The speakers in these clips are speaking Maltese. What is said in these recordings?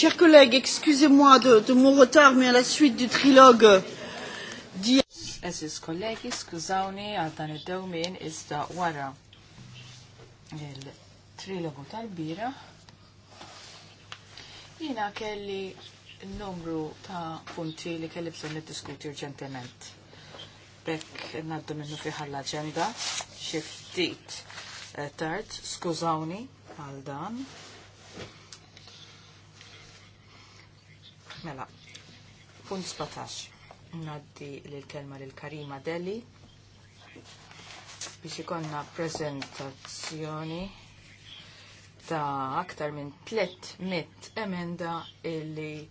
Chers collègues, excusez-moi de, de mon retard, mais à la suite du trilogue d'hier. skużawni għal dan id iżda wara trilogu tal-bira. Jina kelli numru ta' punti li kelli bżon diskuti urġentement. Bekk naddu minnu fiħal l-agenda, xiftit eh, tard, skużawni għal dan. Mela, punt 17. Naddi l-kelma l-Karima Deli biex ikonna prezentazzjoni ta' aktar minn 300 emenda illi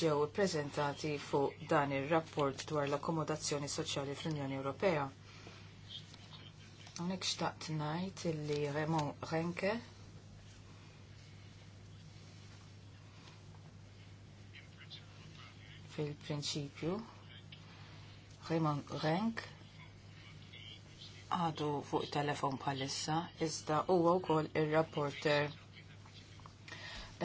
ġew prezentati fuq dan ir-rapport dwar l-akkomodazzjoni soċjali fl-Unjoni Ewropea. Hawnhekk xtaqt najt illi Remo Renke fil-prinċipju. Raymond Renk għadu fuq telefon palissa, iżda huwa wkoll ir-rapporter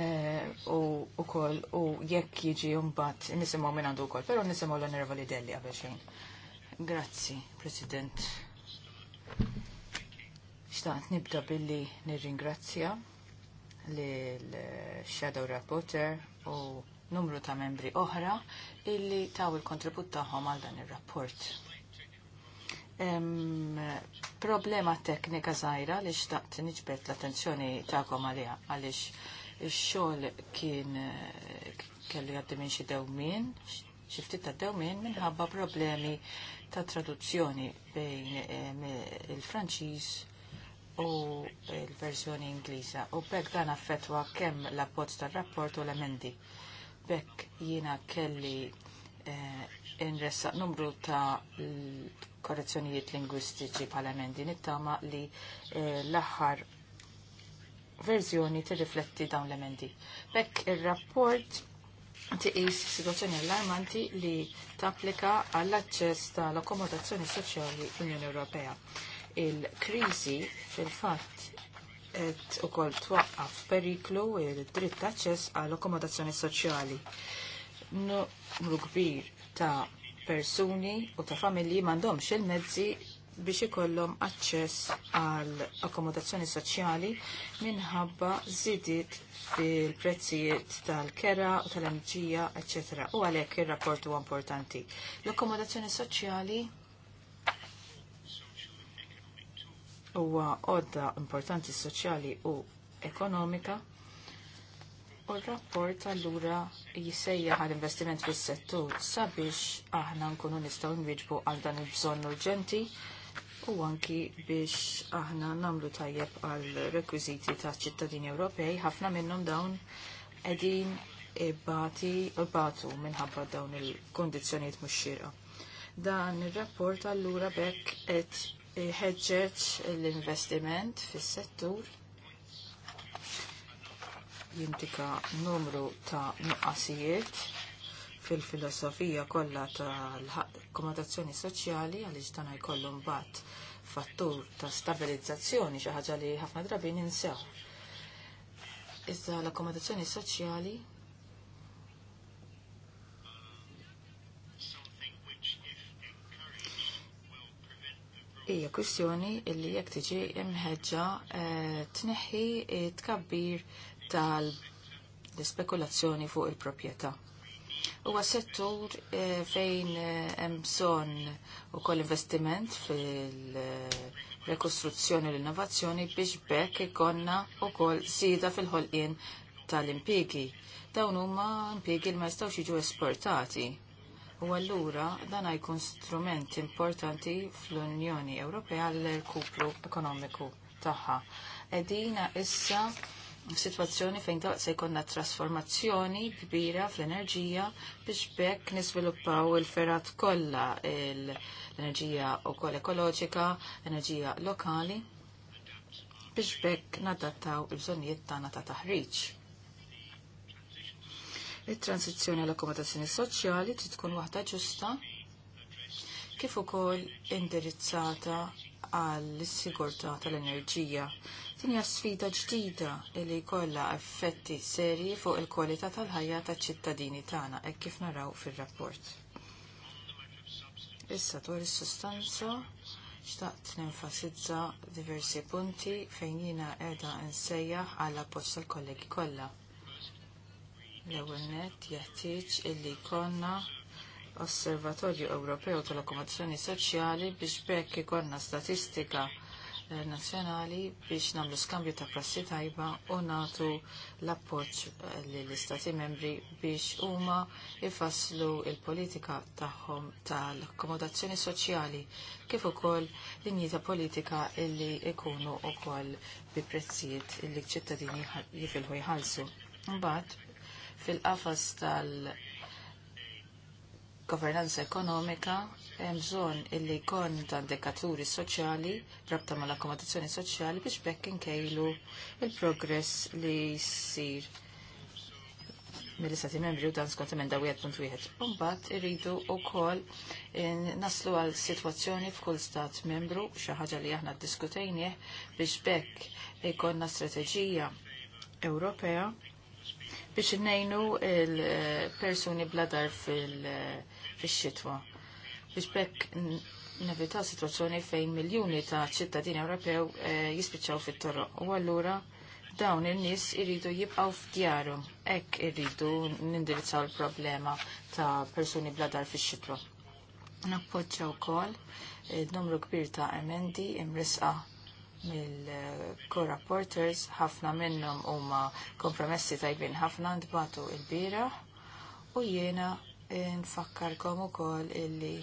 eh, u kol u jekk jiġi mbagħad nisimgħu minn għandu wkoll, però nisimgħu l-Onorevoli Delli għabeċin. xejn. Grazzi, President. Xtaqt nibda billi nirringrazzja l-Shadow Rapporter u numru ta' membri oħra illi taw il-kontribut tagħhom għal dan ir-rapport. Problema teknika zaħira li xtaqt niġbet l-attenzjoni ta għaliha għaliex ix-xogħol kien kellu jaddim minn xi dewmien, xi ftit ta' dewmin minħabba problemi ta' traduzzjoni bejn il-Franċiż u l verżjoni Ingliża u bekk dan affettwa kemm l-abbozz tar-rapport u l-emendi bekk jiena kelli inressaq eh, inressa numru ta' korrezzjonijiet lingwistiċi bħala emendi nittama li eh, l-aħħar verżjoni tirrifletti dawn l-emendi. Bekk ir-rapport tiqis situazzjoni allarmanti li tapplika għall-aċċess tal-akkomodazzjoni soċjali Unjoni Ewropea. Il-kriżi fil-fatt et u kol twaqqaf periklu il-dritt taċċess għal akkomodazzjoni soċjali. Numru kbir ta' persuni u ta' familji mandomx il-mezzi biex ikollhom aċċess għal akkomodazzjoni soċjali minħabba żidiet fil-prezzijiet tal-kera u tal-enerġija, eċċetera. U għalhekk ir-rapport huwa importanti. L-akkomodazzjoni soċjali huwa għodda importanti soċjali u ekonomika u l-rapport allura jissejjaħ għal investiment fis settur sabiex aħna nkunu nistgħu nwieġbu għal dan il-bżonn urġenti u anki biex aħna namlu tajjeb għal rekwiżiti ta' ċittadini Ewropej ħafna minnhom dawn qegħdin ibati batu minħabba dawn il kondizjoniet mhux Dan ir-rapport allura bekk qed ħeġġeġ l-investiment fis-settur Jintika numru ta' nuqqasijiet fil-filosofija kollha tal-akkomodazzjoni soċjali għaliex dan jkollhom mbagħad fattur ta' stabilizzazzjoni xi ħaġa li ħafna drabi ninsew. Iżda l-akkomodazzjoni soċjali hija kwistjoni illi jekk tiġi imħedġa eh, tneħħi tkabbir tal-spekulazzjoni fuq il-proprjetà. Huwa settur eh, fejn eh, hemm bżonn ukoll investiment fil-rekostruzzjoni u l-innovazzjoni biex bekk ikonna ukoll sida fil-ħolqien tal-impjegi. Dawn huma impjegi li ma jistgħux jiġu esportati. U allura dan jkun strument importanti fl-Unjoni Ewropea l-kuplu ekonomiku tagħha. Edina issa situazzjoni fejn se jkollna trasformazzjoni kbira fl-enerġija biex bekk nisviluppaw il-ferat kollha l-enerġija wkoll ekoloġika, enerġija lokali biex bekk nadattaw il bżonnijiet tagħna ta' taħriġ. Il-transizjoni għall akkomodazzjoni soċjali trid tkun waħda ġusta kif ukoll indirizzata għall-sigurtà tal-enerġija. Din hija sfida ġdida li jkollha effetti serji fuq il-kwalità tal-ħajja taċ-ċittadini tagħna hekk kif naraw fir-rapport. Issa dwar is-sustanza xtaqt nenfasizza diversi punti fejn jiena qiegħda nsejjaħ għal appoġġ tal-kollegi kollha. L-ewwel nett jeħtieġ illi jkollna Osservatorju Ewropew tal-Akkomodazzjoni Soċjali biex bekk ikollna statistika eh, nazzjonali biex nagħmlu skambju ta' prassi tajba u nagħtu l-appoġġ eh, lill istati membri biex huma ifasslu il-politika tagħhom tal-akkomodazzjoni soċjali kif ukoll linji ta' politika illi ikunu wkoll bi prezzijiet illi ċittadini jifilħu jħallsu. Mbagħad fil-qafas tal-governanza ekonomika hemm bżonn illi jkun ta' indikaturi soċjali rabta mal-akkomodazzjoni soċjali biex bekk inkejlu il-progress li jsir mill-istati membri u dan skont emenda 1.1. Umbat irridu u kol naslu għal situazzjoni f'kull stat membru, xaħġa li aħna ddiskutejnieh biex bekk ikonna strategija Ewropea biex nejnu il-persuni bladar fil-xitwa. Biex bekk nevita situazzjoni fejn miljoni ta' ċittadini Ewropew eh, jispiċċaw fit-toroq. U allura dawn il-nis irridu jibqaw f'djarhom. Ek irridu nindirizzaw il-problema ta' persuni bladar fix-xitwa. Nappoġġaw ukoll eh, numru kbir ta' emendi imrisqa mill-co-rapporters, ħafna minnhom huma kompromessi tajbin ħafna ntbatu il-bira u jiena nfakkarkom ukoll illi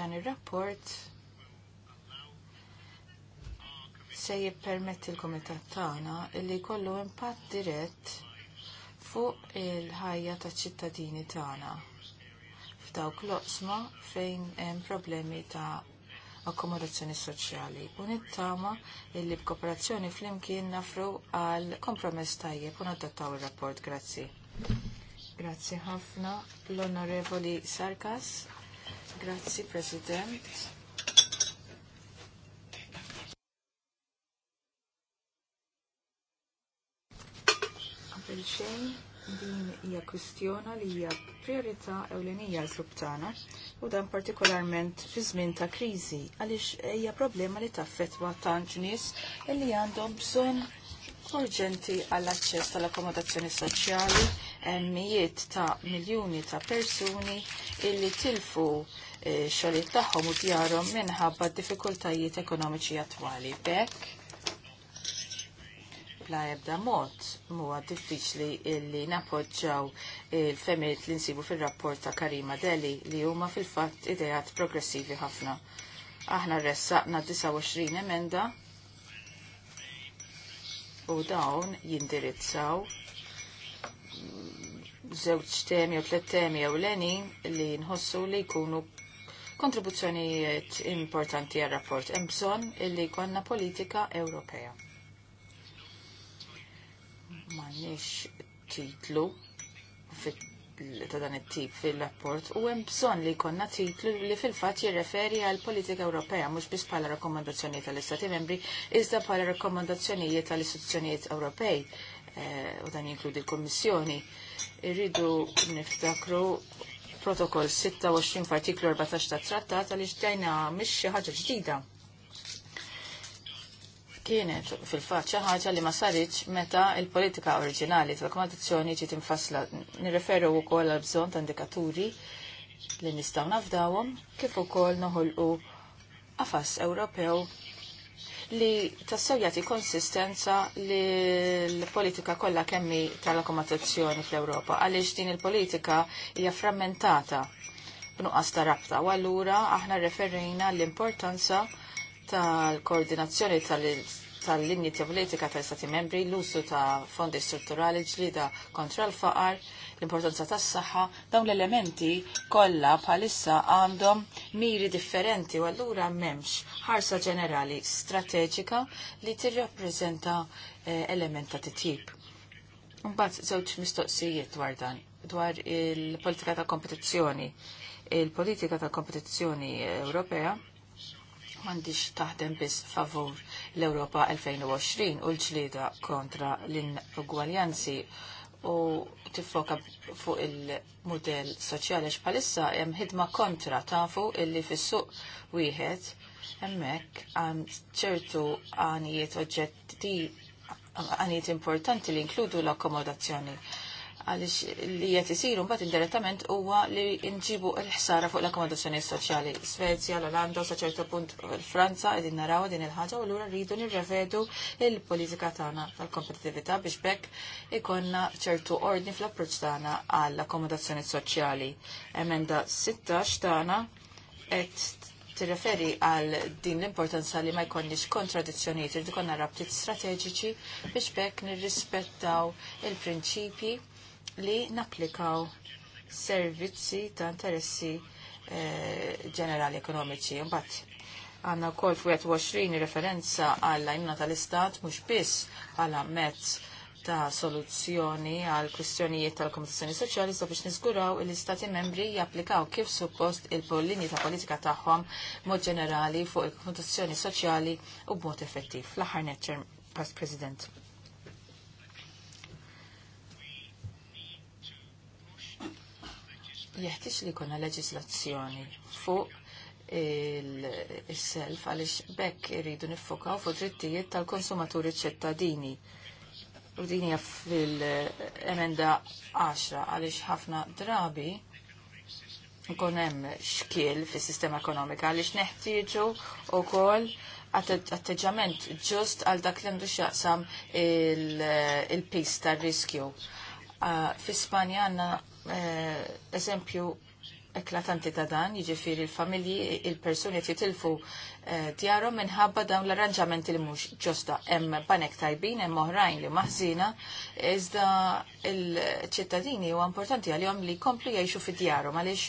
dan ir-rapport se jippermetti l-Kumitat tagħna illi jkollu impatt dirett fuq il-ħajja taċ ċittadini tagħna f'dawk l-oqsma fejn hemm problemi ta' akkomodazzjoni soċjali u nittama illi b'kooperazzjoni flimkien nafru għal kompromess tajjeb u nadottaw il rapport Grazzi. Grazzi ħafna l-Onorevoli Sarkas. Grazzi President. Qabel xejn din hija kwistjona li hija priorità ewlenija l-klub tagħna u dan partikolarment fi żmien ta' kriżi għaliex hija problema li taffetwa tant nies illi għandhom bżonn urġenti għall-aċċess tal-akkomodazzjoni soċjali mijiet ta' miljuni ta' persuni illi tilfu eh, xogħlijiet tagħhom u djarhom minħabba d diffikultajiet ekonomiċi attwali. Bekk bla ebda mod huwa diffiċli illi napoġġaw il-femiet li nsibu fil-rapport ta' Karima Deli li huma fil-fatt idejat progressivi ħafna. Aħna ressaqna 29 emenda u dawn jindirizzaw żewġ temi u tliet temi jew lenin li nħossu li jkunu kontribuzzjonijiet importanti għal rapport hemm bżonn illi jkollna politika Ewropea m'għandniex titlu ta' dan it-tip fil-rapport u hemm bżonn li jkollna titlu li fil-fatt jirreferi għal politika Ewropea mhux biss bħala rakkomandazzjonijiet tal-Istati Membri iżda bħala rakkomandazzjonijiet tal-istituzzjonijiet Ewropej eh, u dan jinkludi l-Kummissjoni. Irridu niftakru protokoll 26 f'artiklu 14 tat trattat għaliex dejna mhix xi ħaġa ġdida kienet fil faċċa xi ħaġa li ma saritx meta il-politika oriġinali tal-akkomodazzjoni ġiet infassla. Nirreferu wkoll għal bżonn ta' indikaturi li nistgħu nafdawhom kif ukoll noħolqu qafas Ewropew li tassew jagħti konsistenza li l-politika kollha kemmi tal-akkomodazzjoni fl-Ewropa għaliex din il-politika hija frammentata b'nuqqas ta' rabta u allura aħna referejna l-importanza tal-koordinazzjoni tal-linji tal politika tal-Stati membri, l-usu ta' fondi strutturali ġlida kontra l-faqar, l-importanza tas saħħa dawn l-elementi kollha bħalissa għandhom miri differenti u allura m'hemmx ħarsa ġenerali strateġika li tirrappreżenta eh, element ta' titjib. Mbagħad żewġ mistoqsijiet dwar dan dwar il-politika ta' kompetizzjoni. Il-politika ta' kompetizzjoni Ewropea għandix taħdem biss favur l-Europa 2020 u l-ġlida kontra l-ingwaljanzi u tifoka fuq il-modell soċjali x'palissa hemm ħidma kontra tafu illi fis wieħed hemmhekk għan ċertu għanijiet oġġetti għanijiet importanti li inkludu l-akkomodazzjoni għaliex li qed isiru mbagħad indirettament huwa li nġibu l-ħsara fuq l-akkomodazzjoni soċjali. Svezja, l-Olanda, sa ċertu punt Franza qegħdin naraw din il-ħaġa u lura rridu nirrevedu il-politika tagħna tal-kompetitività biex bekk ikonna ċertu ordni fl-approċċ tagħna għall-akkomodazzjoni soċjali. Emenda 16 tagħna qed tirreferi għal din l-importanza li ma jkollniex kontradizzjonijiet, irid konna rabtiet strateġiċi biex bekk nirrispettaw il-prinċipji li napplikaw servizzi ta' interessi eh, ġenerali ekonomiċi. Mbagħad għandna wkoll 20 referenza għall għajnuna tal-Istat mhux biss bħala mezz ta' soluzzjoni għal kwistjonijiet tal-Komitazzjoni Soċjali so biex niżguraw il-Istati membri japplikaw kif suppost il-linji ta' politika tagħhom mod ġenerali fuq il-Komitazzjoni Soċjali u b'mod effettiv. L-aħħar Past President. jeħtieġ li jkollna leġislazzjoni fuq il-self għaliex bekk irridu niffokaw fuq drittijiet tal-konsumaturi ċittadini. U din hija fil-emenda 10 għaliex ħafna drabi nkun hemm xkiel fis-sistema ekonomika għaliex neħtieġu wkoll atteġġament ġust għal dak li għandu xaqsam il-pista tar riskju. Ah, fi Spanja għandna Eh, eżempju eklatanti ta' dan, jiġifieri il-familji, il-persuni jitilfu eh, djarhom minħabba dawn l-arranġamenti li mhux ġosta hemm banek tajbin, hemm oħrajn li maħżina, iżda il-ċittadini huwa importanti għal-jom li jkomplu jgħixu fid-djarhom għaliex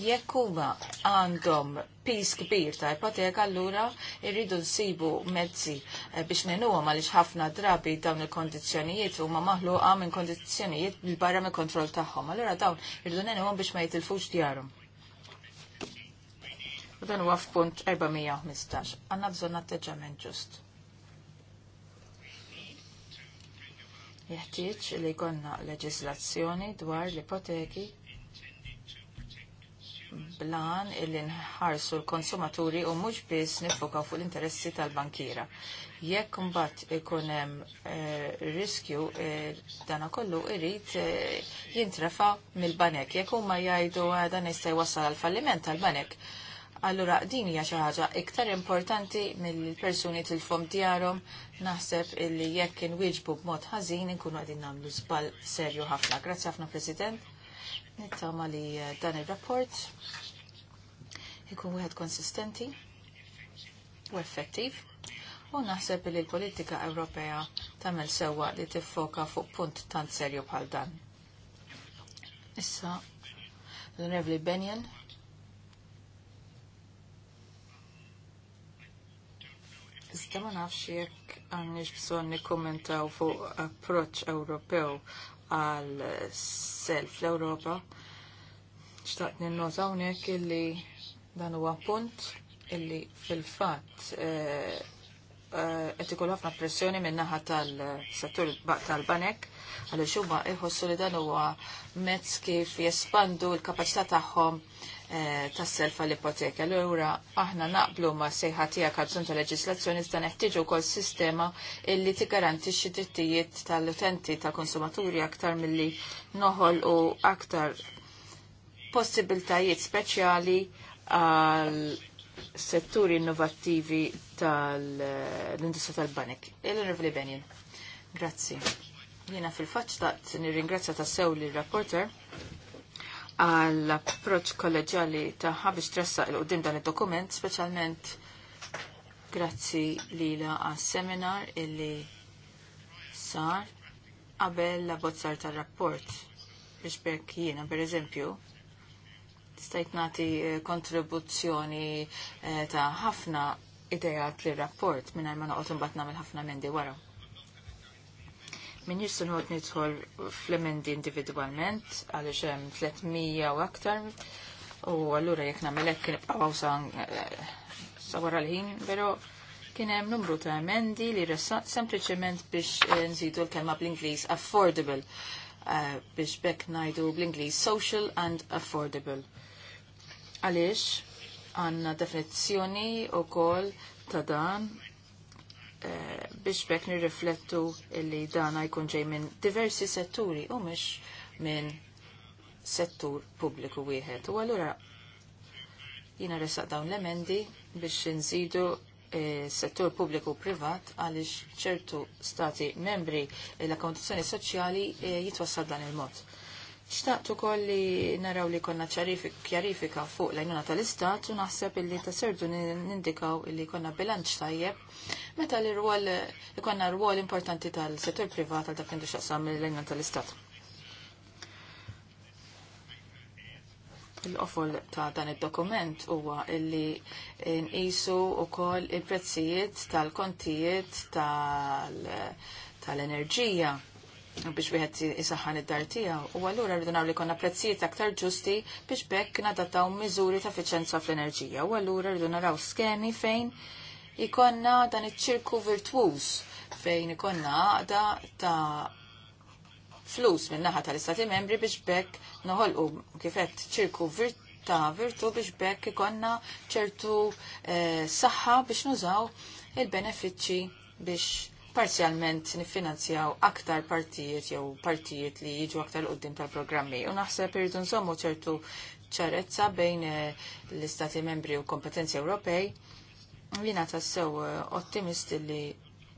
jekk huma għandhom pis kbir ta' ipoteka allura irridu nsibu mezzi eh, biex nenuhom għaliex ħafna drabi dawn il-kondizzjonijiet huma maħluqa minn kondizzjonijiet bil barra me kontroll tagħhom. Allura dawn irridu għam biex ma jitilfux djarhom. U dan huwa f'punt 415. Għanna bżonn atteġġament ġust. jeħtieġ li jkollna leġislazzjoni dwar l-ipoteki blan illi nħarsu l-konsumaturi u mhux biss nifokaw fuq l-interessi tal-bankiera. Jekk mbagħad ikun hemm eh, riskju eh, dana kollu irid eh, jintrafa mill-banek. Jekk huma jgħidu ah, dan jista' jwassal għal falliment tal-banek. Allura, din hija xi ħaġa iktar importanti mill-persuni tilfom djarhom naħseb illi jekk inwieġbu b'mod ħażin inkunu qegħdin nagħmlu żball serju ħafna. Grazzi ħafna President. Nittama li eh, dan il-rapport ikun wieħed konsistenti u effettiv u naħseb li l-politika Ewropea tagħmel sewwa li tiffoka fuq punt tant serju bħal dan. Issa, l-Onorevoli Benjen, Iżda ma nafx jekk għandniex bżonn nikkummentaw fuq approċċ Ewropew għal self l-Europa. Xtaqt ninnota hawnhekk illi dan huwa punt illi fil-fatt eh, Eh, qed ikun ħafna pressjoni minn naħa tal-settur tal-banek għal xuma iħossu li dan huwa mezz kif jespandu l-kapaċità tagħhom eh, tas-self għall-ipoteka. Allura aħna naqblu ma sejħa tiegħek għal ta' leġislazzjoni iżda neħtieġu wkoll sistema illi tigarantixxi drittijiet tal-utenti tal-konsumaturi aktar milli noħol u aktar possibiltajiet speċjali għal setturi innovattivi tal industria tal-banek. Il-Onorevoli Benjen. Grazzi. Jena fil-faċ taqt nirringrazzja ta' sew li rapporter għall-approċ kollegjali ta' biex tressa il-qoddim dan il-dokument, specialment grazzi lila għas-seminar illi sar qabel la bozzar tal-rapport biex bekk per eżempju, stajt nagħti eh, kontribuzzjoni eh, ta' ħafna idejat li rapport mingħajr ma noqgħod imbagħad nagħmel ħafna mendi wara. Min jirsu nħod nidħol fl-emendi individualment għaliex hemm 300 u aktar u allura jekk nagħmel kien nibqgħu sawar eh, għal l-ħin, pero kien hemm numru ta' emendi li ressaq sempliċement biex nżidu l-kelma bl-Ingliż affordable biex bekk ngħidu bl-Ingliż social and affordable. Għaliex għanna definizzjoni u kol ta' dan eh, biex bekk nirriflettu li dan jkun ġej minn diversi setturi u mhix minn settur pubbliku wieħed. U allura jina resaq dawn l-emendi biex nżidu eh, settur pubbliku privat għaliex ċertu stati membri l-akkondizzjoni soċjali eh, jitwassal dan il-mod. Xtaqtu kolli naraw li konna ċjarifika fuq l-għajnuna tal-istat u naħseb illi ta' serdu nindikaw illi konna bilanċ tajjeb meta li rwol li konna rwol importanti tal-settur privat għal dak indu xaqsam l-għajnuna tal-istat. Il-qofol ta' dan il-dokument huwa illi nqisu wkoll il-prezzijiet tal-kontijiet tal-enerġija. tal kontijiet tal enerġija biex wieħed isaħħan id-dar tiegħu u allura rridu nagħmlu jkollna prezzijiet aktar ġusti biex bekk nadattaw miżuri ta' effiċenza fl-enerġija u allura rridu naraw skemi fejn ikonna dan iċ-ċirku virtwuż fejn ikonna għaqda ta' flus minn naħa tal-Istati membri biex bekk noħolqu kifett ċirku virtwuż ta' virtu biex bekk ikonna ċertu eh, saħħa biex nużaw il-benefiċċi biex parzjalment nifinanzjaw aktar partijiet jew partijiet li jiġu aktar qoddim tal-programmi. U naħseb irridu nżommu ċertu ċarezza bejn eh, l-Istati membri u kompetenzi Ewropej. Jina sew eh, ottimist li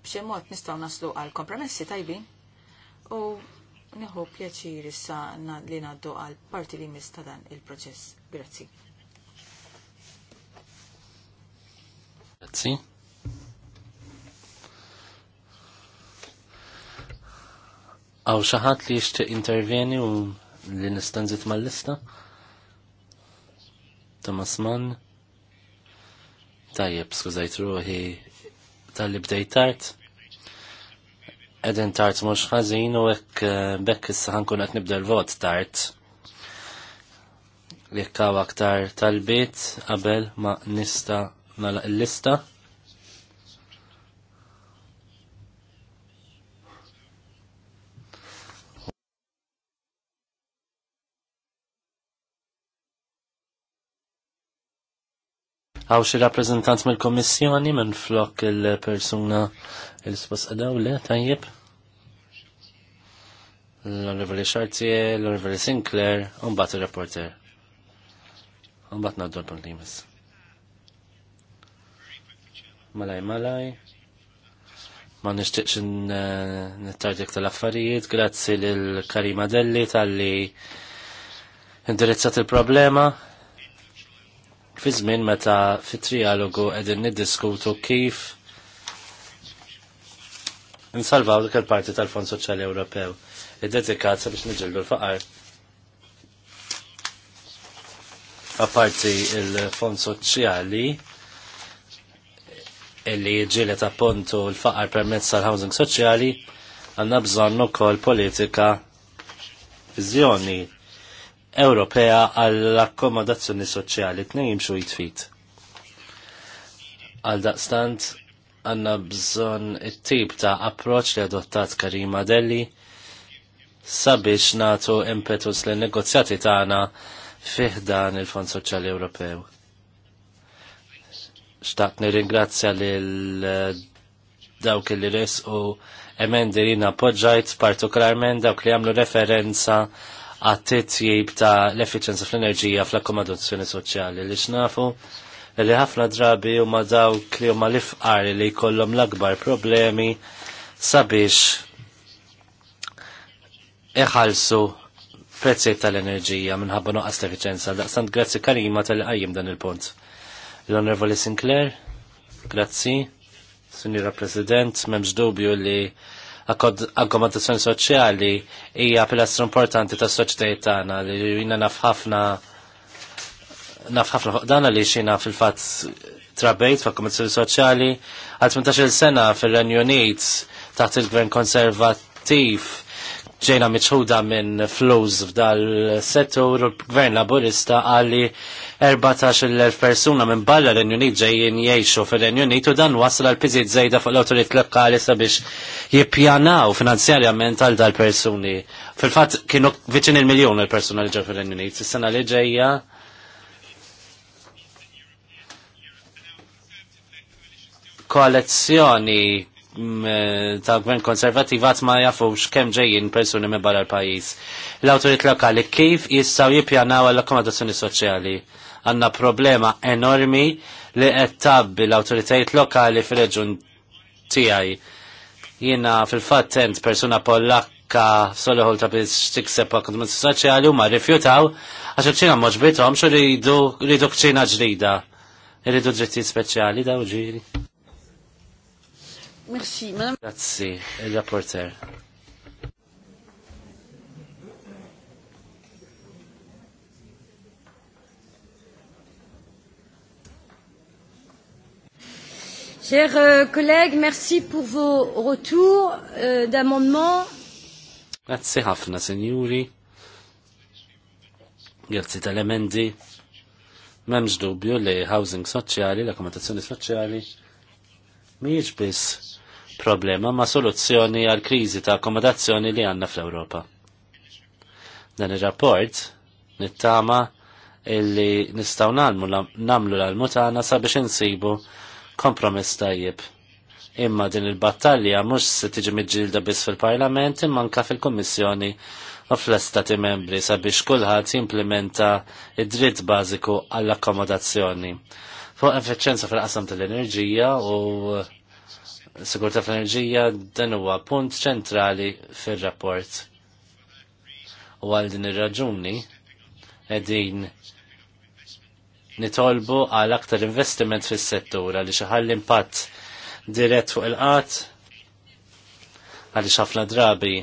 b'xi mod nistgħu naslu għal kompromessi tajbin u neħu pjaċir issa li ngħaddu għal parti li mista dan il-proċess. Grazzi. Grazzi. Għaw xaħat li jishtiq intervjeni u li nistanżit mal-lista? Thomas Mann? Tajjeb, skużajt ruħi tal-li bdejt tart. Eden tart mux ħazin u ek eh, bekk issa ħankun għet nibda l-vot tart. Jekkaw aktar tal-bit qabel ma nista nalaq l-lista. Għaw xi rappresentant mill-Kommissjoni minn flok il-persuna il-spos għadaw le tajjeb? L-Onorevoli Xartie, l-Onorevoli Sinclair, un-bat il-reporter. Un-bat naddu l-Pontimis. Malaj, malaj. Ma nishtiqx nittardik tal-affarijiet, grazzi l-Karima Delli tal-li indirizzat il-problema fi żmien meta fit-trialogu qegħdin niddiskutu kif nsalvaw dik il-parti tal-Fond Soċjali Ewropew id-dedikat sabiex niġillu l-faqar. Apparti il-Fond Soċjali illi jġilet appuntu l-faqar permezz tal-housing soċjali għanna bżonnu kol politika vizjoni Ewropea għall-akkomodazzjoni soċjali tnej jimxu jitfit. Għal daqstant għanna bżon it-tip ta' approċ li adottat Karima Delli sabiex natu impetus l negozjati tagħna fih dan il-Fond Soċjali Ewropew. Xtaqt nirringrazzja lil eh, dawk li res u emendi li napoġġajt partikolarment dawk li għamlu referenza għattiet jib ta' l-efficienza fl-enerġija fl-akkomodazzjoni soċjali li xnafu li ħafna drabi u ma dawk li huma l-ifqar li jkollhom l-akbar problemi sabiex iħalsu prezzijiet tal-enerġija minħabba nuqqas l-efficienza. Daqsant grazzi Karima tal-qajjim dan il-punt. L-Onorevoli Sinclair, grazzi, Sinjura President, memx dubju li akkomodazzjoni soċjali hija pilastru importanti tas soċjetajiet tagħna li jiena naf ħafna naf ħafna fuq dan għaliex jiena fil-fatt trabejt f'akkomodazzjoni soċjali għal 18-il sena fir-Renju Unit taħt il-Gvern Konservattiv ġejna miċħuda minn flows f'dal-settur u l-gvern laburista għalli 14.000 persuna minn balla l enjunit ġejjin jiexu fil enjunit u dan wasla l-pizit zejda fuq l-autorit lokali sabiex jippjanaw finanzjarjament għal dal-persuni. Fil-fat kienu viċin il-miljon il-persuna li ġew fil-Unit. Is-sena li ġejja koalizzjoni ta' gvern konservativ għat ma jafux kem ġejjin persuni me barra l-pajis. L-autorit lokali kif jistaw jipjanaw għall-akkomodazzjoni soċjali. Għanna problema enormi li qed tabbi l-autoritajiet lokali fil-reġun tiegħi. Jiena fil-fatt tent persuna pollakka soliħol ta' biex tikseb akkomodazzjoni soċjali u ma rifjutaw għax ċina moġbitom xo rridu kċina ġdida. Rridu dritti speċjali daw uġiri. Merci, madame. Grazie, il rapporteur. Chers euh, collègues, merci pour vos retours euh, d'amendements. Grazie ħafna, signori. Grazie Talemendi. emendi Memx dubju li housing soċjali, l-akkomodazzjoni soċjali, miex biss problema ma' soluzzjoni għal kriżi ta' akkomodazzjoni li għandna fl-Ewropa. Dan ir-rapport nittama illi nistaw namlu l-almutana sabiex insibu kompromess tajjeb. Imma din il-battalja mux se tiġi miġġilda biss fil-parlament imma anka fil-kommissjoni u fl-estati membri sabiex kulħadd jimplementa id-dritt bażiku għall-akkomodazzjoni. Fuq effiċenza fil-qasam tal-enerġija u sigurta fl-enerġija dan huwa punt ċentrali fir-rapport. U għal din ir-raġuni qegħdin nitolbu għal aktar investiment fis-settur għal xaħal impatt dirett fuq il-qat għaliex ħafna drabi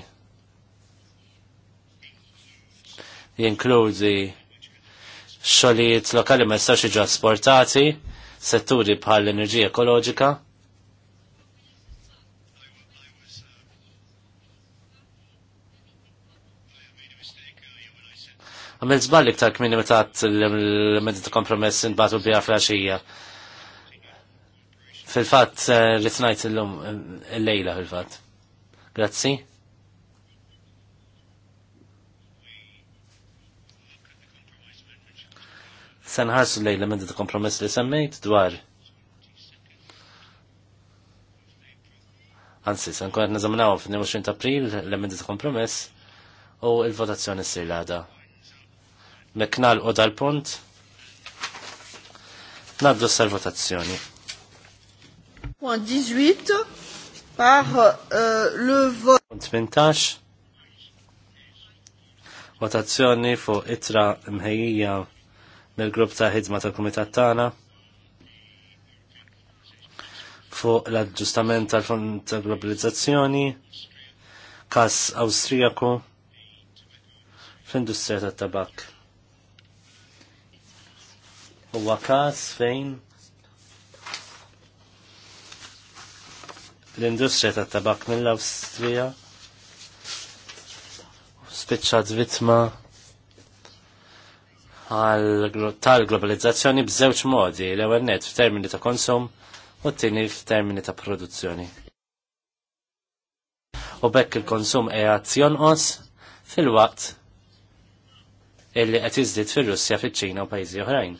jinkludi xogħlijiet lokali ma jistax jiġu asportati, setturi bħal l-enerġija ekoloġika, Għamil zbal iktar kmini metat l-medit kompromess n-batu bija flasġija. Fil-fat, t-najt eh, l-lum, eh, l-lejla fil-fat. Grazzi. Senħarsu l-lejla medit kompromess li semmejt dwar. Anzi, sen konet nizamnaw f-22 april l-emendi ta' kompromess u il-votazzjoni s sirlada Meknal u dal-punt. Naddu s-salvotazzjoni. Punt 18 par euh, le vot. 18. Votazzjoni fuq itra mħejja mill-grupp ta' ħidma tal-Kumitat tagħna fuq l-aġġustament tal-Fond ta' Globalizzazzjoni, kas Awstrijaku fl-industrija tat-tabak huwa każ fejn l-industrija tat-tabak mill-Awstrija spiċċat vittma tal-globalizzazzjoni b'żewġ modi, l-ewwel net f'termini ta' konsum u t-tieni f'termini ta' produzzjoni. U bekk il-konsum qiegħed jonqos fil-waqt illi qed iżdied fir-Russja fiċ-Ċina u pajjiżi oħrajn.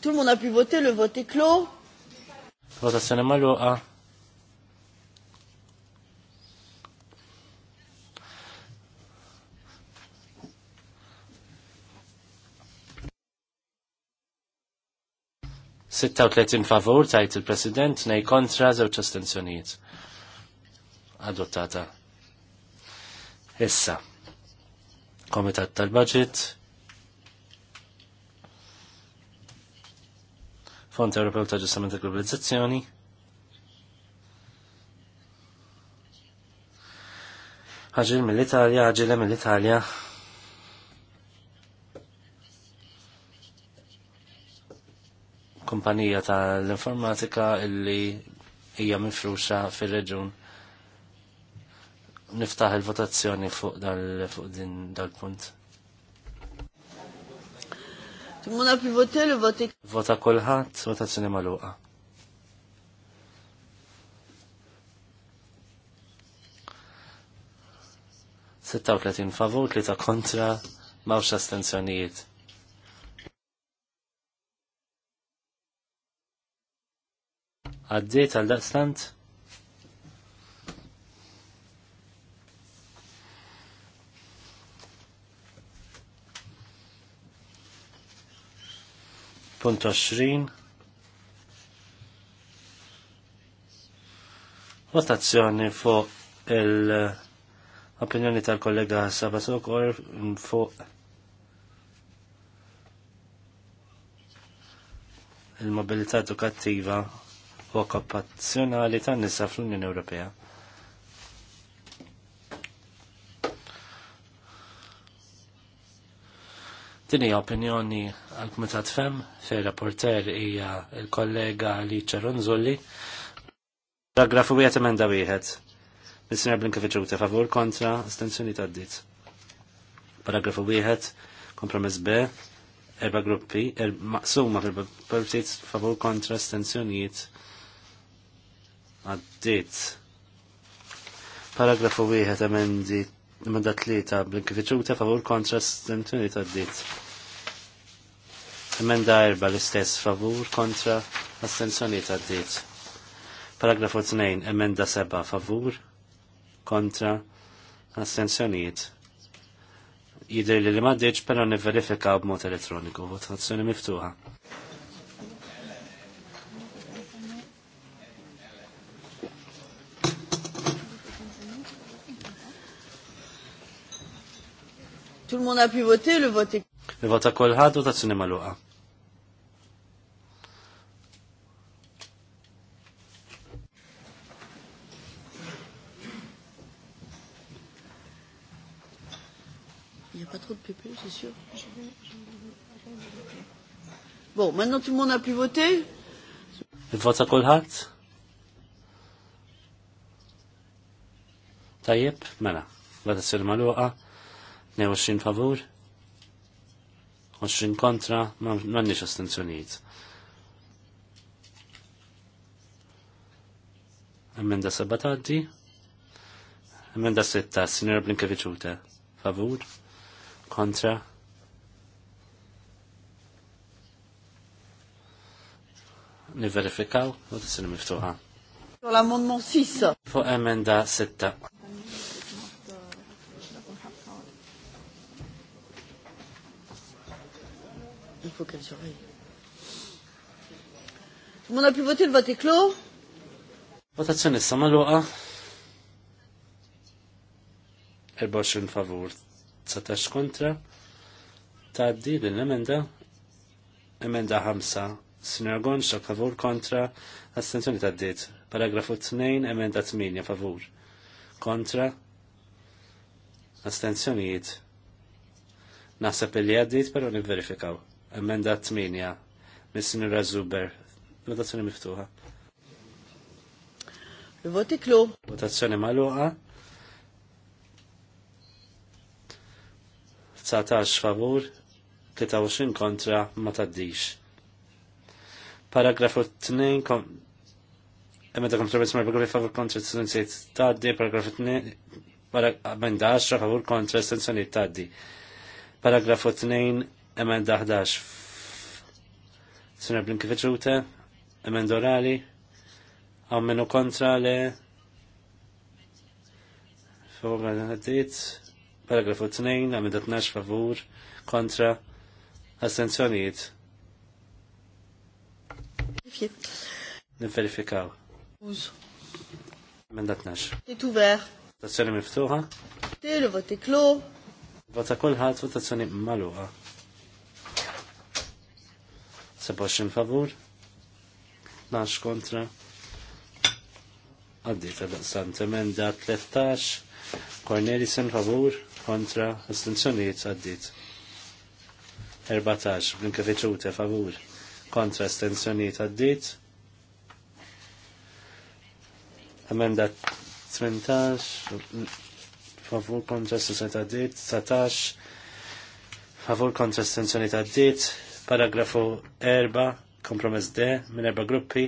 Tout le monde a pu voter, le vote est clos. Votazione maluqa. Sitta u tletin favur, tajt il-President, nej kontra, zewċ astenzjonijiet. Adottata. Issa. Komitat tal-Budget, Fond Ewropew ta' Ġustament ta' Globalizzazzjoni, ħaġil mill-Italja, ħaġil mill-Italja. Kumpanija tal-informatika illi hija mifruxa fir-reġun niftaħ il-votazzjoni fuq dal-din dal-punt. Timuna pi voti voti. Vota kolħat, votazzjoni maluqa. Sitta u tletin favur, tlita kontra, mawx astenzjonijiet. Għaddejt għal-daqstant? Punt 20. Votazzjoni fuq l opinjoni tal-kollega Sabatok or fuq il-mobilità edukattiva u okkupazzjonali tan-nisa fl-Unjoni Ewropea. Din hija opinjoni għal Kmitat Fem fej rapporter hija l-kollega Alicia Ronzulli. Paragrafu wieħed emenda wieħed. mis Blinkovic Blinkeviċuta favur kontra astenzjoni tad-dit. Paragrafu wieħed kompromess B erba' gruppi er, maqsuma fil-partit favur kontra astenzjonijiet għaddit. Paragrafu wieħed emendi Manda tlita blinkifiċuta favur kontra stenzjoni ta' d-dit. Emenda erba l-istess favur kontra astenzjoni ta' d-dit. Paragrafu 2, emenda seba' favur kontra astenzjoniet. Jidri li li maddeċ pero niverifika b'mod elettroniku, votazzjoni miftuħa. Tout le monde a pu voter, le vote est... Il-vota kolħad u tazzuni maluqa. Il n'y a pas trop de pépé, c'est sûr. Bon, maintenant tout le monde a pu voter. Il-vota kolħad? Tajib, mela, vota tazzuni maluqa. 20 favur, 20 kontra, Ma nix astenzjoniet. Emenda sabataddi. Emenda setta, sinjora Blinkeviċuta. Favur, kontra, niverifikaw, u t-sini miftuħa. L-ammendment 6. Fuq emenda 6. Il faut qu'elle surveille. Tout le monde a pu voter, le vote est clos. Votazzjoni samaluqa. 24 favur, 19 kontra. Taddi din l-emenda. Emenda 5. Sinjor Gonxa favur kontra. Astenzjoni taddit. Paragrafu 2, emenda 8 favur. Kontra. Astenzjonijiet. Nasa pelli għaddit, pero nivverifikaw. verifikaw Emenda 8. Mis-Sinjura Zuber. Votazzjoni miftuħa. Voti klu. Votazzjoni maluqa. 19 favur, 23 kontra ma taddix. Paragrafu 2 kom... Emenda kompromess marbuqa bi favur kontra t-sunziet taddi, paragrafu 2 Amenda 10 favur kontra estensjoni taddi. Paragrafu 2 emenda 11 Sena Blinkeviċute emenda orali għam menu kontra le favur għadit paragrafu 2 għam emenda 12 favur kontra astenzjoniet. Niverifikaw. Uż. Emenda 12. Tit uver. Votazzjoni miftuħa. Tilu voti klu. Vota kolħat votazzjoni maluħa. Se 27 favur, Nax kontra. Għaddi ta' da' santemen da' 13, Cornelis in favur, kontra, astenzjoniet għaddit. 14, Blinka Blinkeviċute favur, kontra, astenzjoniet għaddit. Emenda 18, favur kontra, astenzjoniet għaddit. 19, favur kontra, astenzjoniet għaddit. Paragrafu 4, kompromess D, minn erba gruppi,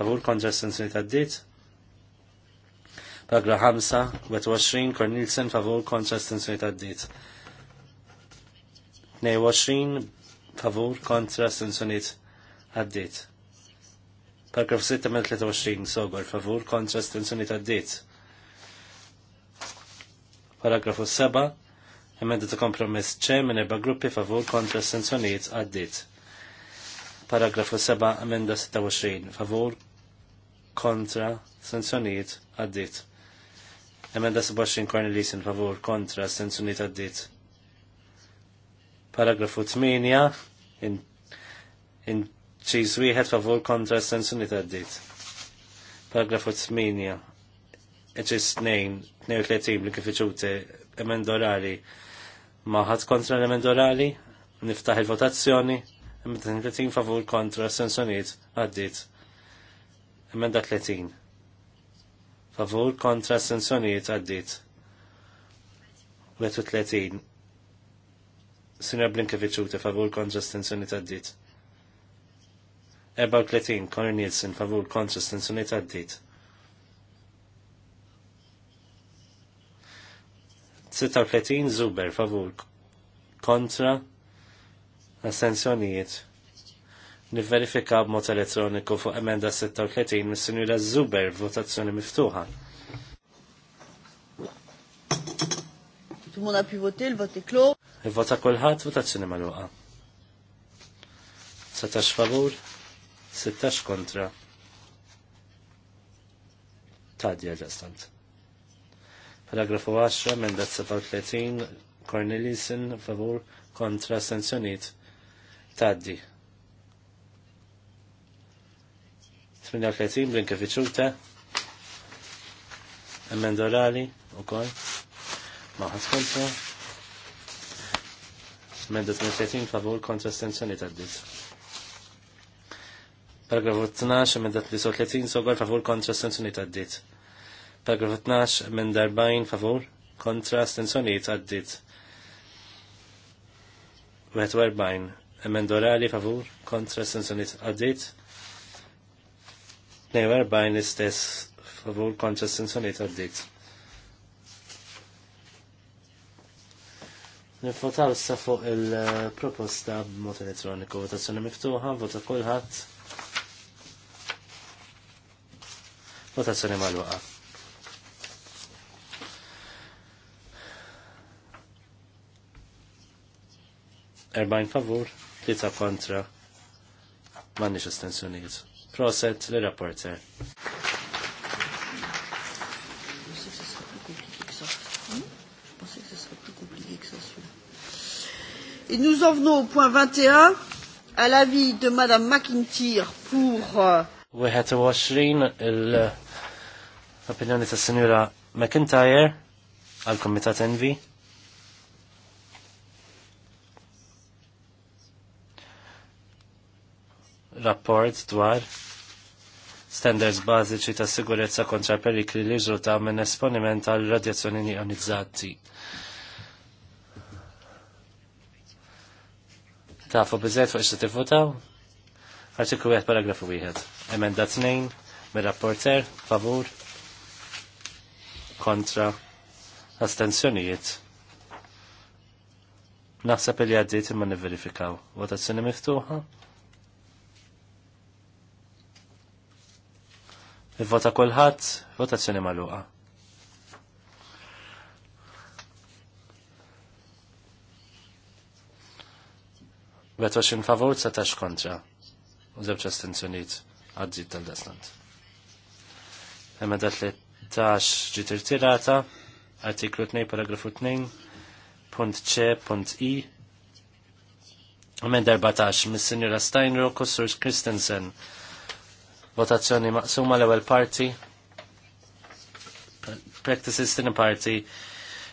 għavur kontra astensjoni taddit. Paragraf 5, 21, Cornelsen, favur kontra astensjoni taddit. 22, favur kontra astensjoniet għaddit. Paragraf 6, 23, sogor, favur kontra astensjoniet għaddit. Paragrafu 7, Emenda ta' kompromess ċem minn erba' gruppi favur kontra astensjonijiet għaddit. Paragrafu 7, emenda 26, favur kontra astensjonijiet għaddit. Emenda 27, Cornelisin, favur kontra astensjonijiet għaddit. Paragrafu 8, in, in ċiż wieħed favur kontra s-sensuni ta' Paragrafu 8, eċis 2, 32 li kif emenda orali. Maħat kontra l-emend orali, niftaħ il-votazzjoni, emenda 30 favur kontra s-sensoniet, għaddit. Emenda 30. Favur kontra s-sensoniet, għaddit. 30. Sinja Blinkeviċu te favur kontra s-sensoniet, għaddit. 34. Conor Nielsen favur kontra s-sensoniet, għaddit. 36 zuber favur kontra astensjonijiet. Niverifika b'mod elettroniku fuq emenda 36 mis-sinjura Zuber votazzjoni miftuħa. Tumuna le voti l pu klo. le Vota kulħadd, votazzjoni magħluqa. 16 favur, 16 kontra. Tadja ġastant. Paragrafu 10, emenda 37, Cornelissen, favur, kontra sanzjoniet. Taddi. 38, Blinkeviċuta, emenda orali, u kol, maħat kontra. Emenda 38, favur, kontra sanzjoniet Taddi. Paragrafu 12, emenda 38, sogol, favur, kontra sanzjoniet Taddi. Paragraf 12 minn darbajn favur kontra astensjonijiet għaddit. 41 emend orali favur kontra astensjonijiet għaddit. 42 l-istess favur kontra astensjonijiet għaddit. Nifvotaw issa fuq il-proposta b'mod elettroniku, votazzjoni miftuħa, vota kulħadd. Votazzjoni mal-waqa. erbajn favur, 3 kontra, mannix estensjoniet. Proset li rapporter. Et nous en venons au point 21, à l'avis de Madame McIntyre pour... Euh, Wieħed u McIntyre għal-Komitat Envi. rapport dwar standards bażiċi ta' sigurezza kontra perikli li ġruta minn esponiment għal radjazzjoni ionizzati. Ta' fu bizzet fuq xtati votaw? Artiklu 1, paragrafu 1. Emenda 2, mir rapporter, favur, kontra, astensjonijiet. Naħseb li għaddit imma niverifikaw. Votazzjoni miftuħa? Vota kolħat, votazzjoni maluqa. Beto xin favor, setax kontra. U ċastenzjoniet, għadżit tal-desnant. li tax ġiet tirata artiklu 2, paragrafu 2, punt C, punt I. Emenda 14, mis-Sinjura Steinrock u Christensen votazzjoni maqsuma l-ewwel parti is tin parti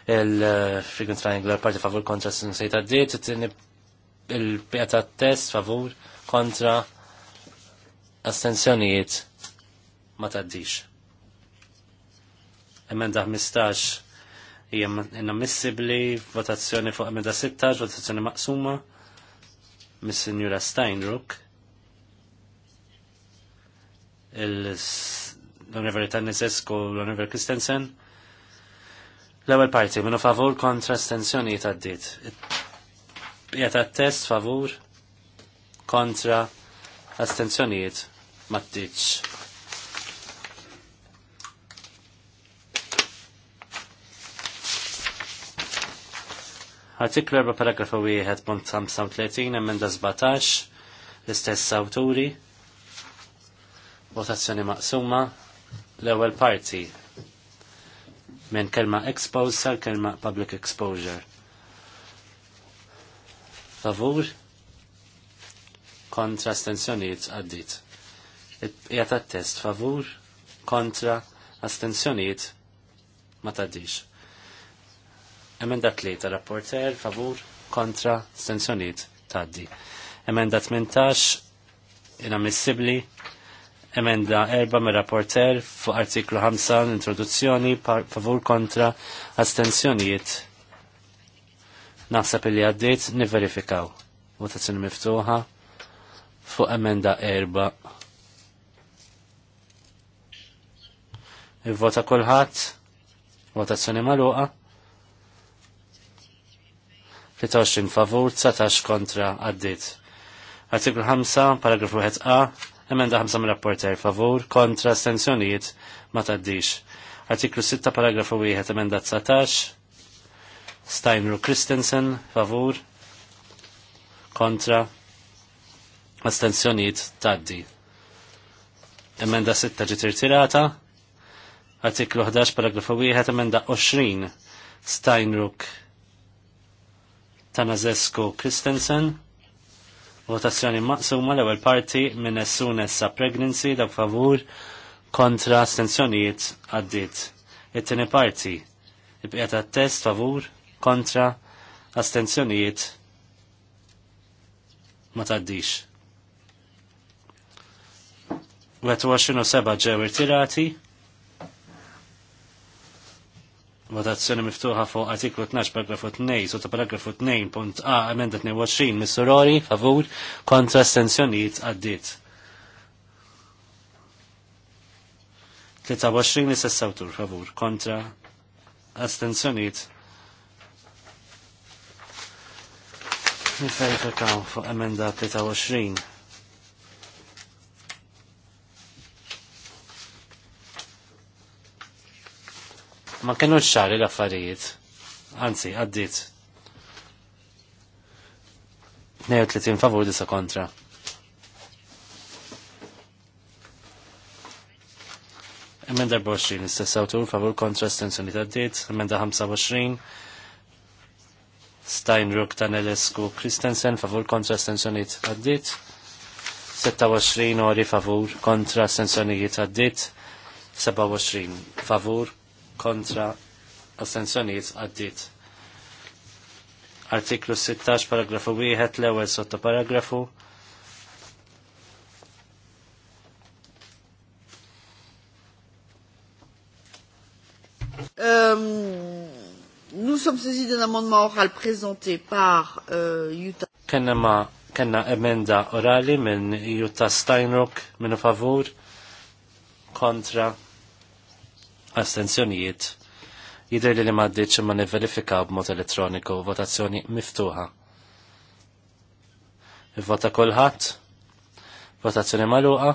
il-frequent eh, triangular parti favur kontra sin sinsej ta' d-diet, il-pjata test favur kontra astensjonijiet ma taddix. Emenda 15 hija inammissibli, votazzjoni fuq emenda 16, votazzjoni maqsuma mis-Sinjura Steinruck l-Univer Tannisesku u l-Univer Kristensen. L-ewel parti, minu favur kontra stensjoni jitaddit. dit test favur kontra astenzjonijiet mat-tiċ. Artiklu 4 paragrafu 1.35 emenda 17 l-istess awturi Votazzjoni maqsuma l-ewwel parti minn kelma expose sal kelma public exposure. Favur kontra astenzjonijiet għaddit. Jgħat test favur kontra astenzjonijiet ma taddix. Emenda tlieta rapporter favur kontra astensjonijiet taddi. Emenda 18 inammissibli Emenda erba' me rapporter fuq artiklu 5 introduzzjoni favur kontra astensjonijiet. Naħseb li għaddit niverifikaw. Votazzjoni miftuħa fuq emenda erba. Il-vota kulħadd, votazzjoni magħluqa. 23 favur, 19 kontra għaddit. Artiklu 5, paragrafu 1a, Emenda 5 rapporter favur kontra stenzjoniet ma taddix. Artiklu 6 paragrafu 1 emenda 19 Steinru Christensen favur kontra astensjonijiet taddi. Emenda 6 ġiet tirata, Artiklu 11 paragrafu 1 emenda 20 Steinruk Tanazescu Christensen Votazzjoni maqsuma l-ewwel parti minn as soon as pregnancy dak favur kontra astensjonijiet għaddit. It-tieni parti ibqiet għat-test favur kontra astensjonijiet ma taddix. 27 u 7 ġew irtirati. Votazzjoni miftuħa fuq artiklu 12, paragrafu 2, sotto paragrafu 2.a, emenda 22, missurori, favur, kontra estensjoniet għaddit. 23 li sawtur, favur, kontra astensjoniet. Niferifikaw fuq emenda 23. Ma kienu ċari l-affarijiet. Anzi, għaddit. 32 favur disa kontra. Emenda 24, istess autur, favur kontra estensjoni ta' d 25. Emenda 25, Steinruk, Nelesku Christensen, favur kontra estensjoniet għaddit. 26 ori favur kontra estensjoniet għaddit. 27 favur kontra astensjonijiet għaddit. Artiklu 16 paragrafu 1 l-ewwel sotto paragrafu Um, euh, nous sommes saisis d'un amendement oral présenté par euh, Utah. Kenna ma kenna emenda orali minn Utah Steinrock minn favur kontra astenzjonijiet jidher li li ma imma nivverifikaw b'mod elettroniku votazzjoni miftuħa. Ivvota kulħadd, votazzjoni magħluqa.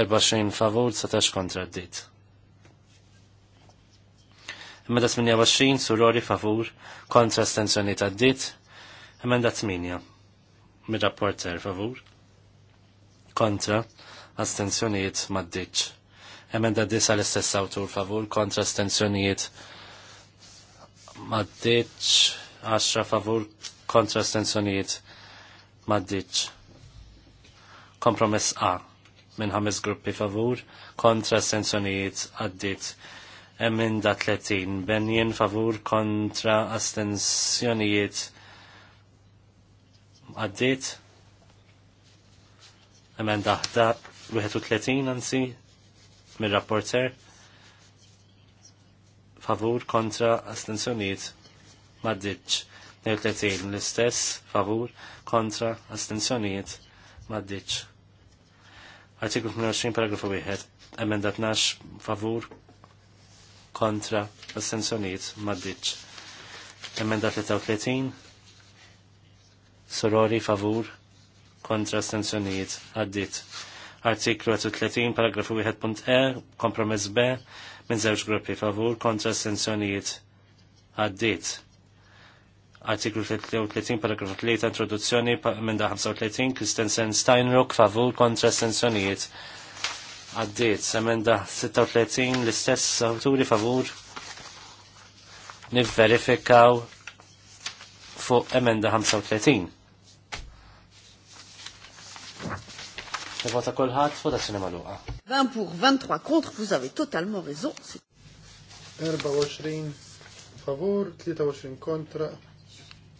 24 favur, 19 kontra d-dit. Emenda 28, surori favur, kontra stenzjoni ta' d-dit. Emenda 8, mir-rapporter favur, kontra astenzjonijiet maddiċ. Emenda disa l-istess autur favur kontra astenzjonijiet maddiċ, 10 favur kontra astenzjonijiet maddiċ. Kompromess A minn ħames gruppi favur kontra astenzjonijiet għaddit. Emenda 30 benjen favur kontra astenzjonijiet għaddit emenda 11 31 anzi mir-rapporter favur kontra astensjoniet maddiċ. 30, l-istess favur kontra astensjoniet maddiċ. Artiklu 28 paragrafu 1 emenda nax favur kontra astensjoniet maddiċ. Emenda 33 sorori favur kontra astensjoniet għaddit. Artiklu 30, paragrafu 1.e, kompromess B, minn żewġ gruppi favur kontra sensjonijiet għaddit. Artiklu 33, paragrafu 3, introduzzjoni minn da 35, Kristensen Steinrock favur kontra sensjonijiet għaddit. Semenda 36, l-istess awturi favur nivverifikaw fuq emenda 35. Nivota kolħat, votazzjoni maluqa. 20 pour 23 contre, vous avez totalement raison. 24 favur, 23 kontra,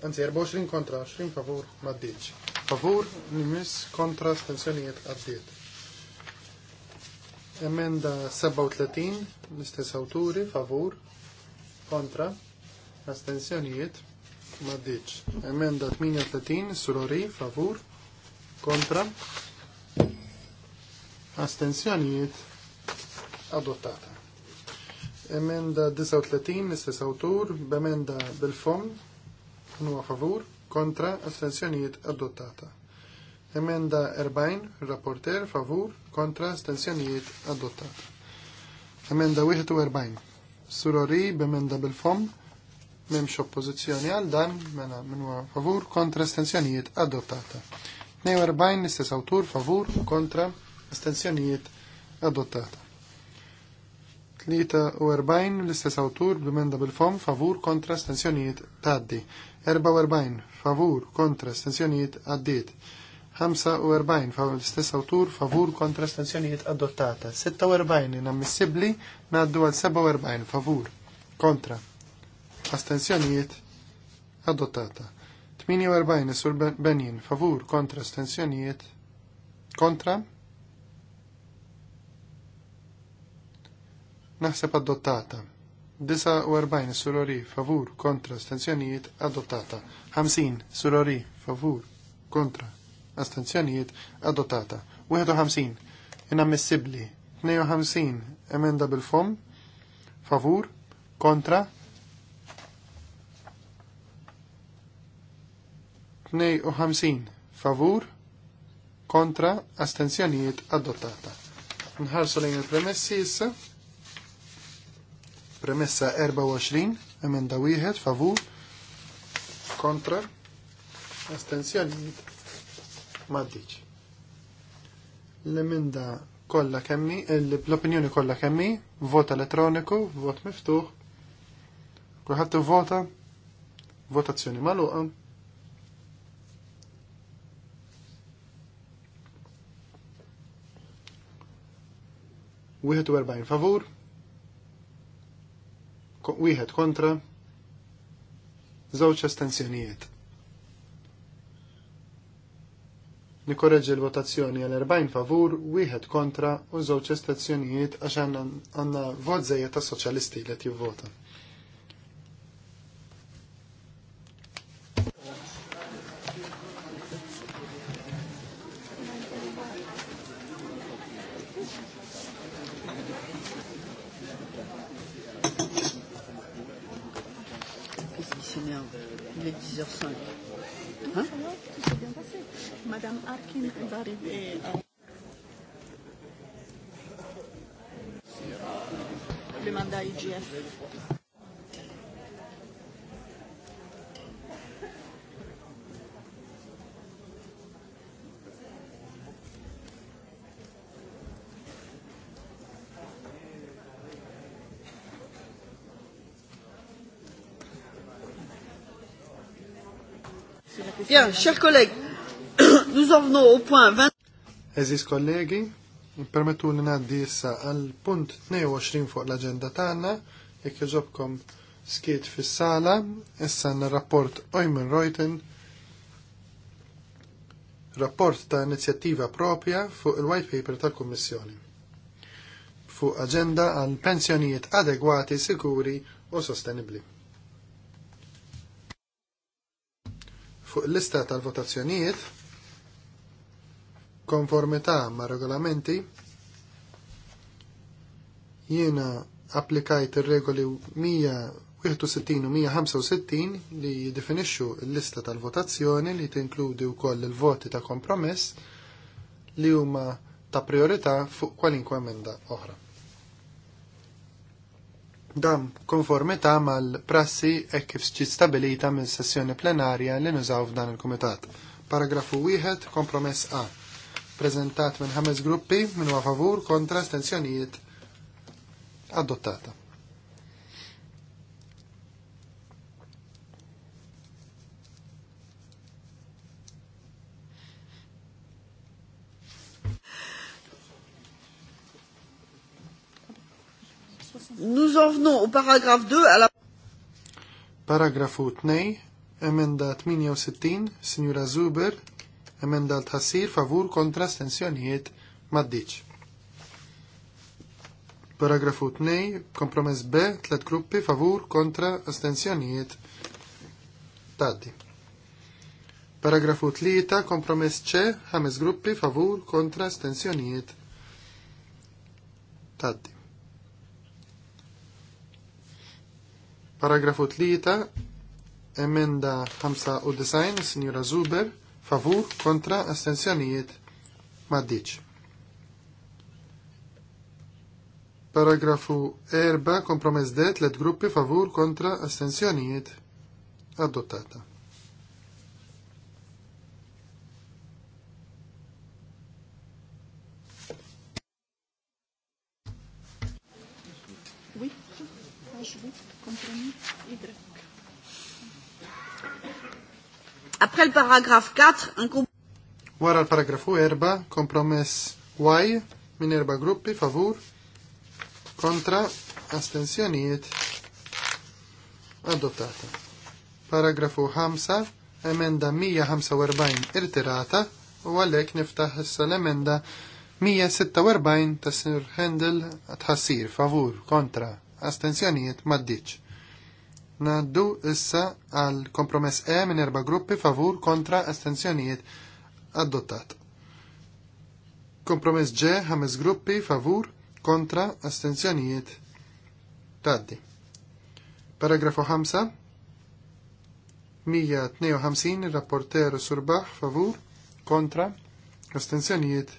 anzi 24 kontra, 20 favur, maddiċ. Favur, nimis, kontra, stenzjonijiet, għaddiet. Emenda 37, l-istess awturi, favur, kontra, astenzjonijiet, maddiċ. Emenda 38, surori, favor, kontra, Astenzjonijiet adottata. Emenda 39, l-istess autur, b'emenda bil-fond, huwa favur, kontra, astenzjonijiet adottata. Emenda 40, rapporter, favur, kontra, astenzjonijiet adottata. Emenda 41, surori, b'emenda bil fom memx oppozizjoni għal dan, mena minwa favur, kontra, astenzjonijiet adottata. 42 nistess istess awtur favur kontra astensjonijiet adottata. 43 l-istess awtur b'emenda bil-fom favur kontra astensjonijiet taddi. 44 favur kontra astensjonijiet addiet. 45 favur l-istess awtur favur kontra astensjonijiet adottata. 46 inammissibbli naddu għal 47 favur kontra astensjonijiet adottata. 48 sur Benin, favur kontra stenzjonijiet, kontra. Naħseb adottata. 49 sur ori, favur kontra stenzjonijiet, adottata. 50 sur ori, favur kontra astenzjonijiet, adottata. 51 inammissibli. 52 emenda bil-fom, favur kontra 52 favur kontra astenzjonijiet adottata. Nħarsu lejn il-premessi issa. Premessa 24, emenda wieħed favur kontra astenzjonijiet maddiċ. L-emenda kollha kemmi, eh, l-opinjoni kollha kemmi, vot elettroniku, vot miftuħ, kulħadd vota, votazzjoni maluqa, 41 favur, wieħed kontra, żewġ astensjonijiet. Nikorreġi l-votazzjoni għal 40 favur, wieħed kontra u żewġ astensjonijiet għax għandna vot zejjed ta' soċjalisti li jivvota. Madam Arkin dwar IGF. Bien, chers collègues, nous u venons Eżis kollegi, permettu li naddi issa għal punt 22 fuq l-agenda tagħna, jekk iġobkom skiet fis-sala, issa għandna rapport Oymen Reuten, rapport ta' inizjattiva propja fuq il-white paper tal-Kummissjoni fuq aġenda għal pensjonijiet adegwati, sikuri u sostenibli. Fuq l-lista tal-votazzjonijiet konformità ma' regolamenti jiena applikajt ir-regoli 161 u 165 li jiddefinixxu l-lista tal-votazzjoni li tinkludi wkoll il-voti ta' kompromess li huma ta' priorità fuq kwalinkwa emenda oħra. Dan konformità mal-prassi e kif ġiet stabilita mill sessjoni plenarja li nużaw f'dan il-Kumitat. Paragrafu 1, kompromess A prezentat minn ħames gruppi minn huwa favur kontra stenzjonijiet adottata. Nous en venons au paragraphe 2 à la... Paragrafu 2, emenda 68, signora Zuber, Emenda tħassir favur kontra stensjonijiet maddiċ. Paragrafu 2, kompromess B, tlet gruppi favur kontra astensjonijiet taddi. Paragrafu 3, kompromess C, ħames gruppi favur kontra astensjonijiet taddi. Paragrafu 3, emenda 95, signora Zuber, favur kontra astensjonijiet maddiċ. Paragrafu 4 kompromess det let gruppi favur kontra astensjonijiet adottata. Après le paragraphe 4, un groupe... Wara l-paragrafu 4, kompromess Y, minn erba gruppi, favur, kontra, astensjonijiet, adottata. Paragrafu 5, emenda 145 irtirata, u għalek niftaħ issa l-emenda 146 ta' Sir Hendel tħassir, favur, kontra, astensjonijiet, maddiċ. Naddu issa għal kompromess E minn erba' gruppi favur kontra astenzjonijiet adottat. Kompromess G ħames gruppi favur kontra astenzjonijiet taddi. Paragrafu 5 152 il-rapporter surbaħ favur kontra astenzjonijiet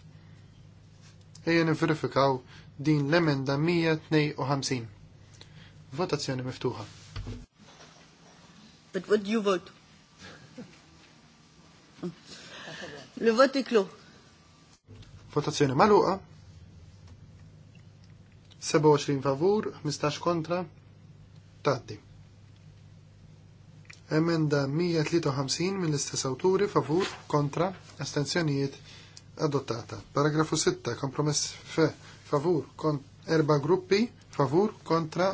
ejja nifverifikaw din l-emenda 152. Votazzjoni miftuħa. But what do you vote? Le vote est clos. Votazzjoni maluqa. 27 favur, 15 kontra. Taddi. Emenda 153 mill-istess awturi favur, kontra, astenzjonijiet adottata. Paragrafu 6, kompromess fe, favur, kon, erba gruppi, favur, kontra,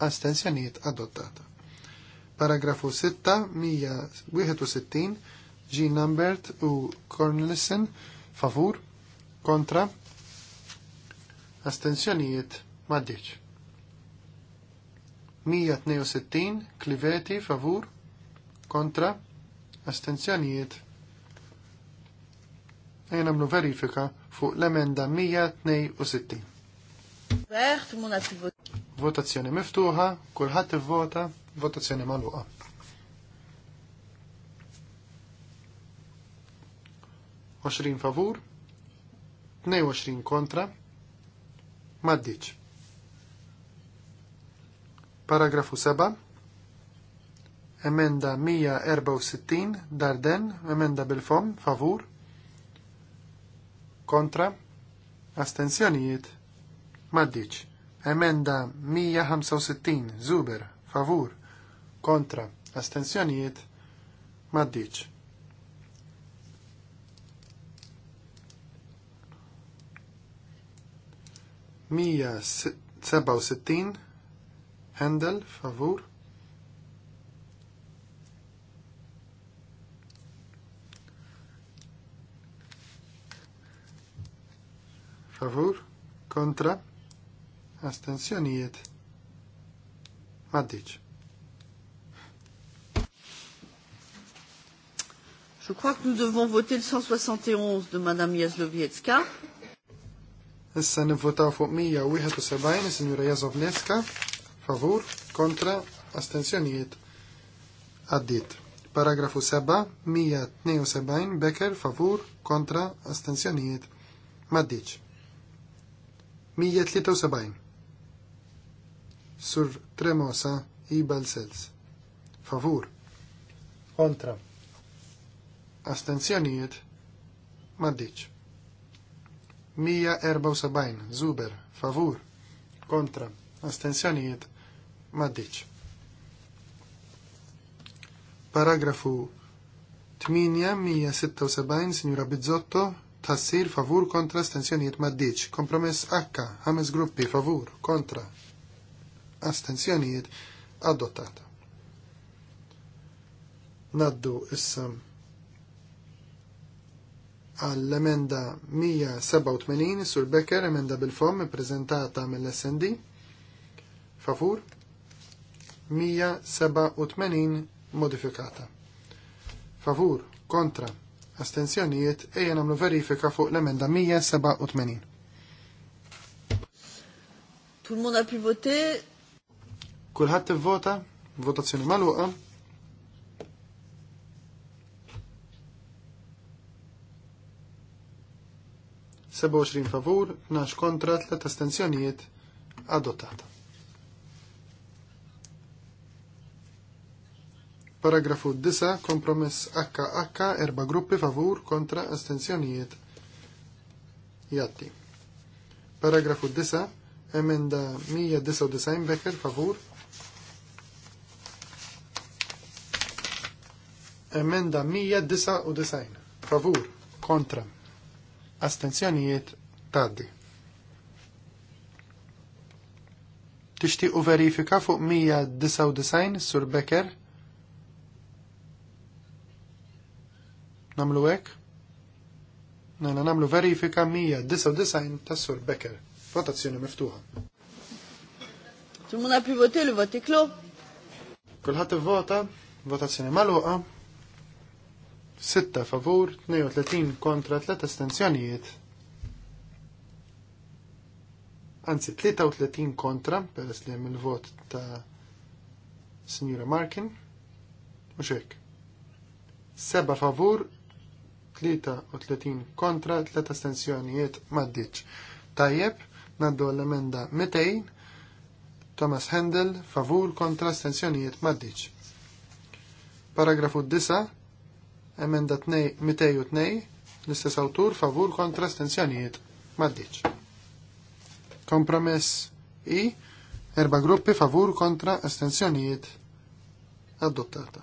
astensjoniet adottata. Paragrafu 6, 161, G. Lambert u Cornelissen, favur, kontra, astensjoniet maddiċ. 162, Kliveti, favur, kontra, astenzjonijiet. Ejn għamlu verifika fuq l-emenda 162. Votazzjoni miftuħa, kulħadd ivvota, votazzjoni magħluqa. Oxrin favur, 22 kontra, maddiċ. Paragrafu 7, emenda 164, Darden, emenda bil-fom, favur, kontra, astenzjonijiet, maddiċ. Emenda 165, Zuber, favur, kontra, astensjonijiet, maddiċ. Mija 67, Handel, favur. Favur, kontra, astensjonijiet għaddiċ. Je crois que nous devons voter le 171 de Madame Jazlowiecka. Issa nivvotaw fuq 171 is-Sinjura Jazlowiecka favur kontra astensjonijiet għaddit. Paragrafu 7, 172 Becker favur kontra astensjonijiet maddiċ. 173 Sur Tremosa Ibal Sels. Favur. Kontra. Astenzjonijiet. Maddiċ. 174. Zuber. Favur. Kontra. Astenzjonijiet. Maddiċ. Paragrafu 876, Signora Bizzotto, tassir favur kontra astenzjonijiet maddiċ. Kompromess H, ħames gruppi favur kontra astenzjonijiet adottata. Naddu issa għall-emenda 187 sur Becker, emenda bil-fom prezentata mill-SND. Favur 187 modifikata. Favur kontra astenzjonijiet ejja namlu verifika fuq l-emenda 187. Tout le monde a pu voter, Kulħadd ivvota, votazzjoni magħluqa. Seba' favur, nax kontra, t astenzjonijiet adottata. Paragrafu disa, kompromess HH, erba gruppi favur kontra astenzjonijiet jatti. Paragrafu 9, emenda 199 beker favur Emenda 199. Favur. Kontra. Astenzjonijiet taddi. u verifika fuq 199 sur Becker? Namlu hekk? Nana mela, namlu verifika 199 ta' sur Becker. Votazzjoni miftuħa. Tumuna pivoti li voti klo? Kulħat vota, votazzjoni maluqa. 6 favur, 32 kontra 3 estensjonijiet. Anzi, 33 kontra, peress li hemm il-vot ta' Signora Markin. Mhux hekk. 7 favur, 33 kontra, 3 astenzjonijiet maddiċ. Tajjeb, naddu l-emenda 200, Thomas Handel, favur kontra astenzjonijiet maddiċ. Paragrafu 9, Emenda 202 l-istess autur, favur kontra stenzjonijiet maddiċ. Kompromess i erba gruppi favur kontra astenzjonijiet adottata.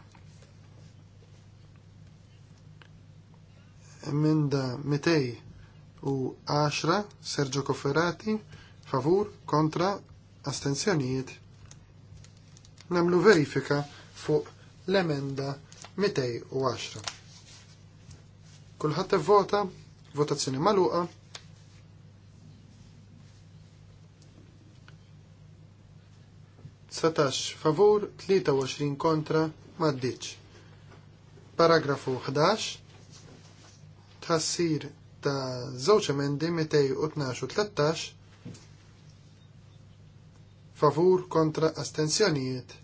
Emenda 210 Sergio Cofferati favur kontra astenzjonijiet. Namlu verifika fuq l-emenda Mitej u 210. Kulħadd vota, votazzjoni magħluqa. Satax favur, 23 kontra, maddiċ. Paragrafu 11. Tħassir ta' żewġ emendi 212 u 13 favur kontra astensjonijiet.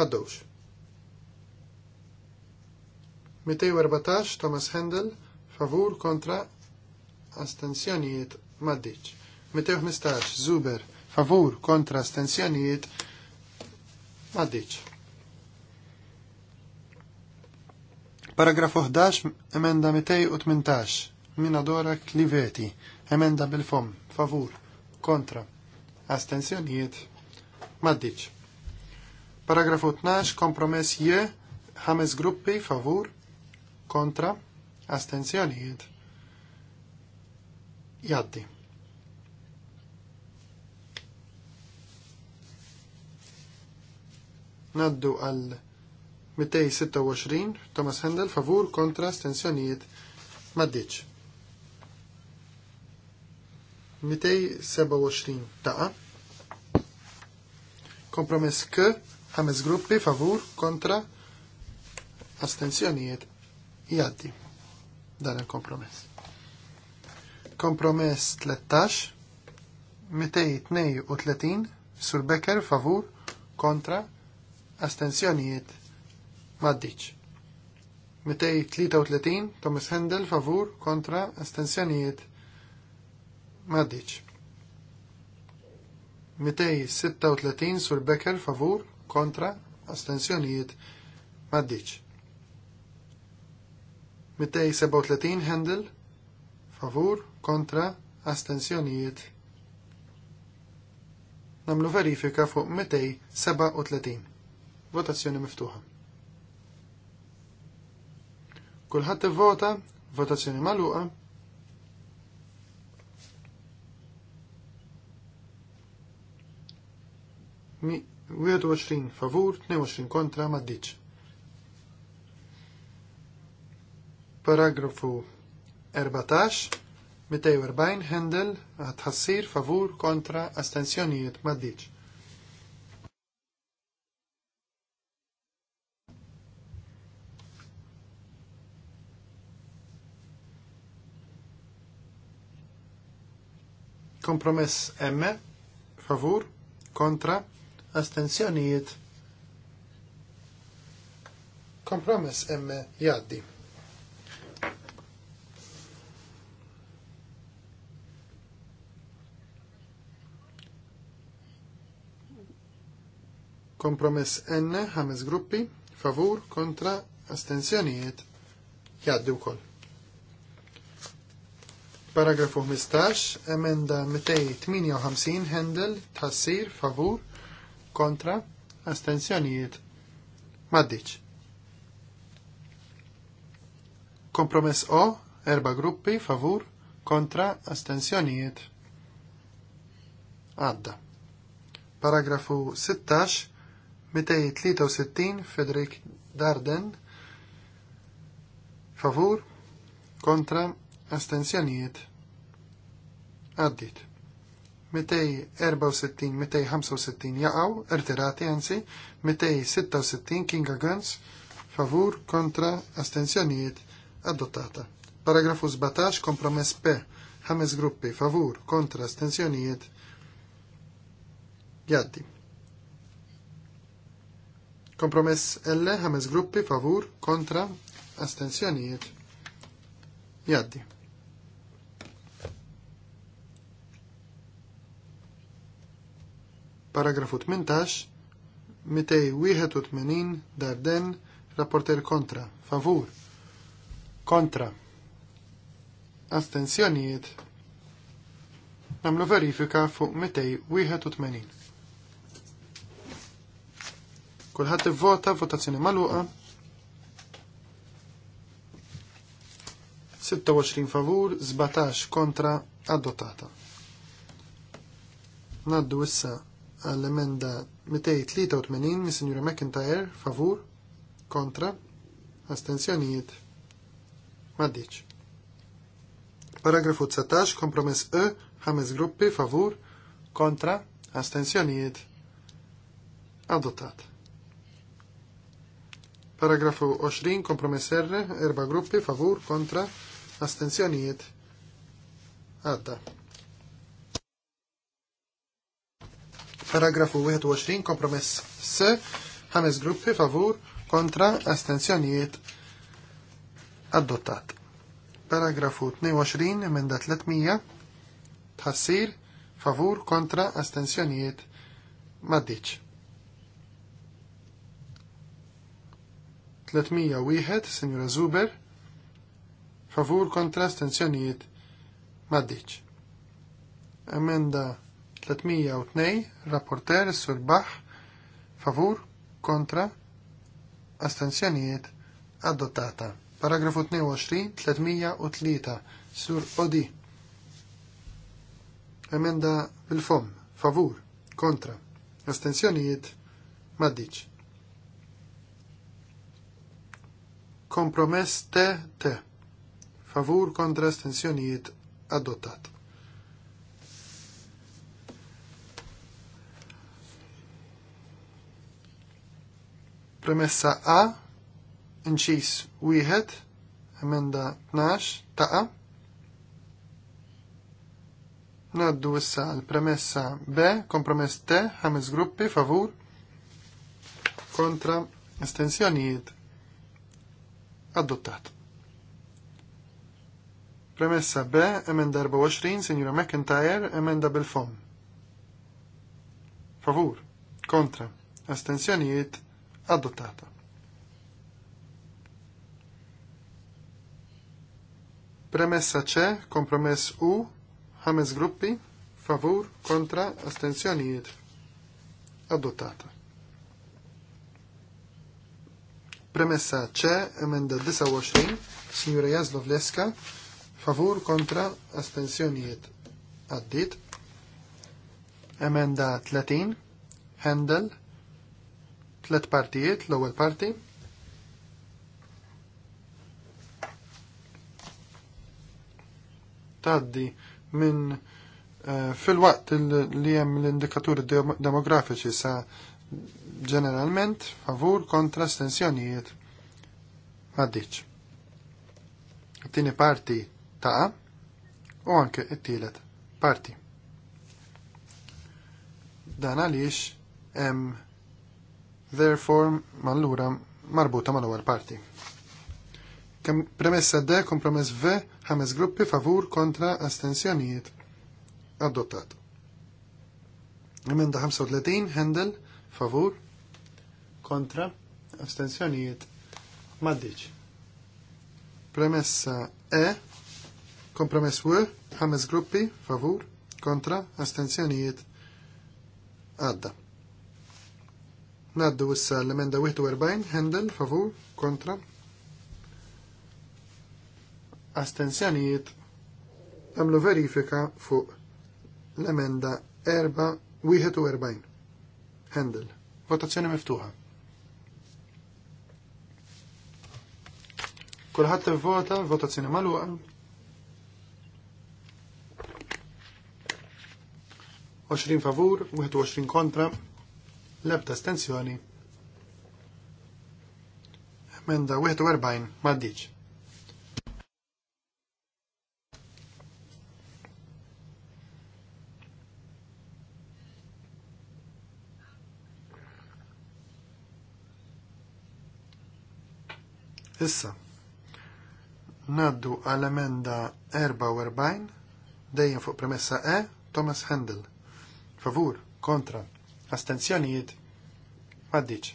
Maddowx. 214 Thomas Handel favur kontra astensjonijiet maddiċ. 215 Zuber favur kontra astensjonijiet maddiċ. Paragrafu 11, emenda 218, dora Kliveti, emenda bil-fom, favur, kontra, astensjonijiet, maddiċ. Paragrafu 12, kompromess je, ħames gruppi, favur, kontra, astenzjonijiet, jaddi. Naddu għal 226, Thomas Handel, favur kontra astenzjonijiet maddiċ. 227 taqa. Kompromess K, ħames gruppi, favur, kontra, astenzjonijiet jaddi dan il-kompromess. Kompromess 13, 232, sur Becker favur, kontra, astenzjonijiet, maddiċ. 233, Thomas Hendel favur, kontra, astenzjonijiet, maddiċ. 236, sur Becker favur, kontra, astenzjonijiet, maddiċ. Mittej 37 Handel favur kontra astensjonijiet namlu verifika fuq 37. votazzjoni miftuħa kulħadd ivvota votazzjoni magħluqa Mi 21 favur, 22 kontra, maddiċ. Paragrafu 14, 240 Handel għatħassir favur kontra astensjonijiet maddiċ. Kompromess M, favur, kontra, astensjonijiet. Kompromess M jaddi. Kompromess N, ħames gruppi, favur, kontra, astensjonijiet, jaddi wkoll. Paragrafu 15, emenda 258, Handel, tassir, favur, kontra, astensjonijiet, maddiċ. Kompromess O, erba gruppi, favur, kontra, astensjonijiet, għadda. Paragrafu 16, 263 Federic Darden favur kontra astensjonijiet għaddit 264-265 jaqaw irtirati għansi 266 Kinga Guns favur kontra astensjonijiet adottata paragrafu 17 kompromess P ħames gruppi favur kontra astensjonijiet jaddi Kompromess L, ħames gruppi, favur, kontra, astensjonijiet. Jaddi. Paragrafu 18, 281, Darden, rapporter kontra, favur, kontra, astensjonijiet. Namlu verifika fuq 281. Kulħadd ivvota votazzjoni maluqa 26 favur, 17 kontra adottata. Naddu issa għall-emenda 283 mis Signora McIntyre, favur, kontra, astensjonijiet, maddiċ. Paragrafu 17, kompromess E, ħames gruppi, favur, kontra, astensjonijiet, adottat. Paragrafu 20, kompromess R, erba gruppi, favur, kontra, astenzjonijiet. Għadda. Paragrafu 21, kompromess S, ħames gruppi, favur, kontra, astenzjonijiet. Adottat. Paragrafu 22, emenda 300, tħassir, favur, kontra, astenzjonijiet. Maddiċ. 301, Sinjura Zuber, favur kontra astenzjonijiet maddiċ. Emenda 302, rapporter Sur Bach, favur kontra astenzjonijiet adottata. Paragrafu 22, 303, Sur Odi. Emenda bil-fom, favur kontra astenzjonijiet maddiċ. Kompromess te te. Favur kontra astensjonijiet adottat. Premessa A, inċis wieħed, emenda 12, taqa. Naddu issa l-premessa B, kompromess T, ħames gruppi, favur, kontra, estensjonijiet, adottat. Premessa B, emenda 24, Signora McIntyre, emenda bil-fom. Favur, kontra, astensjonijiet, adottata. Premessa C, kompromess U, ħames gruppi, favur, kontra, Astensioniet. adottata. Premessa C, emenda 29, signora Jaslov Leska, favur kontra astensjonijiet għaddit. Emenda 30, Handel, tlet partijiet, l-ewwel parti. Taddi minn eh, fil-waqt li hemm l-indikaturi demografiċi sa' ġeneralment favur kontra stensjonijiet maddiċ. Tini parti ta' u anke it-tielet parti. Dan għaliex hemm therefore mallura marbuta mal-ewwel parti. Kemm premessa D kompromess V ħames gruppi favur kontra astensjonijiet adottat. Emenda 35 Handel favur, kontra, astensjonijiet, maddiċ. Premessa E, kompromess W, ħames gruppi, favur, kontra, astensjonijiet, għadda. Naddu issa l-emenda 41, Hendel, favur, kontra, astensjonijiet, għamlu verifika fuq l-emenda 4, 41. Handel. Votazzjoni miftuħa. Kulħadd vota, votazzjoni magħluqa. Oxrin favur, 21 kontra, l-ebda stenzjoni. u 41, maddiċ. Issa, naddu għal-emenda 44, dejjem fuq premessa E, Thomas Handel. Favur, kontra, astenzjonijiet, għaddiċ.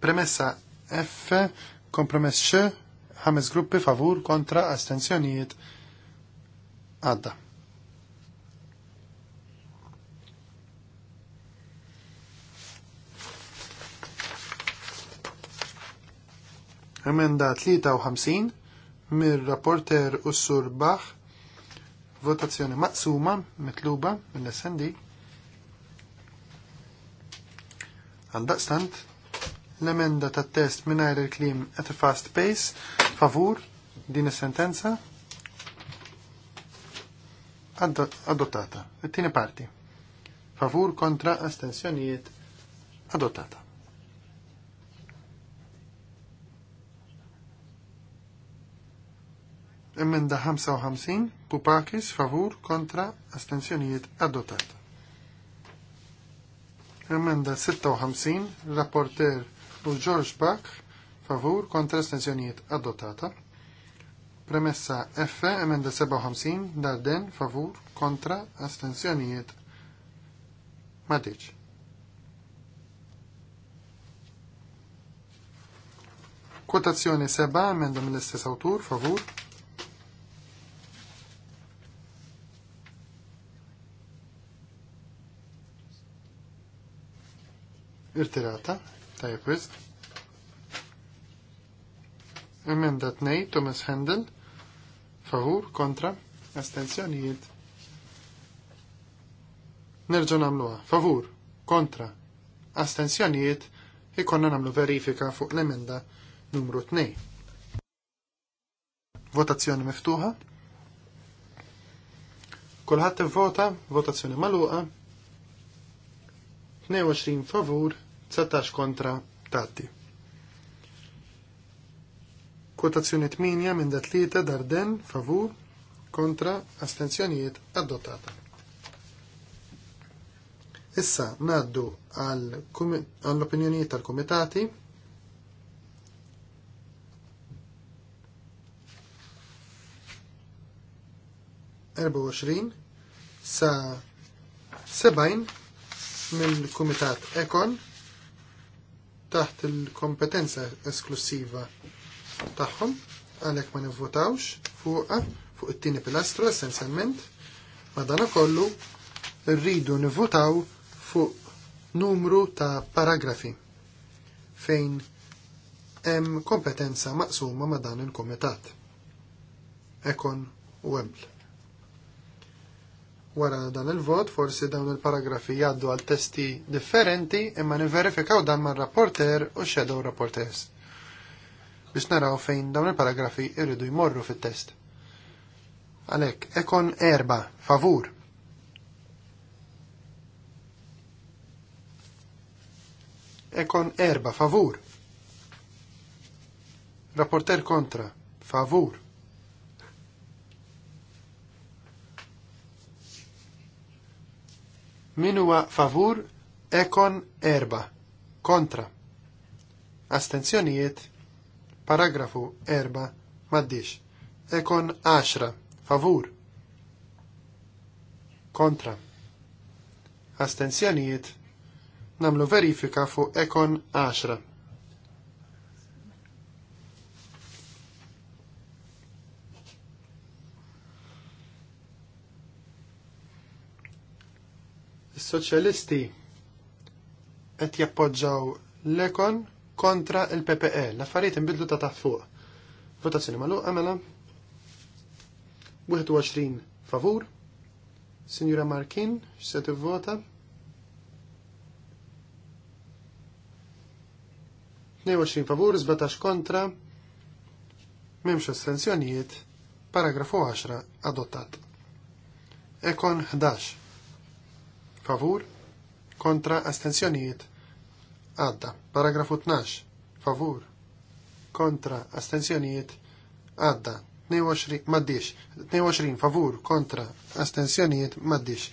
Premessa F, kompromess X, ħames gruppi favur, kontra, astenzjonijiet, għadda. Emenda 53 mir-rapporter Ussur Bach votazzjoni maqsuma mitluba mill-SND għaldaqstant l-emenda ta' test minnajr il-klim at a fast pace favur din is-sentenza adottata. It-tieni parti. Favur kontra astensjonijiet adottata. Emenda 55, Pupakis, favur, kontra, astenzjonijiet adotat. Emenda 56, rapporter u George Bach, favur, kontra, astenzjonijiet adotata. Premessa F, emenda 57, Darden, favur, kontra, astenzjonijiet madiċ. Kotazzjoni 7, emenda mill-istess autur, favur, irtirata, tajab wisq. Emenda nej, Thomas Handel, favur, kontra, astenzjonijiet. Nerġu namluha, favur, kontra, astenzjonijiet, ikonna namlu verifika fuq l-emenda numru 2. Votazzjoni miftuħa. Kulħadd ivvota, votazzjoni magħluqa. 22 favur, 17 kontra tatti. Kotazzjoni 8 minn da darden favur kontra astenzjonijiet adottata. Issa naddu għall-opinjonijiet tal-komitati erba' sa sebajn mill-Kumitat Ekon taħt il-kompetenza esklusiva tagħhom għalhekk ma nivvotawx fuqha fuq it-tieni pilastru essenzjalment madanakollu rridu nivvotaw fuq numru ta' paragrafi fejn hemm kompetenza maqsuma ma' dan il komitat Ekon u Wemble. Wara dan il-vot, forsi dawn il-paragrafi jaddu għal testi differenti imma niverifikaw dan ma' rapporter u shadow rapporters. Bix naraw fejn dawn il-paragrafi irridu jmorru fit-test. Għalek, ekon erba, favur. Ekon erba, favur. Rapporter kontra, favur. Min huwa favur ekon erba. Kontra. Astenzjonijiet. Paragrafu erba. Maddix. Ekon ashra Favur. Kontra. Astenzjonijiet. Namlu verifika fuq ekon ashra soċjalisti qed jappoġġaw l-ekon kontra il-PPE. L-affarijiet inbidlu ta' taħt fuq. Votazzjoni magħluq għamela. 21 favur. Signora Markin, x'se tivvota? 22 favur, 17 kontra, memx astensjonijiet, paragrafu 10 adottat. Ekon 11 favur, kontra astenzjonijiet, għadda. Paragrafu 12, favur, kontra astenzjonijiet, għadda. 22, maddix. 22, favur, kontra astenzjonijiet, maddix.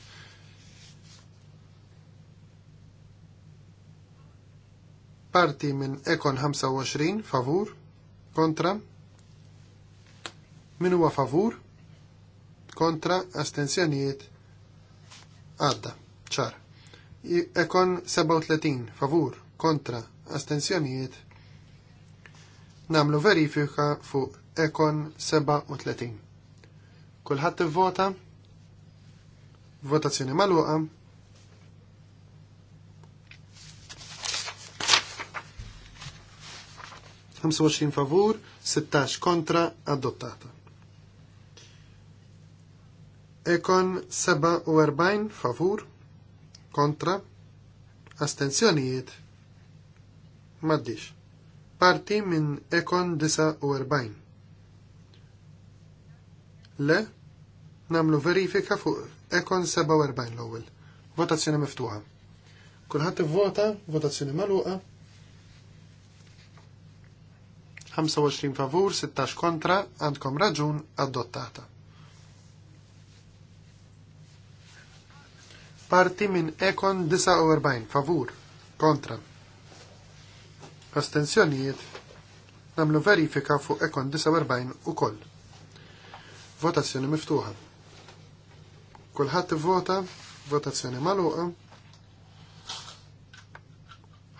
Parti minn Ekon 25, favur, kontra, min huwa favur, kontra astenzjonijiet, għadda ċar. Ekon 37, favur, kontra, astensjonijiet. Namlu verifika fuq Ekon 37. Kulħadd ivvota. Votazzjoni maluqa. Hamsoċin favur, 16 kontra adottata. Ekon 47 favur kontra, astenzjonijiet, maddix. Parti minn Ekon erbajn. Le, namlu verifika fuq Ekon erbajn l-ewwel. Votazzjoni miftuħa. Kulħadd ivvota, votazzjoni magħluqa. 25 favur, 16 kontra, għandkom raġun adottata. parti minn Ekon 49 favur kontra. Astenzjonijiet namlu verifika fuq Ekon 49 u koll. Votazzjoni miftuħa. Kulħadd vota, votazzjoni maluqa.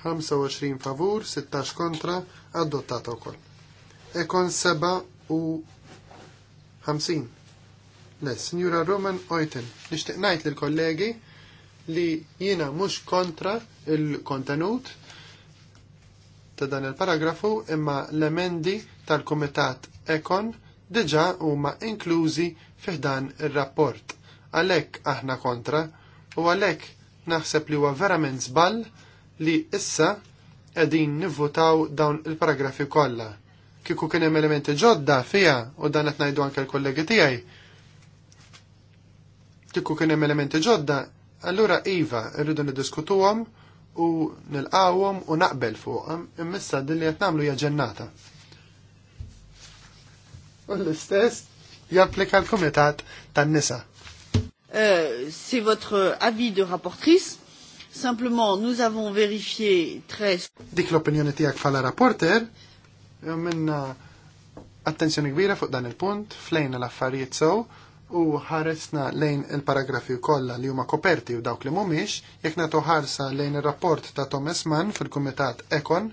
25 favur, 16 kontra, adottata wkoll. Ekon 7 u 50. Le, Signora Roman Oiten, nixtieq ngħid lill-kollegi li jiena mhux kontra il-kontenut ta' dan il-paragrafu imma l-emendi tal-Kumitat Ekon diġa huma inklużi fih dan ir-rapport. Għalhekk aħna kontra u għalhekk naħseb li huwa verament żball li issa qegħdin nivvutaw dawn il-paragrafi kollha. Kieku kien hemm elementi ġodda fija u dan qed ngħidu anke l-kollegi tiegħi. Kieku kien hemm elementi ġodda Allura Iva, rridu niddiskutuhom u nilqawhom u naqbel fuqhom, immissa dilli qed nagħmlu hija ġennata. U l-istess japplika l-Kumitat tan-nisa. Euh, c'est votre avis de rapportrice. Simplement, nous avons vérifié très... Dik l-opinjoni tiegħek fala rapporter, minna attenzjoni kbira fuq dan il-punt, flejna l-affarijiet sew, so, u ħaresna lejn il-paragrafi kollha li huma koperti u dawk li mhumiex, jekk nagħtu ħarsa lejn ir-rapport ta' Thomas Mann fil-Kumitat Ekon,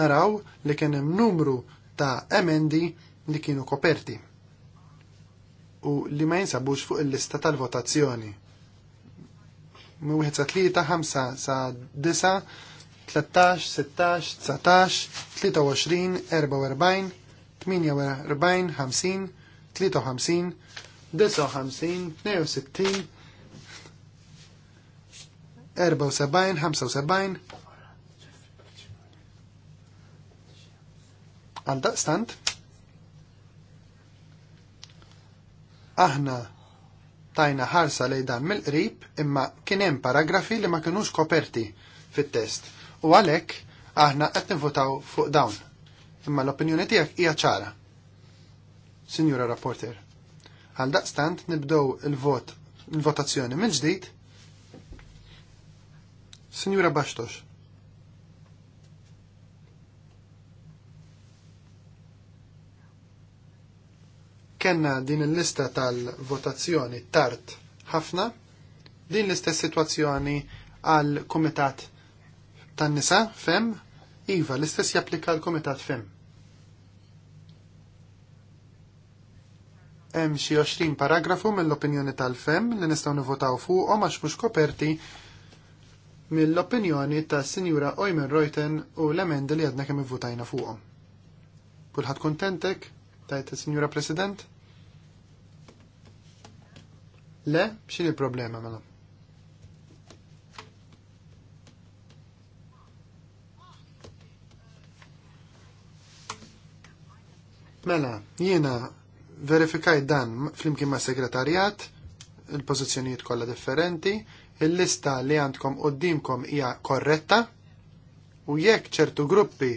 naraw li kien hemm numru ta' emendi li kienu koperti u li ma jinsabux fuq il-lista tal-votazzjoni. Mi wieħed sa tlieta, ħamsa sa disa, 13, 16, 19, 23, 44, 48, 50, 53, 75. Għal daqstant, aħna tajna ħarsa li dan mill-qrib imma kien hemm paragrafi li ma kinux koperti fit-test u għalhekk aħna qed nivutaw fuq dawn. Imma l-opinjoni tiegħek hija ċara. Signora Rapporter. Għal daqstant nibdow il-vot, il-votazzjoni minn ġdid. Sinjura Bastos. Kenna din il-lista tal-votazzjoni tard ħafna, din l-istess situazzjoni għal komitat tan-nisa fem, iva l-istess japplika l komitat fem. hemm xi 20 paragrafu mill-opinjoni tal-fem li nistgħu nivotaw fuqhom għax mhux koperti mill-opinjoni ta' Sinjura Oymen Reuten u l-emendi li għadna kemm ivvotajna fuqhom. Kulħadd kuntentek? Tajt Sinjura President? Le, x'in il-problema mela? Mela, jiena verifikajt dan flimkien ma' segretarjat, il-pozizjonijiet kollha differenti, il-lista li għandkom qoddimkom hija korretta, u jekk ċertu gruppi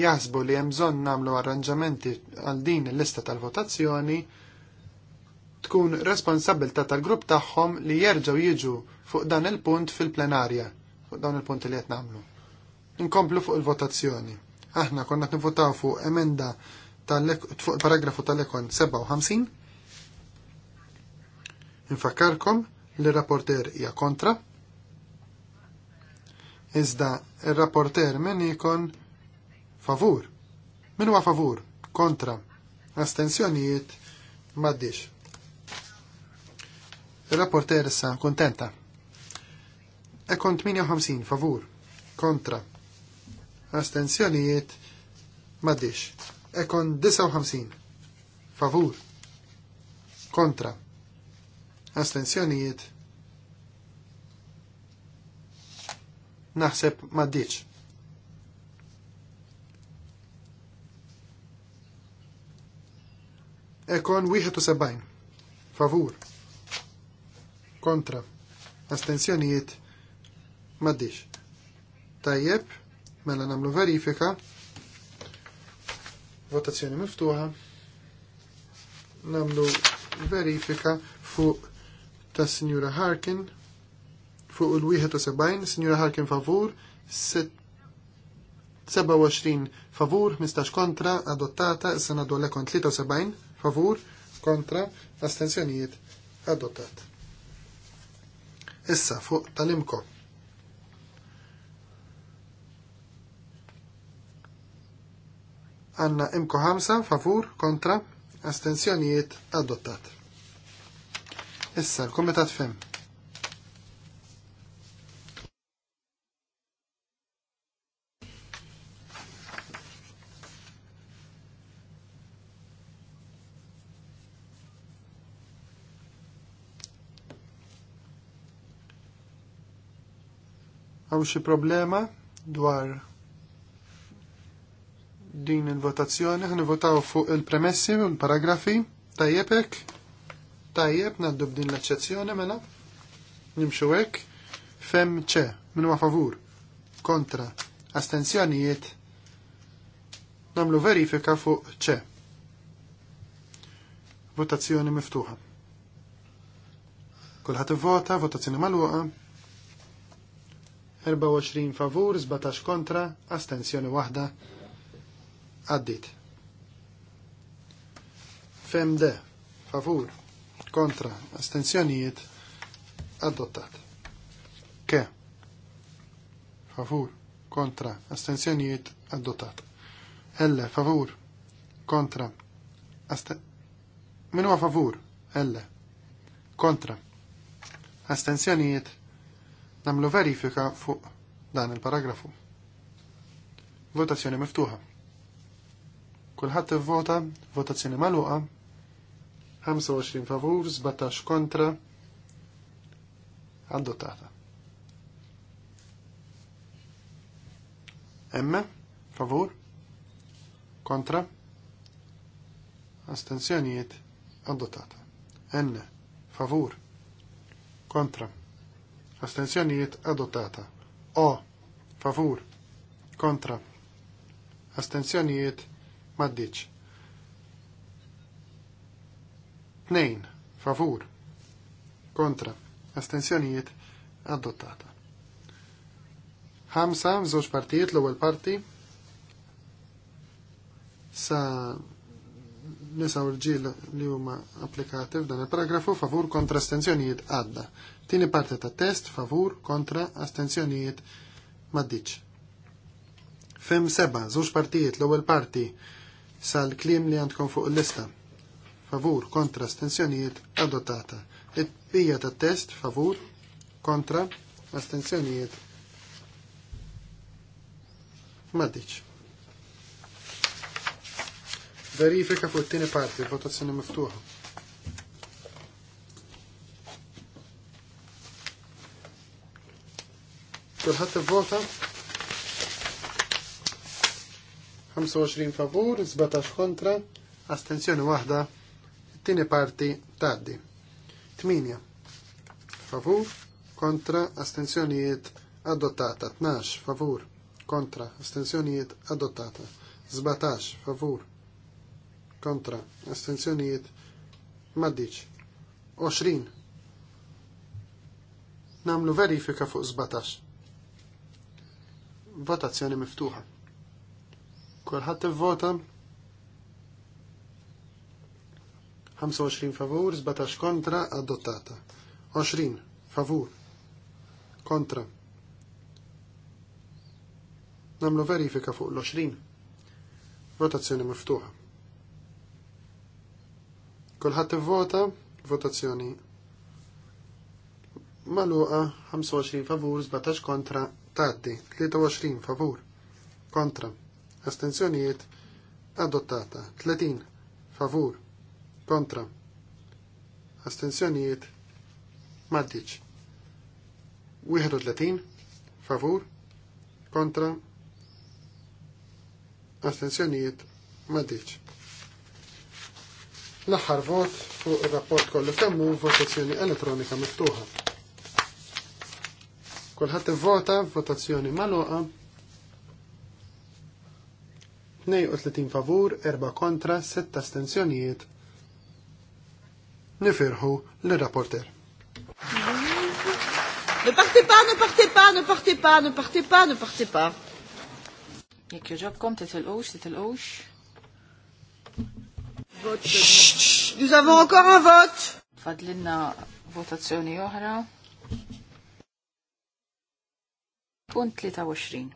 jaħsbu li hemm bżonn nagħmlu arranġamenti għal din il-lista tal-votazzjoni, tkun responsabilta tal-grupp tagħhom li jerġgħu jiġu fuq dan il-punt fil-plenarja, fuq dawn il-punti li qed nagħmlu. Nkomplu fuq il-votazzjoni. Aħna konna nivvotaw fuq emenda paragrafu tal-ekon 57. Infakarkom li rapporter hija kontra. Iżda il-rapporter minn ikon favur. Min huwa favur, kontra, astensjonijiet, maddix. Il-rapporter issa kontenta. Ekon kont 58 favur, kontra, astensjonijiet, maddix ekon 59. Favur. Kontra. Astenzjonijiet. Naħseb maddiċ. Ekon 71. Favur. Kontra. Astenzjonijiet. Maddiċ. Tajjeb. Mela namlu verifika votazzjoni miftuħa, namlu verifika fuq ta' Signora Harkin, fuq il-71, Signora Harkin favur, 27 favur, 15 kontra, adottata, s-sena dolle kont 73 favur, kontra, astenzjonijiet, adottat. Issa, fuq tal-imkot Għanna imko ħamsa, favur kontra astensjonijiet adottat. Issa l-Komitat Fem. Għaw xi problema dwar din il-votazzjoni, votaw fuq il-premessi u l-paragrafi, tajjebek, tajjeb, naddub din l-eċċezzjoni mela, nimxu hekk, fem ċe, minu ma favur, kontra, astenzjonijiet, namlu verifika fuq ċe. Votazzjoni miftuħa. Kulħat vota, votazzjoni maluqa, 24 favur, 17 kontra, astenzjoni wahda, għaddit. Fem de, favur, kontra, astenzjonijiet, adottat. Ke, favur, kontra, astenzjonijiet, adottat. Elle, favur, kontra, astenzjonijiet, Minu a favur, elle, kontra, astenzjonijiet, namlu verifika fuq dan il-paragrafu. Votazzjoni miftuħa. Kulħadd ivvota votazzjoni magħluqa. 25 favur, 17 kontra. Adottata. M, favur, kontra, Astenzjonijiet adottata. N, favur, kontra, Astenzjonijiet adottata. O, favur, kontra, astensjonijiet, adottata maddiċ. Tnejn, favur, kontra, astensjonijiet, adottata. Hamsa, żewġ partijiet, l-ewwel parti, sa nisa urġil li huma applikati f'dan il-paragrafu favur kontra astenzjonijiet għadda. Tini parte ta' test favur kontra astenzjonijiet maddiċ. Fem seba, żewġ partijiet, l-ewwel parti sal-klim li għandkom fuq il-lista. Favur kontra astensjonijiet adottata. It-bija ta' test favur kontra astensjonijiet maddiċ. Verifika fuq it tini parti, votazzjoni miftuħa. Kulħadd vota 25 favur, 17 kontra, astenzjoni wahda, it-tieni parti taddi. 8 favur, kontra, astenzjonijiet adottata. 12 favur, kontra, astenzjonijiet adottata. 17 favur, kontra, astenzjonijiet maddiċ. 20 namlu verifika fuq 17. Votazzjoni miftuħa. Kulħadd ivvota. 25 favur, 17 kontra, adottata. 20 favur, kontra. Namlu verifika fuq l-20. Votazzjoni miftuħa. Kulħadd ivvota, votazzjoni maluqa 25 favur, 17 kontra, taddi, 23 favur, kontra astenzjonijiet adottata 30 favur kontra astenzjonijiet maddiċ 31 favur kontra astenzjonijiet maddiċ L-aħħar vot fuq ir-rapport kollu kemmu votazzjoni elettronika miftuħa. Kulħadd vota votazzjoni magħluqa 32 favur, 4 kontra, 6 astensjonijiet. Nifirħu l-rapporter. Ne parti pas, ne parti pas, ne parti pas, ne parti pas, ne parti pa. Jek joġobkom titilqux, titilqux. Nous avons encore un vote. Fadlinna votazzjoni oħra. Punt 23.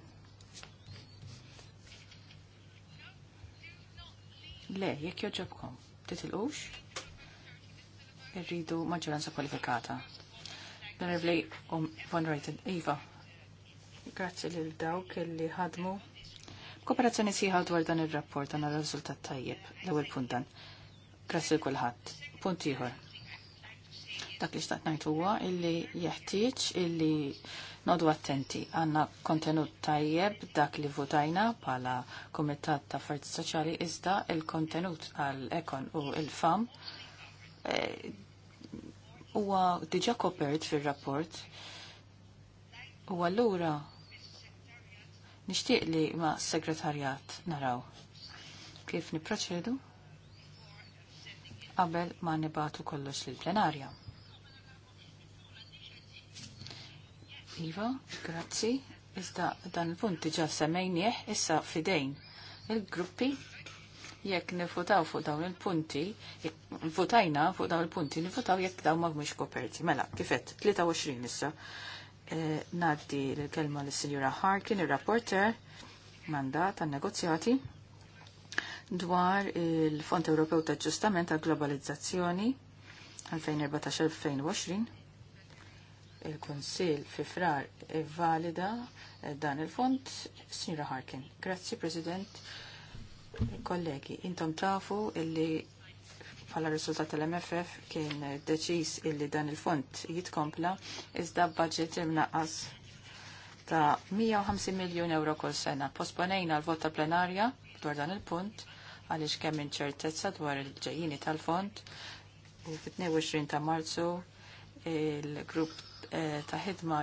Le, jekk joġobkom, titilqux? Irridu maġġoranza kwalifikata. Nervli um von Reiten, Iva. Grazzi lil dawk li ħadmu. Kooperazzjoni siħaw dwar dan ir rapport għandna r riżultat tajjeb, l-ewwel punt dan. Grazzi l kulħadd. Punt ieħor Dak li xtaqt najt huwa illi jeħtieġ illi nodu attenti għanna kontenut tajjeb dak li votajna pala Komitat ta' Farti Soċjali iżda il-kontenut għal ekon u il-fam e, huwa e, diġa kopert fir-rapport u allura nixtieq li ma' segretarjat naraw kif niproċedu qabel ma nibatu kollox lill-plenarja. Iva, grazzi. Iżda dan il-punt diġa semmejnieh issa fidejn il-gruppi jekk nifutaw fuq dawn il-punti, votajna fuq dawn il-punti, nifutaw jekk dawn ma mhux koperti. Mela, kifet, 23 issa. Eh, naddi l-kelma l-Sinjura Harkin, il-rapporter, mandat għan negozjati dwar il-Fond Ewropew ta' Ġustament ta' Globalizzazzjoni 2014-2020 il-Konsil fi frar valida eh, dan il-fond, Sinra Harkin. Grazzi, President. Kollegi, intom tafu illi bħala risultat tal-MFF kien deċis illi dan il-fond jitkompla iżda budget imnaqas ta' 150 miljon euro kol sena. Posponejna l-vota plenarja dwar dan il-punt għaliex kemm inċertezza dwar il-ġejjini tal-fond u fit-22 ta' Marzu il-grupp Eh, ta' ħidma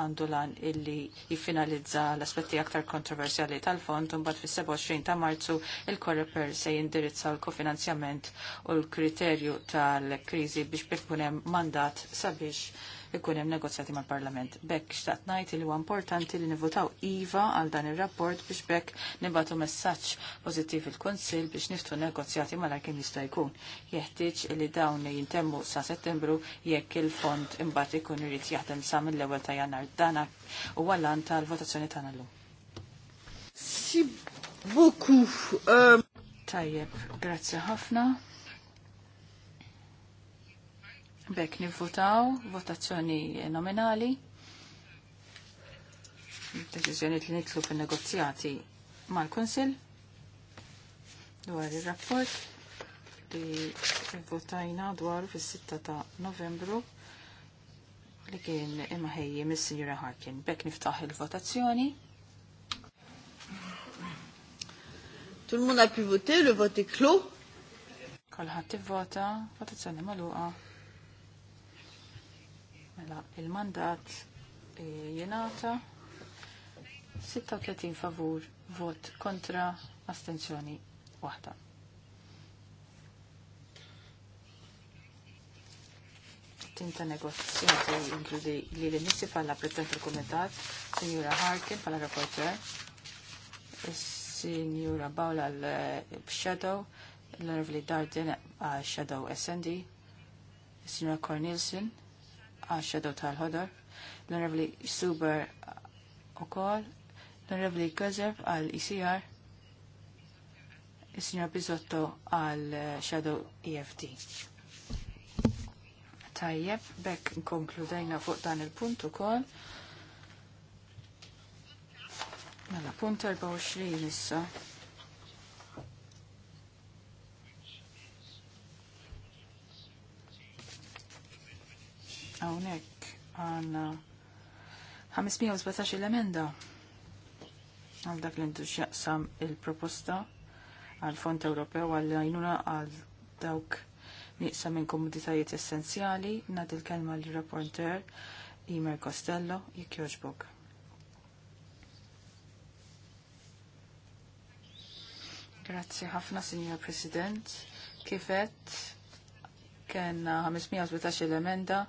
għandu lan illi jiffinalizza l-aspetti aktar kontroversjali tal-fond un bat fis-27 ta' marzu il-Koreper se jindirizza l-kofinanzjament u l-kriterju tal-krizi biex bekkunem mandat sabiex ikun hemm negozjati mal-Parlament. Bekk xtaqt ngħid li huwa importanti li nivvotaw iva għal dan ir-rapport biex bekk nibatu messaġġ pożittiv il-Kunsill biex niftu negozjati malajr kien jista' jkun. Jeħtieġ li dawn jintemmu sa' Settembru jekk il-fond imbagħad ikun irid jaħdem sa mill-ewwel ta' Jannar. Dana huwa lan tal-votazzjoni tagħna llum. Si beaucoup. Um... Tajjeb, grazzi ħafna. Bek nivvotaw votazzjoni nominali. Deċiżjoni li nitlu fin negozjati mal-Konsil dwar ir-rapport li votajna dwar fis-6 ta' Novembru li kien imma ħejji mis-Sinjura Harkin. Bek niftaħ il-votazzjoni. Tout le monde a pu voter, le vote est clos. tivvota, votazzjoni maluqa. Mela, il-mandat e, jenata 36 favur, vot kontra, astenzjoni waħda. Tinta negozjati inkludi li l-inissi falla pretent il-komitat, Signora Harkin falla rapporter, Signora Bawla l-Shadow, l-Nervli Darden għal Shadow SND, Signora Cornelson, għaxedu tal-ħodor, l-Onorevoli Suber u kol, l-Onorevoli Gozerv għal ICR, e il-Signor Bizotto għal eh, Shadow EFT. Tajjeb, bekk nkonkludajna fuq dan il-punt u kol. Mela, punt 24 nissa. Hawnhekk għanna 517 l-emenda għal dak li xaqsam il-proposta għal Fond Ewropew għal għajnuna għal dawk nieqsa minn komoditajiet essenzjali nagħti il kelma l-rapporter Imer Costello jekk jogħġbok. Grazzi ħafna, Signor President. Kifet, kena 517 l-emenda,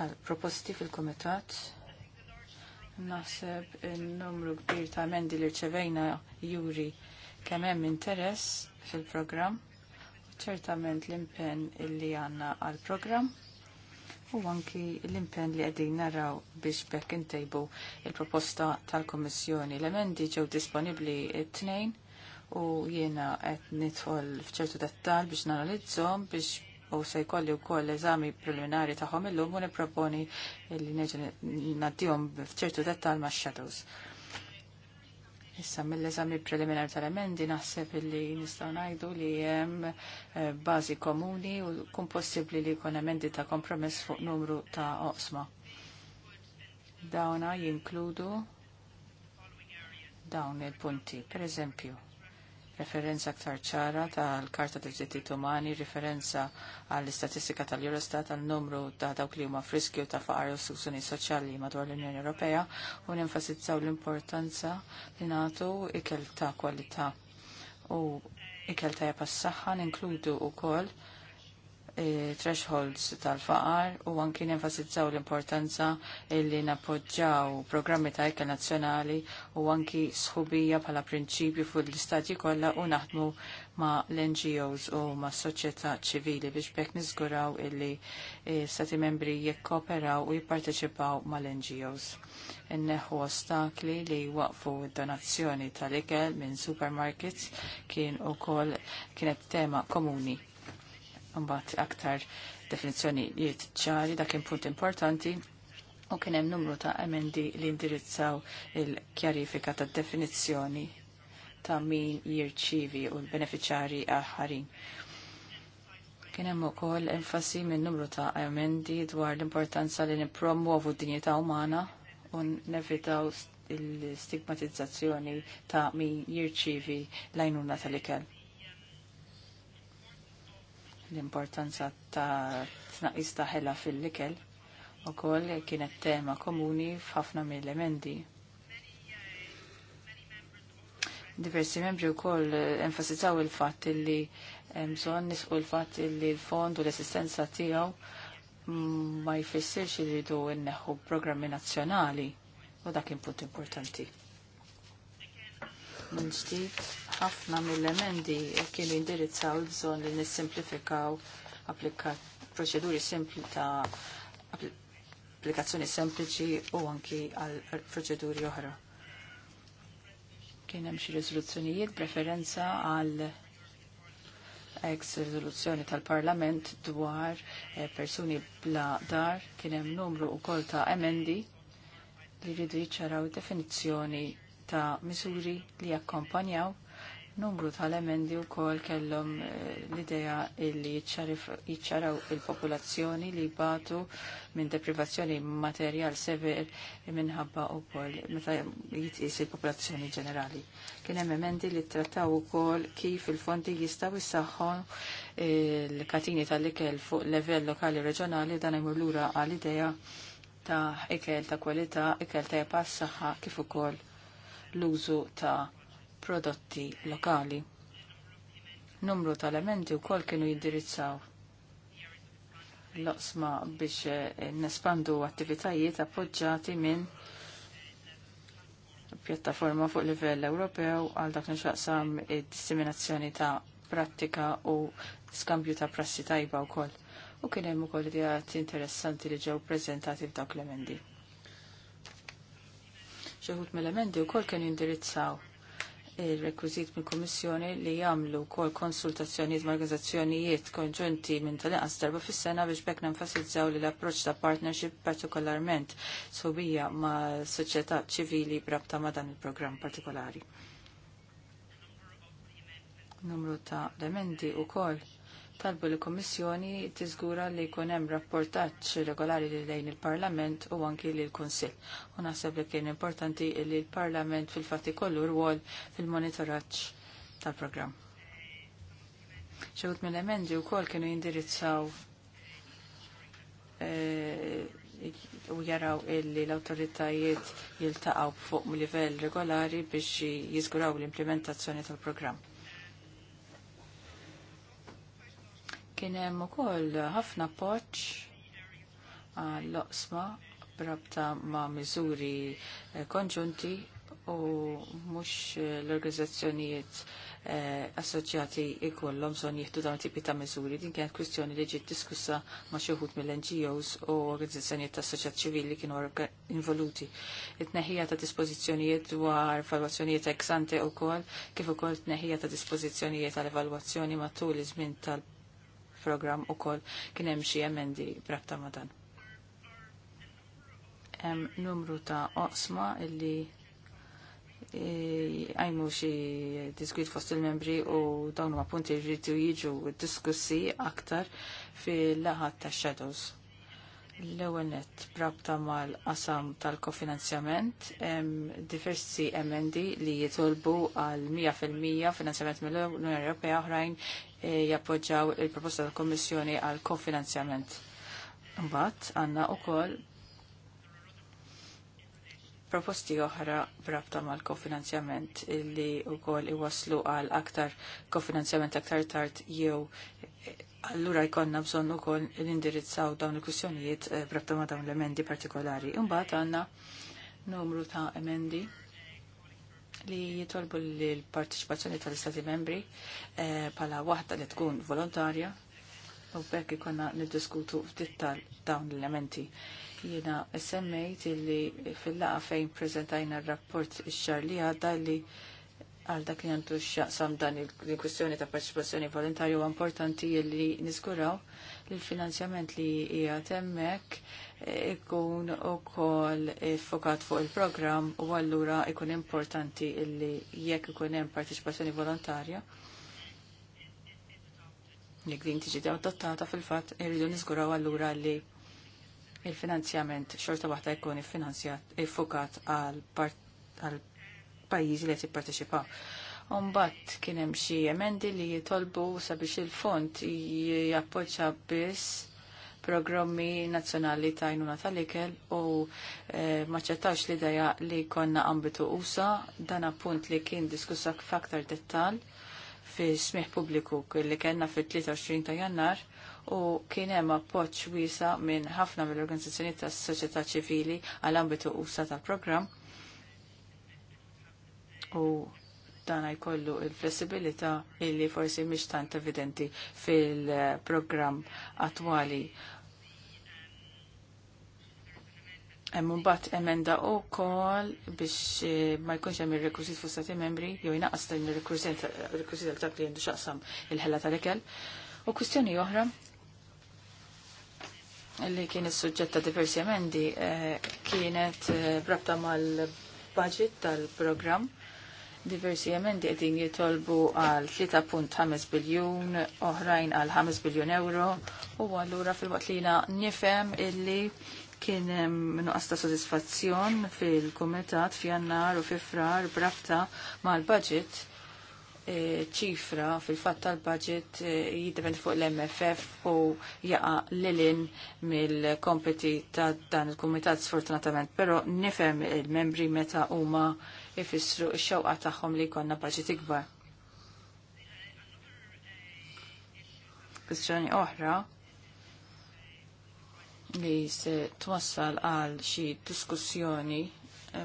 għal proposti fil-komitat. Naħseb il-numru kbir ta' mendi li rċevejna juri kemm hemm interess fil-programm ċertament l-impenn li għandna għal-programm u anki l-impenn li qegħdin naraw biex bekk intejbu il-proposta tal-Kummissjoni. L-emendi ġew disponibbli t-tnejn u jiena qed nidħol f'ċertu dettal biex nanalizzom biex u se jkolli wkoll eżami preliminari tagħhom illum u nipproponi li neġi naddijom f'ċertu dettal ma' shadows. Issa mill-eżami preliminari tal-emendi naħseb li nistgħu ngħidu li hemm eh, bażi komuni u kun possibbli li jkun emendi ta' kompromess fuq numru ta' oqsma. Dawna jinkludu dawn il-punti, per eżempju, referenza aktar ċara tal-Karta tal-Drittijiet Umani, referenza għall-istatistika tal-Eurostat għal numru ta' dawk li huma friskju ta' faqar u istruzzjoni soċjali madwar l-Unjoni Ewropea u nenfasizzaw l-importanza li nagħtu ikel ta' kwalità u ikel ta' tajja pas-saħħa ninkludu wkoll thresholds tal-faqar u anki nenfasizzaw l-importanza illi napoġġaw programmi ta' ekka nazzjonali u anki sħubija bħala prinċipju fuq l-istati kollha u naħdmu ma' l-NGOs u ma' soċjetà ċivili biex bekk niżguraw illi eh, stati membri jekkoperaw u jipparteċipaw ma' l-NGOs. Inneħu ostakli li waqfu donazzjoni tal-ikel minn supermarkets kien kol kienet tema komuni mbagħad aktar definizzjonijiet ċari dak kien punt importanti u kien hemm numru ta' emendi li indirizzaw il-kjarifika ta' definizzjoni ta' min jirċivi u l-beneficjari aħħarin. Kien hemm ukoll enfasi minn numru ta' emendi dwar l-importanza li nippromuovu d-dinjità umana u nevitaw l-stigmatizzazzjoni ta' min jirċivi l-għajnuna tal-ikel l-importanza ta' tnaqis ta' ħela fil-likel u koll kienet tema komuni f'ħafna mill-emendi. Diversi membri u koll enfasizzaw il-fat li mżon nisqu il-fat li l-fond u l-assistenza tijaw mm, ma jfissirx li rridu n-neħu programmi nazjonali u dak punt importanti minn ġdid ħafna mill-emendi kienu indirizzaw bżonn li nissimplifikaw proċeduri simpli ta' applikazzjoni sempliċi u anki għal proċeduri oħra. Kien hemm xi riżoluzzjonijiet preferenza għal ex riżoluzzjoni tal-Parlament dwar eh, persuni bla dar kien hemm numru wkoll ta' emendi li jridu jiċċaraw definizzjoni ta' misuri li jakkompanjaw numru tal-emendi u kol kellom eh, l-ideja li jitxaraw il-popolazzjoni li batu minn deprivazzjoni materjal sever minħabba u kol meta jitis il-popolazzjoni ġenerali. Kien hemm emendi li trattaw ukoll kif il-fondi jistaw jissaħħon il-katini eh, tal-ikel fuq level lokali reġjonali dan hemm lura għal idea ta' ikel ta' kwalità, ikel ta' pass saħħa kif ukoll l-użu ta' prodotti lokali. Numru ta' elementi u kol kienu jindirizzaw l-osma biex eh, nespandu attivitajiet appoġġati minn pjattaforma fuq livell Ewropew għal dak nixaqsam id-disseminazzjoni ta' prattika u skambju ta' prassi tajba u kol. U kien hemm ukoll ideat interessanti li ġew preżentati f'dawk l-emendi xieħut mill emendi u kol kien indirizzaw il-rekwizit minn kommissjoni li jamlu kol konsultazzjoni ma' organizzazzjonijiet konġunti minn tal-inqas darba fis-sena biex bekk nenfasizzaw li l-approċ ta' partnership partikolarment sobija ma' soċjetà ċivili brabta ma' dan il-programm partikolari. Numru ta' emendi u kol talbu li kommissjoni tiżgura li jkun hemm rapportaġġ regolari li lejn il-Parlament u anki li l-Kunsill. U naħseb li kien importanti li l-Parlament fil-fatt ikollu rwol fil-monitoraġġ tal-programm. Xewt mill-emendi wkoll kienu jindirizzaw eh, u jaraw illi l-autoritajiet jiltaqaw fuq livell regolari biex jiżguraw l-implementazzjoni tal-programm Kien hemm ukoll ħafna appoġġ għall-oqsma brabta ma' miżuri eh, konġunti u mhux l-organizzazzjonijiet eh, assoċjati ikollhom bżonn jieħdu dawn tipi ta' miżuri. Din kienet kwistjoni li ġiet diskussa ma' xi wħud mill-NGOs u organizzazzjonijiet ta' soċjat ċivili kienu involuti. It-tneħħija ta' dispożizzjonijiet dwar evalwazzjonijiet ex ante wkoll kif ukoll tneħħija ta' dispożizzjonijiet għal evalwazzjoni matul iż-żmien tal- program u koll kien hemm xi emendi brabta ma' dan. Hemm numru ta' oqsma illi e, għajmu xie diskut fost il-membri u dawn ma punti rritu jiġu diskussi aktar fil-laħat ta' shadows. L-ewenet brabta mal-qasam tal-kofinanzjament, diversi emendi li jitolbu għal 100% finanzjament mill-Unjoni Ewropea oħrajn E, jappoġġaw il-proposta tal-Kommissjoni għal kofinanzjament. Mbagħad għandna wkoll proposti oħra brabta mal kofinanzjament li wkoll iwaslu għal aktar kofinanzjament aktar tard jew e, allura jkollna bżonn ukoll nindirizzaw dawn il-kwistjonijiet e, brabta ma' dawn l-emendi partikolari. Imbagħad għandna numru ta' emendi li jitolbu li l-partiċipazzjoni tal-Istati membri eh, pala waħda li tkun volontarja u bekk ikonna niddiskutu f'dittal dawn l-elementi. Jiena semmejt li fil-laqa fejn prezentajna r-rapport ix-xar li għadda li għal dak li għandu xaqsam dan il-kwistjoni ta' volontarja volontarju importanti li niskuraw li l-finanzjament li hija temmek ikun u kol fokat fuq il-program u għallura ikun importanti illi jekk ikun hemm partiċipazzjoni volontarja. Jekk din tiġi dottata fil-fatt irridu niżguraw allura li il-finanzjament xorta waħda jkun iffinanzjat iffokat għal pajjiżi li qed jipparteċipaw. Umbat kien hemm xi emendi li jitolbu sabiex il-fond jappoġġa biss programmi nazzjonali ta' jnuna tal-ikel u eh, maċċettawx li daja li konna ambitu usa dan appunt li kien diskussak faktar dettal fi smih publiku li kena fit-23 ta' jannar u kien hemm appoġġ wiesa minn ħafna mill-organizzazzjoni tas-soċjetà ċivili għall ambitu usa tal-programm. U dan jkollu il-flessibilità illi forsi mhix tant evidenti fil-programm attwali. Hemm bat emenda wkoll biex eh, ma jkunx hemm ir-rekwiżit fuq stati membri jew għasta jem ir-rekwiżit għal tak li jendu x'aqsam il-ħella tal-ikel. U kwistjoni oħra li kien is sujġetta diversi emendi eh, kienet eh, brabta mal-budget tal-programm Diversi emendi qegħdin jitolbu għal 3.5 biljun, oħrajn għal 5 biljun euro, u allura fil-waqt li jina nifhem illi kien nuqqas ta' sodisfazzjon fil-kumitat f'jannar u fifrar brafta mal-budget e, ċifra fil-fatt tal-budget e, jiddepend fuq l-MFF u jaqa l-lin mill-kompeti ta' dan il-kumitat sfortunatament, pero nifem il-membri meta huma ma ifissru x-xewqa tagħhom li jkollna paċi tikbar. Kwistjoni oħra li se twassal għal xi diskussjoni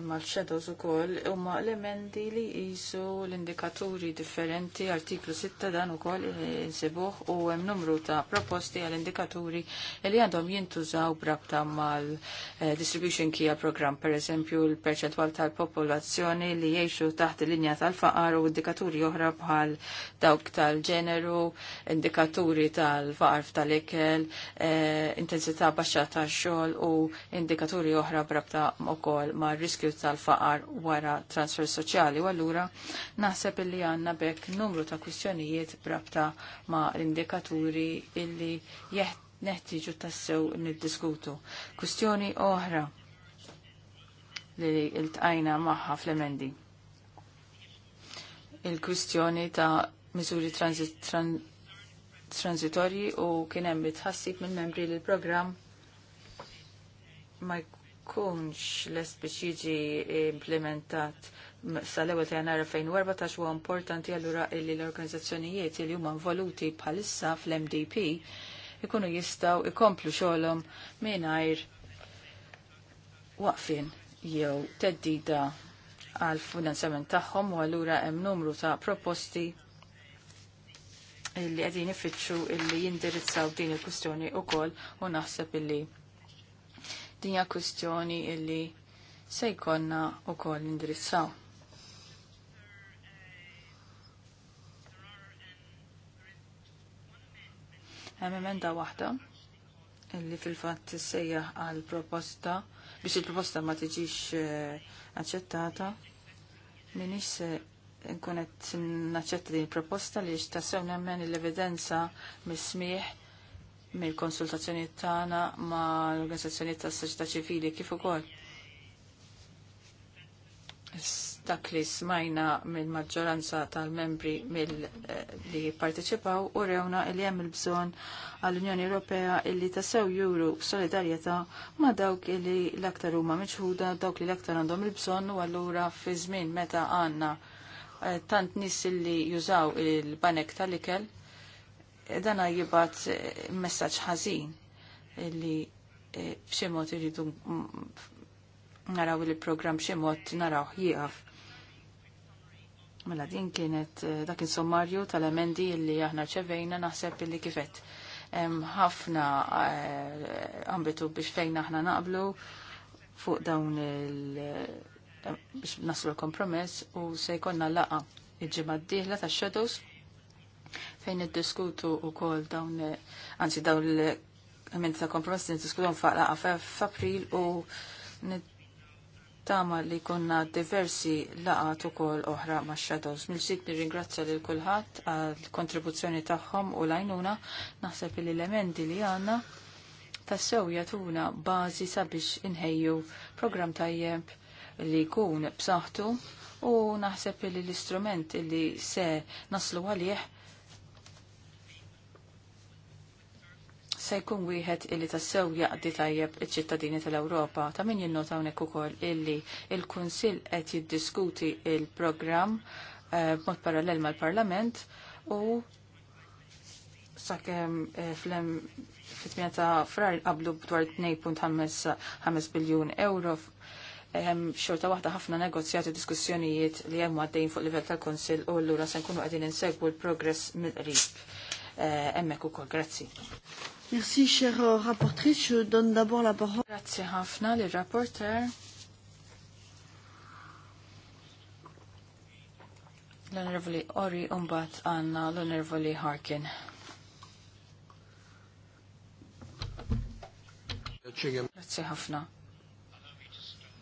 mal-shadows ukoll huma elementi li jisu l-indikaturi differenti artiklu 6 dan ukoll insibuh u hemm numru ta' proposti għal indikaturi li għandhom jintużaw brabta mal-distribution eh, kija program per eżempju l-perċentwal tal-popolazzjoni li jgħixu taħt il-linja tal-faqar u indikaturi oħra bħal dawk tal-ġeneru, indikaturi tal-faqar tal-ikel, eh, intensità baxxa tax-xogħol u indikaturi oħra brabta ukoll ma' risk riskju tal-faqar wara transfer soċjali u allura naħseb illi għandna bekk numru ta' kwistjonijiet brabta ma' l-indikaturi illi neħtiġu tassew niddiskutu. Kwistjoni oħra li l-tajna magħha fl-emendi. Il-kwistjoni ta' miżuri transitorji u kien hemm bitħassib minn membri li l-programm ma jkunx l biex implementat sal-ewwel ta' jannar 2014 huwa importanti allura li l-organizzazzjonijiet li huma involuti bħalissa fl-MDP ikunu jistgħu ikomplu xogħolhom mingħajr waqfin jew teddida għal finanzjament tagħhom u allura hemm numru ta' proposti illi qegħdin ifittxu illi jindirizzaw din il-kwistjoni wkoll u naħseb illi dinja kwistjoni illi se jkonna u koll indirizzaw. Hemm emenda waħda illi fil-fatt sejja għal proposta biex il-proposta ma tiġix eh, aċċettata. Minix se nkunet naċċetta din il-proposta li tassew nemmen l-evidenza mis-smieħ mill-konsultazzjoni tagħna ma' l-organizzazzjoni tas-soċjetà ċivili kif ukoll. Dak li smajna mill-maġġoranza tal-membri mill eh, li parteċipaw u rewna li hemm il-bżonn għall-Unjoni Ewropea illi tassew juru solidarjetà ma' dawk li l-aktar huma miċħuda, dawk li l-aktar għandhom il-bżonn u allura fi żmien meta għandna eh, tant nis li jużaw il-banek tal-ikel dana jibat eh, messaċ ħażin li eh, b'xi mod iridu naraw li program b'xi mod naraw jieqaf. Mela din kienet eh, dak sommarju tal-emendi li aħna ċevejna naħseb li kifet. Ħafna ambitu biex fejn aħna naqblu fuq dawn il- biex naslu l-kompromess u se jkollna laqa il-ġimgħa d-dieħla tax-shadows fejn id-diskutu u kol dawn, anzi dawn l-emendi ta' kompromess niddiskutu faqla f'April u nittama li konna diversi laqat u kol oħra ma' Shadows. mil nir nirringrazzja li l-kulħat għal-kontribuzzjoni tagħhom u lajnuna naħseb li l-emendi li għanna tassew jatuna bazi sabiex inħejju program tajjeb li jkun b'saħħtu u naħseb li l-istrument li se naslu għalih se jkun wieħed illi tassew jaqdi tajjeb iċ-ċittadini tal-Ewropa. Ta' min jinnota hawnhekk ukoll illi il-Kunsill qed jiddiskuti il-programm eh, b'mod parallel mal-Parlament u sakemm eh, fit tmien ta' frar qablu dwar 2.5 biljun euro hemm xorta waħda ħafna negozjati u diskussjonijiet li hemm għaddejn fuq livell tal-Kunsill u allura se nkunu qegħdin insegwu l-progress mill-qrib. Eh, hemmhekk ukoll, grazzi. Merci, chère euh, rapportrice. Je donne d'abord la parole. Grazie Hafna, li rapporter. L'honorable Ori umbat Anna, l'honorable Harkin. Grazie Hafna.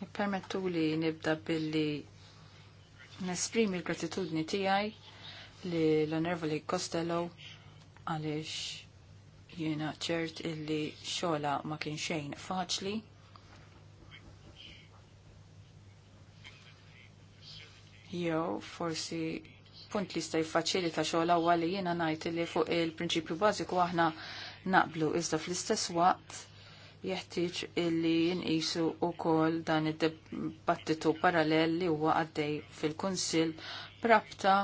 Mi Permettu li nibda billi nesprimi l-gratitudni tijaj li l-Onorevoli Costello għalix Jiena ċert illi xola ma kien xejn faċli. Jew forsi punt li faċili ta' xogħol u għalli jiena ngħid li fuq il-prinċipju bażiku aħna naqblu iżda fl-istess waqt jeħtieġ illi jinqisu wkoll dan id-dibattitu parallel li huwa għaddej fil-Kunsill brabta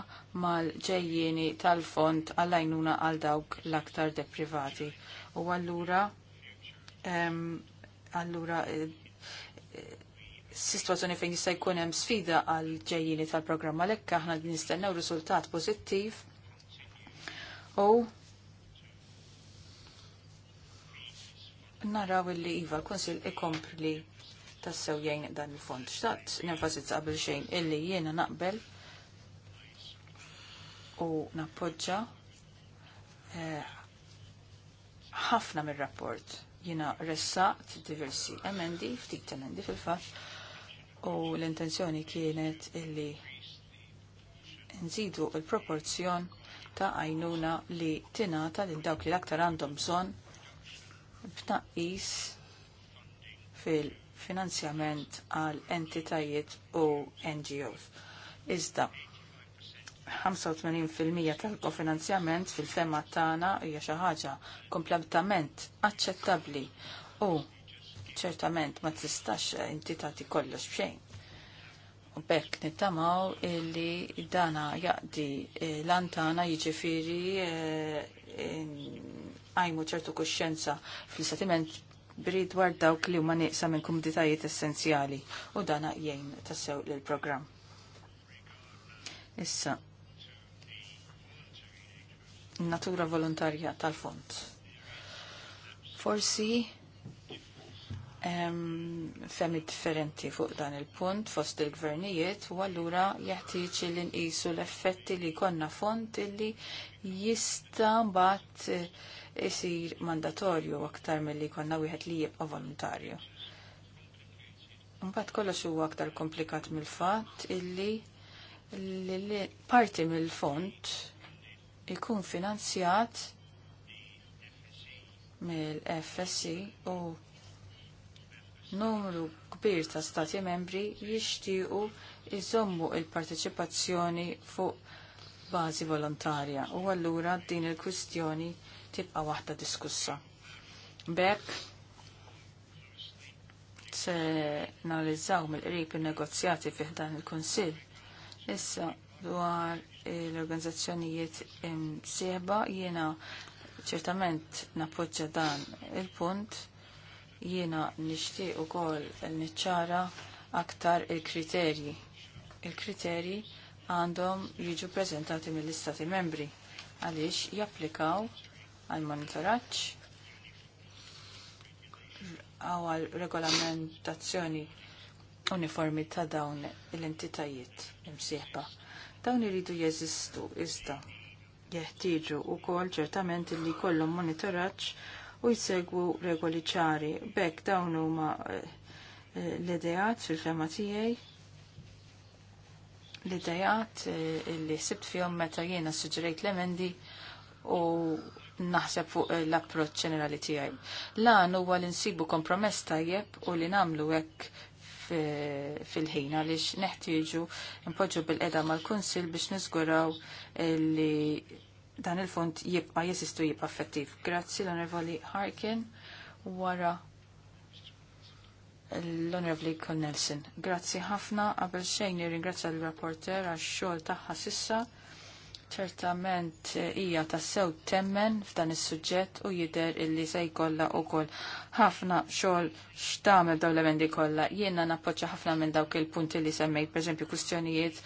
mal-ġejjieni tal-fond għall-għajnuna għal dawk l-aktar deprivati. U allura um, allura eh, situazzjoni fejn jista' jkun hemm sfida għal ġejjini tal-programma lekk aħna nistennew riżultat pożittiv u naraw illi Iva l-Konsil ikompli tassew jajn dan il-fond. Xtaqt nenfasit qabel xejn illi jiena naqbel u nappoġġa eh, ħafna mir-rapport. Jiena ressaqt diversi emendi, ftit emendi fil-fatt u l-intenzjoni kienet illi nżidu il-proporzjon ta' għajnuna li tinata lil dawk li l-aktar għandhom bżonn b'tnaqqis fil-finanzjament għal entitajiet u NGOs. Iżda, 85% tal-kofinanzjament fil-fema tagħna hija xi ħaġa kompletament aċċettabbli u ċertament ma tistax inti kollox b'xejn. U bekk nittamaw illi dana jaqdi eh, l-antana jiġifieri eh, għajmu ċertu kuxxenza fil-sentiment brid dwar dawk li huma nieqsa minn kumditajiet essenzjali u dana jgħin tassew l programm Issa, natura volontarja tal-fond. Forsi femmi differenti fuq dan il-punt fost il-gvernijiet u allura jeħtieġ li nqisu l-effetti li konna font li jista' mbagħad eh, isir mandatorju aktar mill-li konna wieħed li jibqa' volontarju. Mbagħad kollox huwa aktar komplikat mill-fatt illi li parti mill-fond ikun finanzjat mill-FSC u numru kbir ta' stati membri jixtiequ iżommu il-parteċipazzjoni fuq bażi volontarja u allura din il-kwistjoni tibqa' waħda diskussa. Bekk se nalizzaw mill-qrib il negozjati fih dan il-Kunsill. Issa dwar l-organizzazzjonijiet imsieħba jiena ċertament nappoġġa dan il-punt jiena nixtieq ukoll niċċara aktar il-kriterji. Il-kriterji għandhom jiġu preżentati mill-Istati membri għaliex japplikaw għal monitoraġġ għal regolamentazzjoni uniformi ta' dawn l-entitajiet imsieħba. Dawn iridu jeżistu iżda jeħtieġu wkoll ċertament li jkollhom monitoraġġ u jsegwu regoli ċari. Bekk dawn huma eh, eh, l-idejat fil-fema tiegħi l-idejat eh, li sibt fihom meta jiena suġġerejt l-emendi u naħseb fuq l-approċ ġenerali tiegħi. Lan huwa li nsibu kompromess tajjeb u li nagħmlu hekk fil-ħin għaliex neħtieġu npoġġu bil-qeda mal-Kunsil biex niżguraw li dan il-fond jibqa' jesistu jibqa' effettiv. Grazzi l-Onorevoli Harkin wara l-Onorevoli Connelson. Grazzi ħafna qabel xejn nirringrazzja l-rapporter għax-xogħol tagħha sissa ċertament hija tassew temmen f'dan is-suġġett u jidher illi se jkollha wkoll ħafna xogħol x'tagħmel dawn l-emendi kollha. Jiena nappoġġa ħafna minn dawk il-punti li semmejt, pereżempju kwistjonijiet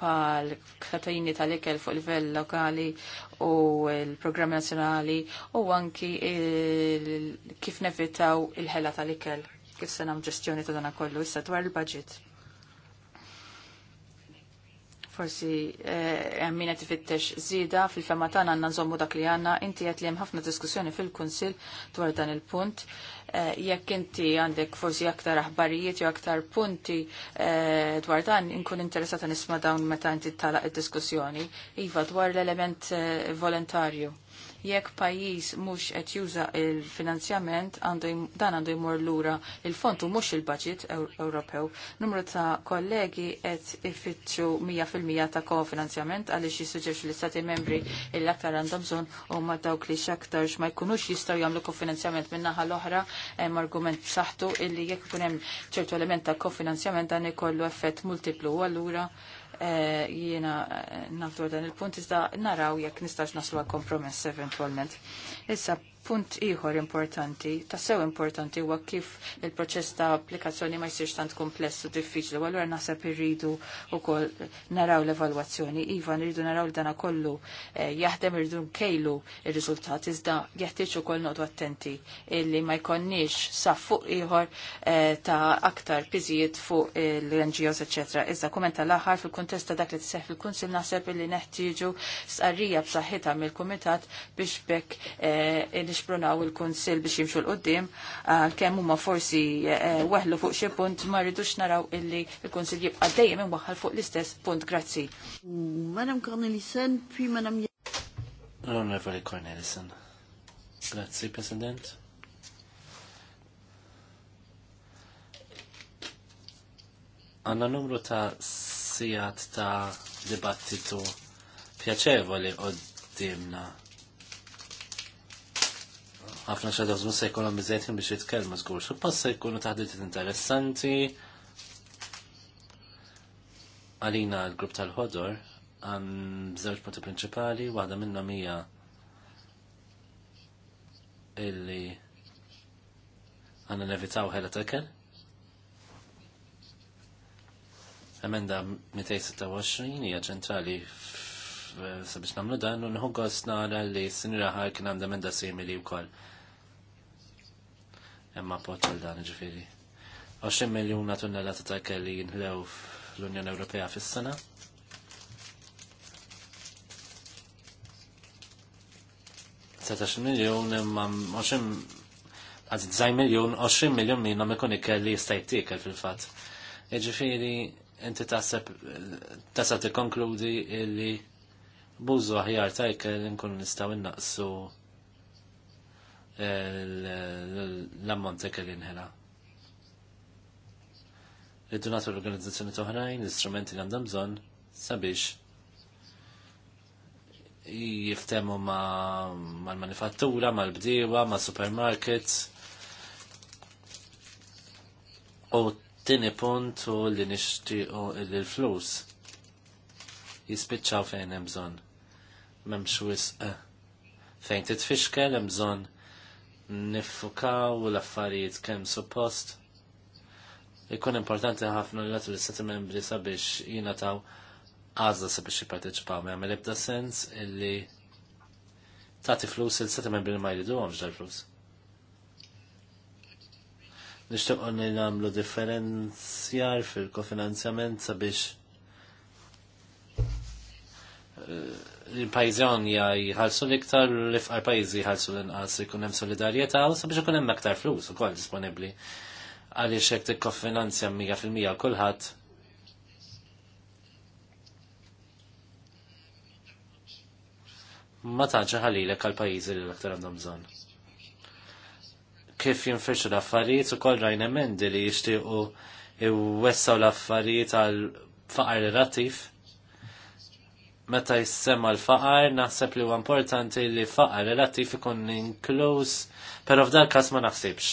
pal katajini tal-ikel fuq livell lokali u l-programm nazzjonali u anki kif nevitaw il-ħela tal-ikel kif se nagħmlu ġestjoni ta' dana kollu issa dwar il-budget Forsi għammin eh, qed ifittex żieda fil-fema tagħna għandna nżommu dak li għandna, inti qed li hemm ħafna diskussjoni fil-Kunsill dwar dan il-punt. Eh, jekk inti għandek forsi aktar aħbarijiet jew aktar punti eh, dwar dan, inkun interessata nisma' dawn meta inti tala id-diskussjoni. Iva dwar l-element volontarju jekk pajjiż mhux qed juża il-finanzjament dan għandu jmur lura il-fond u mhux il-budget Ewropew. Numru ta' kollegi qed ifittxu 100% ta' kofinanzjament għaliex jissuġġerx li stati membri l-aktar għandhom bżonn ma dawk li x'aktarx ma jkunux jistgħu jagħmlu kofinanzjament minn naħa l-oħra hemm argument b'saħħtu illi jekk ikun hemm ċertu element ta' kofinanzjament dan ikollu effett multiplu allura Eh, jiena eh, nafdu dan il-punt iżda naraw jekk nistax naslu għal kompromess eventualment. Issa Punt ieħor importanti, tassew importanti huwa kif il-proċess ta' applikazzjoni ma jsirx tant komplessu diffiċli, u allura naħseb irridu wkoll naraw l-evalwazzjoni. Iva, nridu naraw l-dana kollu eh, jaħdem irridu nkejlu ir-riżultat iżda jeħtieġ ukoll noqgħdu attenti illi ma jkonniex sa fuq ieħor eh, ta' aktar piżijiet fuq l-NGOs, ecc. Iżda kumenta l-aħħar fil-kuntest ta' dak li tseħħ fil-Kunsil naħseb illi neħtieġu sqarrija b'saħħitha mill-Kumitat biex bekk eh, nixpronaw il-Kunsill biex jimxu l-qoddim, kemm huma forsi eh, weħlu fuq xi punt ma rridux naraw illi il konsil jibqa' dejjem imwaħħal fuq l-istess punt. Grazzi. Madam Cornelissen, puis Madam Onorevole Cornelissen. Grazzi, President. Għanna numru ta' sijat ta' dibattitu pjaċevoli għoddimna ħafna xadows mus se jkunu bizzejtin biex jitkellmu żgur. Suppost se jkunu taħdiet interessanti. Għalina l-grupp tal-ħodor għam żewġ punti prinċipali, waħda minnhom hija illi għanna nevitaw ħela tekel. Emenda 226 hija ċentrali sabiex namlu dan u nħu nara li s-sinira ħar kien għandha emenda simili wkoll imma pot għal dan ġifiri. 20 miljuna tunnella ta' kelli jinħlew l-Unjoni Ewropea fis-sena. Setax miljon imma 20 għaz 9 miljon, 20 miljon minnom ikun ikelli jistajtik fil-fat. Iġifiri, e inti tasab tasab tikkonkludi illi bużu aħjar tajkel nkun nistaw innaqsu l-ammont dak li nħela. id nagħtu l-organizzazzjoni toħrajn, l-istrumenti li għandhom bżonn sabiex jiftemu mal-manifattura, mal-bdiewa, mal supermarket U tini punt u li nixtiequ l-flus jispiċċaw fejn hemm bżonn. M'hemmx wisq eh, fejn titfixkel hemm bżonn niffukaw l-affarijiet kemm suppost. Ikun importanti ħafna li għatu membri sabiex taw għazla sabiex jiparteċipaw. Mi għamil ebda sens illi tagħti flus il istati membri li ma jridu għamx dal-flus. Nishtuq li namlu differenzjar fil-kofinanzjament sabiex eh, il-pajzjon jħalsu l-iktar u l-ifqar pajzi jħalsu l-inqas ikun hemm solidarjetà u sabiex ikun hemm aktar flus ukoll disponibbli għaliex hekk tikkofinanzja mija fil-mija kulħadd. Ma tantx ħalilek għal pajjiżi li l-aktar għandhom bżonn. Kif jinfirxu l-affarijiet ukoll rajna emendi li jixtiequ iwessaw l-affarijiet għal faqar ratif meta jissema l-faqar, naħseb li huwa importanti li faqar relattiv ikun inkluż, però f'dan każ ma naħsibx.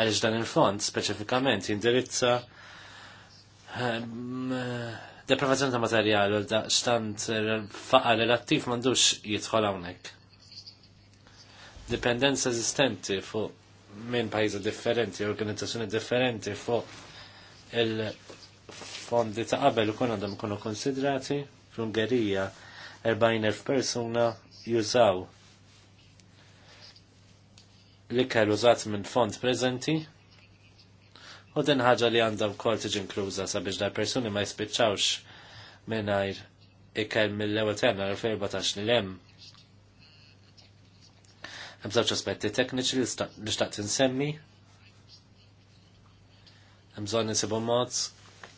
Għaliex dan il-fond speċifikament jindirizza ehm, deprivazzjoni ta' materjal u xtant faqar relattiv m'għandux jidħol hawnhekk. Dipendenza eżistenti fuq minn pajjiżi differenti, organizzazzjoni differenti fuq il-fondi ta' qabel u kun għandhom ikunu konsidrati fl-Ungerija 40.000 persuna jużaw l-ikel użat minn fond prezenti u din ħaġa li għandha wkoll tiġi inkluża sabiex da persuni ma jispiċċawx mingħajr ikel mill-ewwel tenna 2014 li hemm. Hemm żewġ aspetti tekniċi li xtaqt insemmi. Hemm bżonn insibu mod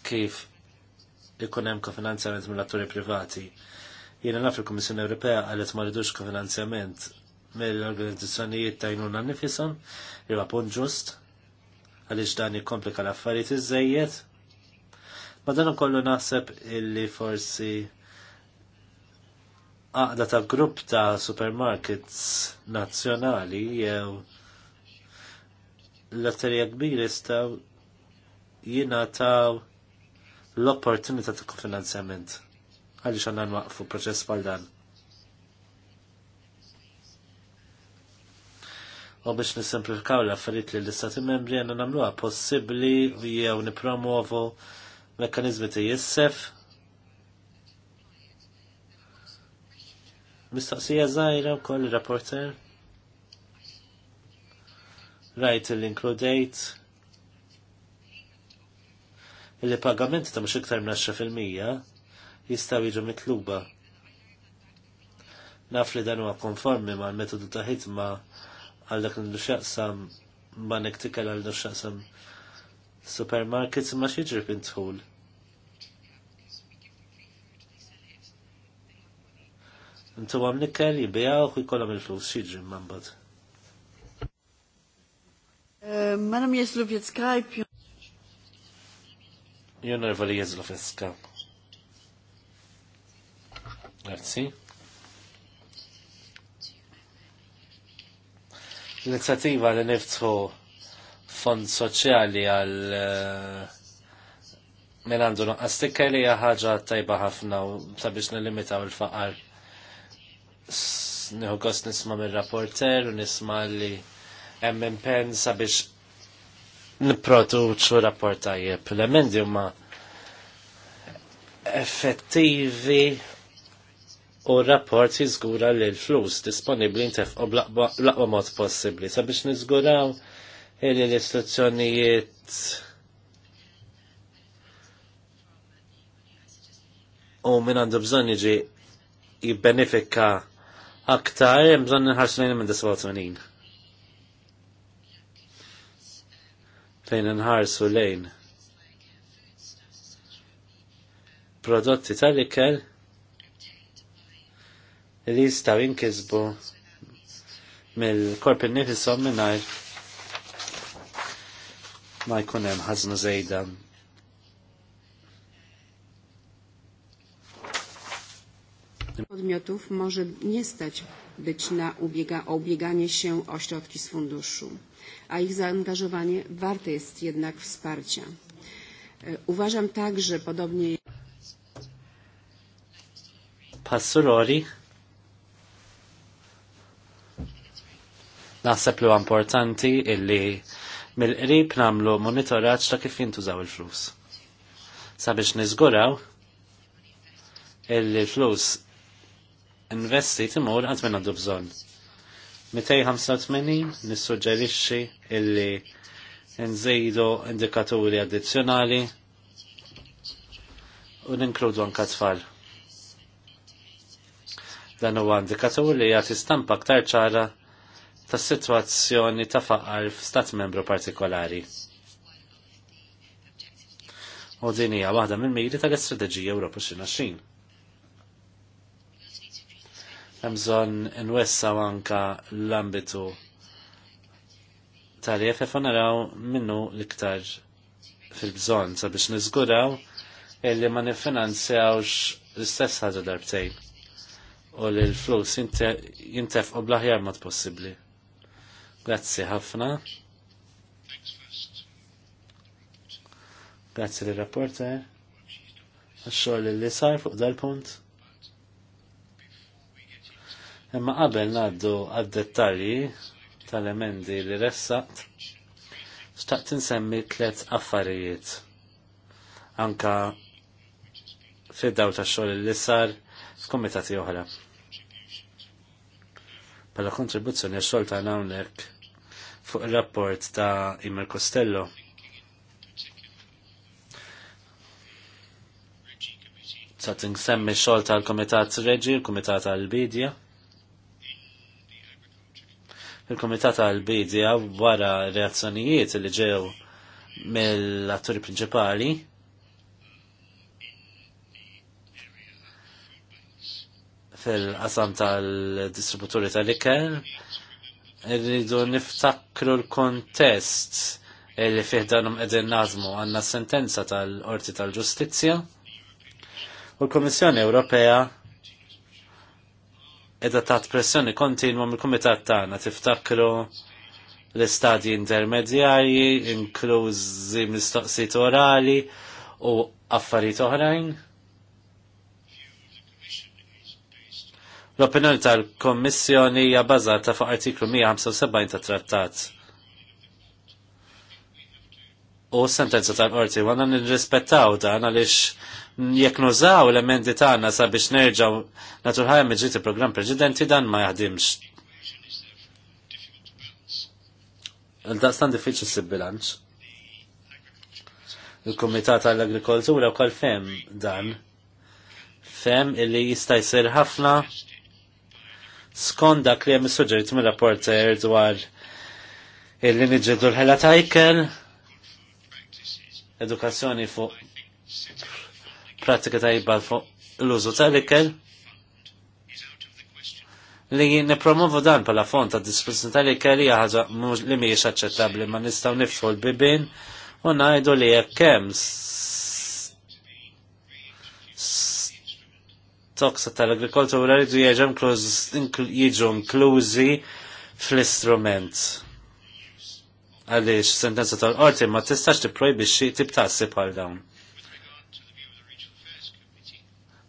kif li kun hemm kofinanzjament mill-atturi privati. Jiena naf il-Kummissjoni Ewropea qalet ma rridux kofinanzjament mill-organizzazzjonijiet jnuna nifisom, huwa punt ġust, għaliex dan jikkomplika l-affarijiet iżejjed. Ma dan ukollu naħseb illi forsi għaqda ta' grupp ta' supermarkets nazzjonali jew l atterja kbir jistaw jina ta' l-opportunità ta' kofinanzjament għaliex għandna nwaqfu proċess bħal dan. U biex nisimplifikaw l-affarijiet li l-Istati membri għandna nagħmluha possibbli jew nipromovu mekkaniżmi ta' jissef Mistaqsija zaħira u koll rapporter. Rajt l date il li pagamenti ta' mhux iktar minn 10% jistgħu jiġu mitluba. Naf li dan huwa konformi mal metodu ta' ħidma għallek dak li xaqsam ma' nektikal għal dak xaqsam supermarkets ma xieġri pintħul. Intu għam nikkel jibijaw u jkollam il-flus xieġri mambat. Eh, madam Jeslovietska, Jien li Jonorevoli Jezlofeska. Grazzi. L-inizjattiva li niftħu fond soċjali għal eh, minn għandu nuqqas tikka li ħaġa tajba ħafna u sabiex nelimitaw il-faqar. Nieħu gost nisma' mir-rapporter u nisma' li hemm impenn sabiex niproduċu rapport tajjeb. L-emendi huma effettivi u rapport jiżgura li l-flus disponibbli u blaqwa mod possibbli sabiex niżguraw li l-istruzzjonijiet u minn għandu bżonn jiġi jibbenefika aktar, bżonn nħarsu lejn minn 87. fejn nħarsu lejn prodotti tal-ikel li jistaw jinkisbu mill-korp nifisom minnajr ma jkunem ħazna zejda. Podmiotów może nie stać być na ubiega, o ubieganie się o środki z funduszu a ich zaangażowanie warte jest jednak wsparcia. E, uważam także, podobnie... pasurori Naħseb li importanti illi mill-qrib namlu monitoraġġ ta' kif jintużaw il-flus. Sabiex niżguraw illi flus investi timur għad minn bżonn. 285 nissuġġerixxi illi nżejdu indikaturi addizzjonali u ninkludu anka tfal. Dan huwa indikatur li jagħti stampa aktar ċara tas sitwazzjoni ta' faqar f'stat membru partikolari. U din hija waħda mill-miri tal-Istrateġija Ewropa xi n-wessa anka l-ambitu tal-EFF naraw minnu l-iktar fil-bżon sabiex nizguraw illi ma nifinanzjawx l-istess ħaġa darbtejn u li l-flus jintef u blaħjar mod possibli. Grazzi ħafna. Grazzi l-rapporter. Għaxxol li sar fuq dal-punt. Imma qabel naddu għad-dettalji tal-emendi li ressaqt, xtaqt nsemmi tlet affarijiet. Anka fid-daw ta' xogħol li sar f'komitati oħra. Pala kontribuzzjoni xogħol ta' hawnhekk fuq ir-rapport ta' Imer Costello. Sa' tinsemmi xogħol tal-Kumitat Reġi, l-Kumitat tal-Bidja. Il-Komitat għal-Bidja wara reazzjonijiet li ġew mill-atturi prinċipali fil-qasam tal-distributuri tal-ikel rridu niftakru l-kontest li fih edin nazmu għanna sentenza tal-Orti tal-Ġustizja u l-Komissjoni Ewropea edha tat pressjoni kontinwa mill-kumitat tagħna tiftakru l-istadji intermedjarji, inklużi mistoqsijiet orali u affarijiet oħrajn. L-opinjoni tal-Kommissjoni hija bażata fuq artiklu 175 ta' trattat. U sentenza tal-qorti għandna nirrispettaw dan għaliex jekk nużaw l-emendi tagħna sabiex nerġgħu nagħtu ħajja il-programm preċedenti dan ma jaħdimx. Il-daqstan diffiċli s bilanċ Il-Kumitat għall-Agrikoltura wkoll fem dan. Fem illi jista' jsir ħafna skonda dak li hemm issuġġerit mir-rapporter dwar illi niġġieldu l-ħela tajkel edukazzjoni fuq pratika tajba l-użu tal-ikel li nipromovu dan pala font ta' disposizjoni tal-ikel hija ħaġa li mhijiex aċċettabbli ma nistgħu niftħu l-bibin u ngħidu li hekk hemm toksa tal-agrikoltura rridu jiġu inklużi fl-istrument. Għaliex sentenza tal-qorti ma tistax tipprojbixxi tibtassi għal dawn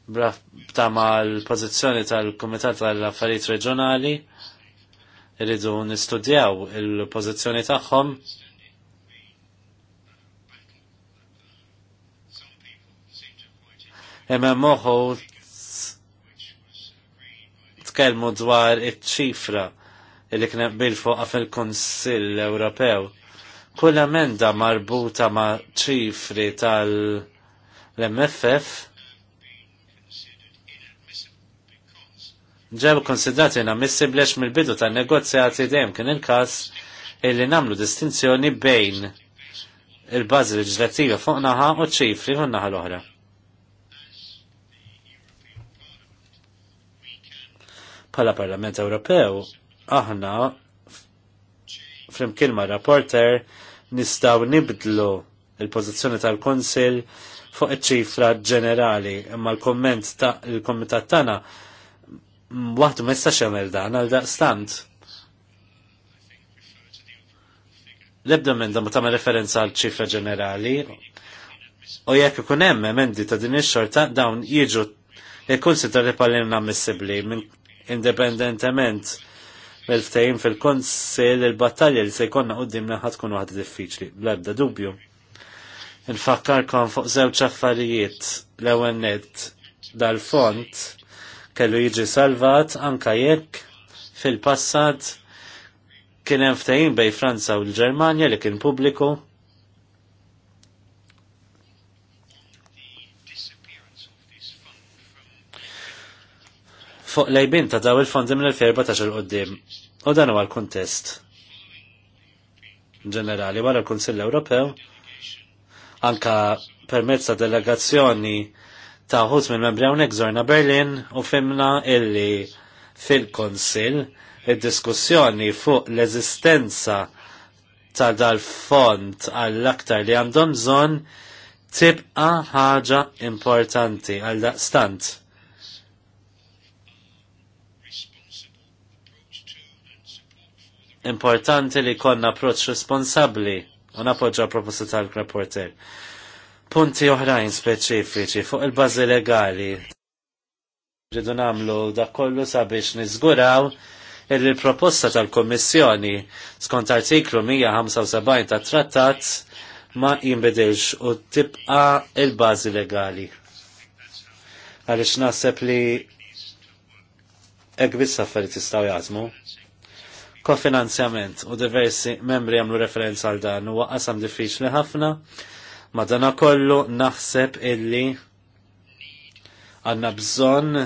ma' l pozizjoni tal-Komitat tal-Affarijiet Reġjonali irridu nistudjaw il-pozizjoni tagħhom Imma moħu tkellmu dwar iċ-ċifra li kien bil fil-Kunsill Ewropew. Kull emenda marbuta ma' ċifri tal-MFF ġew konsidrati na inammissiblex mill-bidu tan negozjati dejjem kien il-każ illi namlu distinzjoni bejn il-bażi leġislattiva fuq naħa u ċifri fuq naħa l-oħra. Pala Parlament Ewropew, aħna flimkien ma' rapporter nistaw nibdlu il-pozizjoni tal-Konsil fuq iċ-ċifra ġenerali, imma l-komment ta' il-Komitat tagħna waħdu ma jistax jagħmel dan għal daqstant. L-ebda minn ma tagħmel referenza għal ċifra ġenerali u jekk ikun hemm emendi ta' din ix-xorta dawn jiġu li bħalin ammissibbli minn indipendentement mill-ftehim fil-konsil il-battalja li se jkollna qudiemna ħad tkun waħda diffiċli, bl-ebda dubju. Infakkarkom fuq żewġ affarijiet l-ewwel dal-font kellu jiġi salvat anka jekk fil-passat kien hemm ftehim bej Franza u l-Ġermanja li kien pubbliku. Fuq lejbin ta' daw il-fondi mill-2014 il-qoddim. U dan huwa l-kuntest ġenerali wara l-Kunsill Ewropew anka permezz ta' delegazzjoni ta' minn membri hawnhekk żorna Berlin u fimna illi fil-Konsil id-diskussjoni fuq l-eżistenza ta' dal-font għall-aktar li għandhom bżonn tibqa ħaġa importanti għall daqstant. Importanti li konna approċ responsabli u napoġġa proposta tal-rapporter punti oħrajn speċifiċi fuq il-bażi legali. Ġidu nagħmlu dak kollu sabiex niżguraw illi l-proposta tal-Kommissjoni skont artiklu 175 tat-trattat ma jinbidilx u tibqa il-bażi legali. Għaliex naħseb li ek biss affarijiet jistgħu Kofinanzjament u diversi membri għamlu referenza għal dan u qasam diffiċli ħafna Madana kollu naħseb illi għanna bżon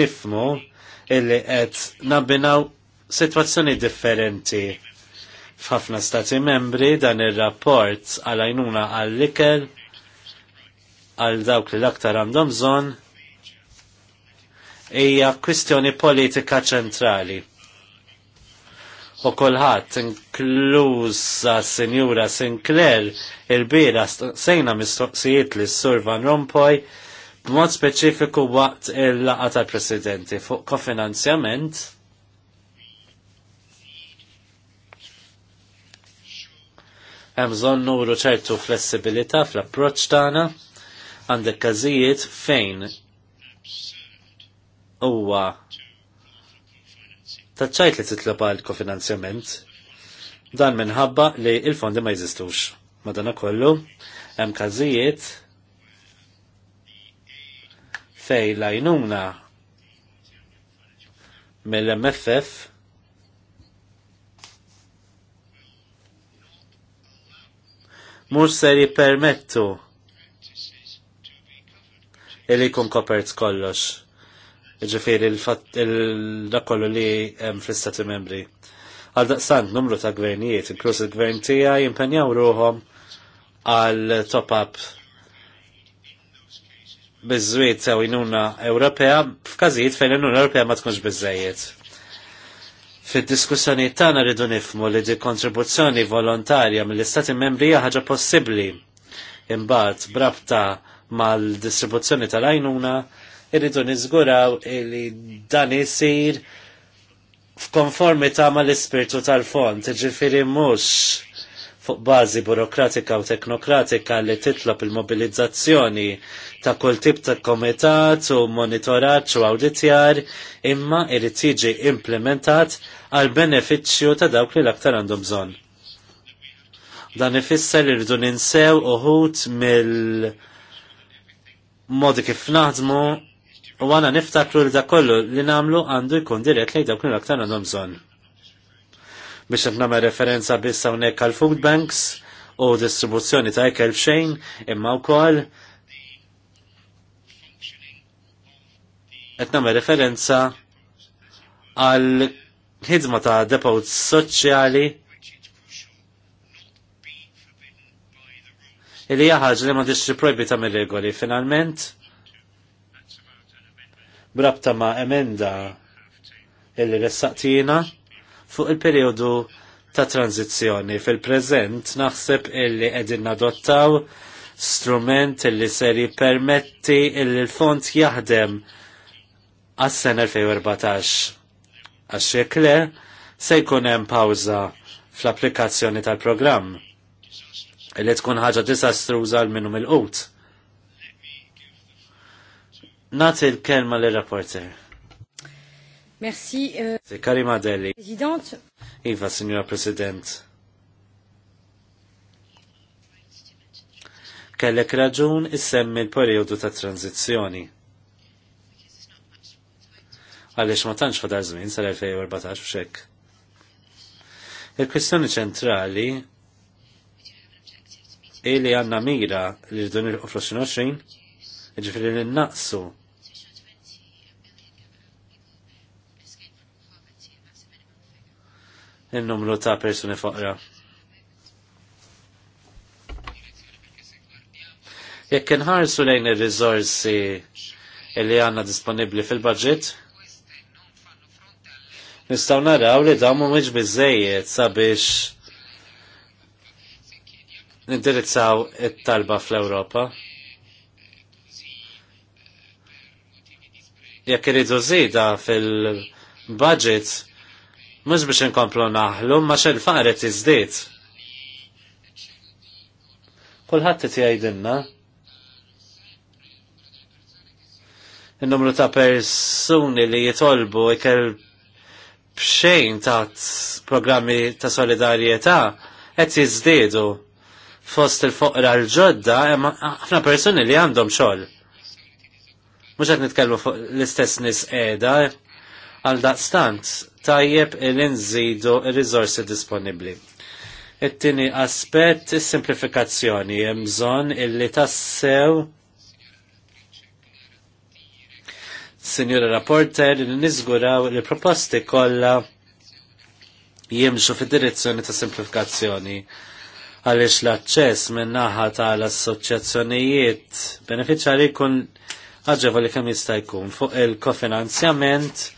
nifmu illi qed nabbinaw situazzjoni differenti. F'ħafna stati membri dan ir-rapport għal-għajnuna għall-ikel għal dawk li l-aktar għandhom bżonn hija kwistjoni politika ċentrali u kolħat inklusa Sinjura Sinclair il-bira sejna mistoqsijiet li s-Sur Van Rompuy b'mod speċifiku waqt il-laqa tal-Presidenti fuq kofinanzjament hemm bżonn nuru ċertu flessibilità fl-approċċ tagħna għandek każijiet fejn huwa taċċajt li titlob għal kofinanzjament dan minħabba li il-fondi ma jizistux. Madana kollu, hemm każijiet fej lajnuna mill-MFF mux ser jipermettu il-li kun kopert kollox ġifiri l-dakollu li fl-istati membri. Għal daqsan numru ta' gvernijiet, inkluż il-gvern tija, jimpenjaw ruħom għal top-up bizzwiet ta' inuna Ewropea f'kazijiet fejn l-Unjoni Ewropea ma tkunx bizzajiet. Fid-diskussjoni tagħna rridu nifmu li di kontribuzzjoni volontarja mill-Istati Membri hija ħaġa possibbli imbagħad brabta mal-distribuzzjoni tal-għajnuna irridu niżguraw li dan isir f'konformità ma l-ispirtu tal-fond, ġifiri mhux fuq bażi burokratika u teknokratika li titlob il-mobilizzazzjoni ta' kull tip ta' komitat u monitorat u awditjar imma irid jiġi implementat għal benefiċċju ta' dawk li l-aktar għandu bżonn. Dan ifisser li rridu ninsew uħut mill modi kif naħdmu U għana niftakru li da kollu li namlu għandu jkun dirett li dawk l-aktar għandhom bżon. Biex qed nagħmel referenza biss hawnhekk għal food banks u distribuzzjoni ta' ekel xejn imma wkoll qed nagħmel referenza għal ħidma ta' depot soċjali li jaħħaġ li ma tixtri projbita mir-regoli finalment brabta ma' emenda illi ressaqtina fuq il-periodu ta' tranzizjoni. Fil-prezent naħseb illi qegħdin nadottaw strument illi ser jippermetti illi l-font jaħdem għas-sena 2014. Għax jekk le, se jkun hemm pawża fl-applikazzjoni tal-programm. Illi tkun ħaġa disastruża l il-qut. il qut Nazi il-kelma l-rapporter. Merci. Euh, Se Karima Deli. President. Iva, Signora President. Kellek raġun issemmi l-periodu ta' tranzizjoni. Għalix ma tantx fadar żmien sal-2014 u xekk. Il-kwistjoni ċentrali il-li għanna mira li rridu nirqu fl-20, ġifiri li naqsu il-numru ta' persuni foqra. Jekk inħarsu lejn ir-riżorsi li għandna disponibbli fil-budget, nistgħu naraw li dawn mhumiex biżejjed sabiex nindirizzaw it-talba fl-Ewropa. Jekk iridu żieda fil-budget, Mux biex nkomplu naħlu, ma xil-faret iżdiet. Kulħadd ti jgħidilna. Il-numru ta' persuni li jitolbu ikel bxejn ta' programmi ta' solidarjetà qed jiżdiedu fost il-foqra l-ġodda, ħafna persuni li għandhom xogħol. Mhux qed nitkellmu fuq l-istess nies qiegħda, Għal daqstant, tajjeb il-inżidu il-rizorsi disponibli. It-tini aspett is-simplifikazzjoni hemm bżonn illi tassew Signora Rapporter li niżguraw li proposti kollha jimxu fid-direzzjoni ta' simplifikazzjoni għaliex l-aċċess minn naħa tal-assoċjazzjonijiet beneficjari jkun aġevoli kemm jista' jkun fuq il-kofinanzjament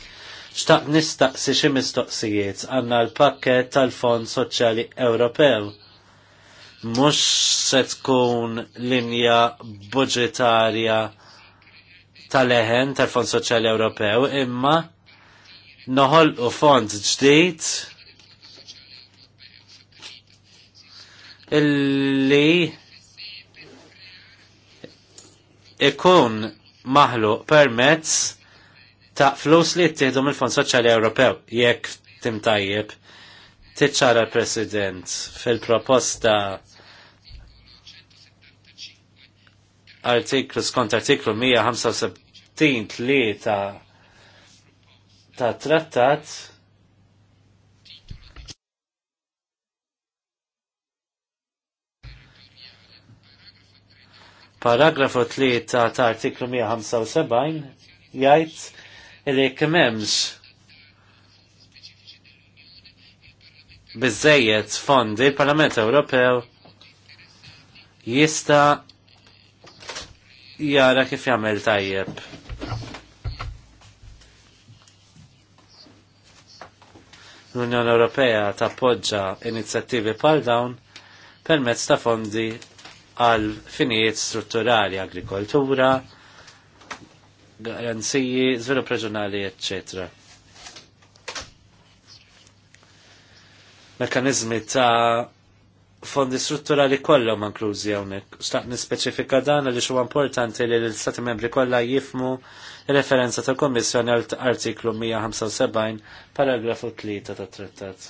Xtaq nistaqsi xi mistoqsijiet għandna l-pakket tal-Fond Soċjali Ewropew. Mhux se tkun linja budġetarja tal-eħen tal-Fond Soċjali Ewropew, imma noħolqu fond ġdid illi ikun maħluq permezz ta' flus li jittieħdu mill-Fond Soċjali Ewropew jekk timtajjeb tiċċara ċara president fil-proposta artiklu skont artiklu 175 ta' trattat paragrafu 3 ta' artiklu 175 jgħid il-ek memx. bizzejiet fondi il-Parlament Ewropew jista jara kif jagħmel tajjeb. L-Unjoni Ewropea tappoġġa inizjattivi pal dawn permezz ta' fondi għal finijiet strutturali, agrikoltura, garanziji, zvilup reġjonali, eccetera. mekanizmi ta' fondi strutturali kollha ma' inklużi hawnhekk. Xtaqt nispeċifika dan li xo importanti li l-Stati membri kollha jifmu referenza tal-Kommissjoni għal artiklu 175 paragrafu 3 tat trattat.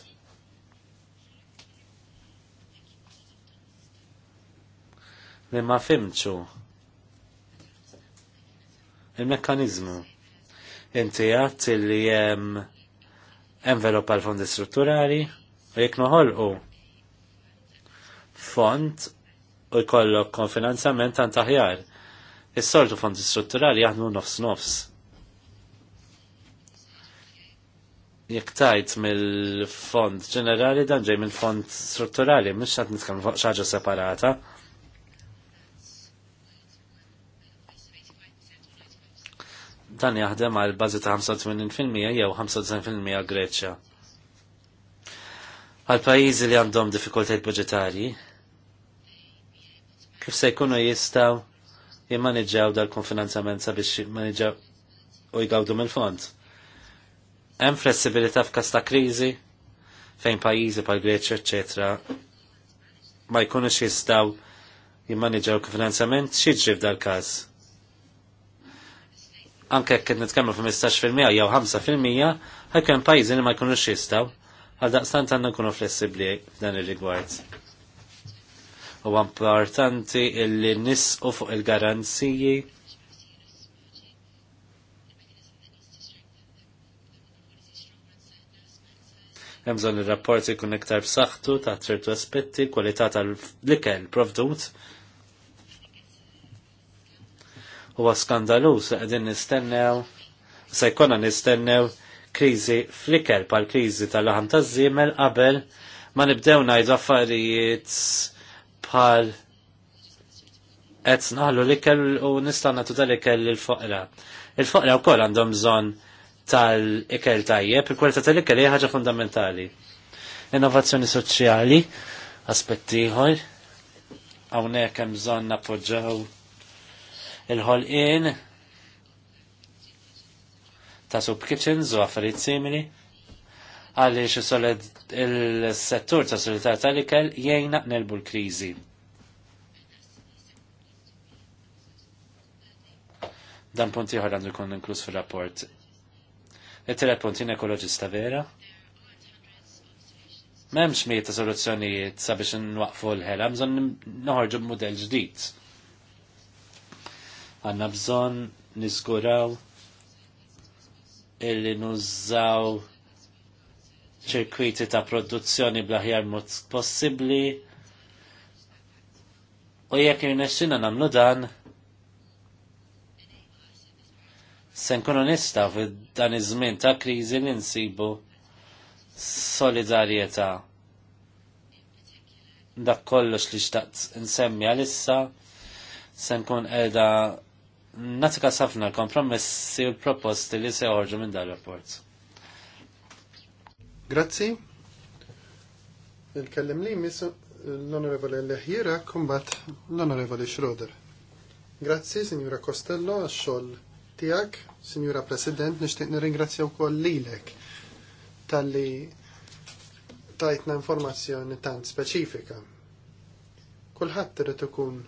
Li ma fimċu il-mekkanizmu. Inti għat li jem envelop għal fondi strutturali u jek noħolqu fond u jkollok konfinanzjament għan taħjar. Is-soltu fondi strutturali jaħdmu nofs nofs. Jek tajt mill-fond ġenerali dan ġej mill-fond strutturali, mux għat nitkam xaġa separata. dan jaħdem għal bażi ta' 85% jew 95% Greċja. Għal pajjiżi li għandhom diffikultajt budgetarji, kif se jkunu jistaw jimmanieġġaw dal-konfinanzament sabiex jimmanieġġaw u jgawdu mill-fond. Hemm flessibilità f'każ ta' kriżi fejn pajjiżi bħal Greċja, eċetera, ma jkunux jistaw jimmanieġġaw konfinanzament, xi dal f'dal każ anke jekk nitkellmu fil 15% jew 5% ħajkun pajjiżi li ma jkunux jistgħu għal daqstant għandna nkunu flessibbli f'dan ir-rigward. U importanti illi nisqu fuq il-garanziji hemm bżonn ir rapporti jkun iktar b'saħħtu ta' ċertu aspetti, kwalità tal-ikel provdut huwa skandalus li qegħdin nistennew se jkollna nistennew kriżi fliker pal kriżi tal-laħam ta' zimel qabel ma nibdew ngħidu affarijiet bħal qed naħlu l-ikel u nistanna nagħtu tal-ikel il-foqra. Il-foqra wkoll għandhom bżonn tal-ikel tajjeb, il-kwalità tal-ikel hija ħaġa fundamentali. Innovazzjoni soċjali, aspetti ieħor, hawnhekk hemm bżonn nappoġġjaw il-ħolqien ta' subkitchens u affarijiet simili għaliex il-settur ta' solidar tal-ikel jgħinna nelbu l-kriżi. Dan punti ieħor għandu jkun inkluż fir-rapport. Il-tele punti ekoloġista vera. Memx miet ta' soluzzjonijiet sabiex nwaqfu l-ħela, bżon noħorġu b'mudell ġdid. Għanna bżon niskuraw illi nużaw ċirkwiti ta' produzzjoni blaħjar mod possibli u jekk jirnexxina namlu dan se nkunu nista' f'dan iż-żmien ta' kriżi li nsibu solidarjetà dak kollox li xtaqt nsemmi għalissa se nkun qiegħda natika safna l si u proposti li se joħorġu minn dal rapport. Grazzi. Il-kellem li mis l-onorevole Leħjira kumbat l-onorevole Schroeder. Grazzi, signora Costello, għax-xogħol tiegħek, signora President, nixtieq nirringrazzja wkoll lilek tal-li tajtna informazzjoni tant speċifika. Kulħadd irid ikun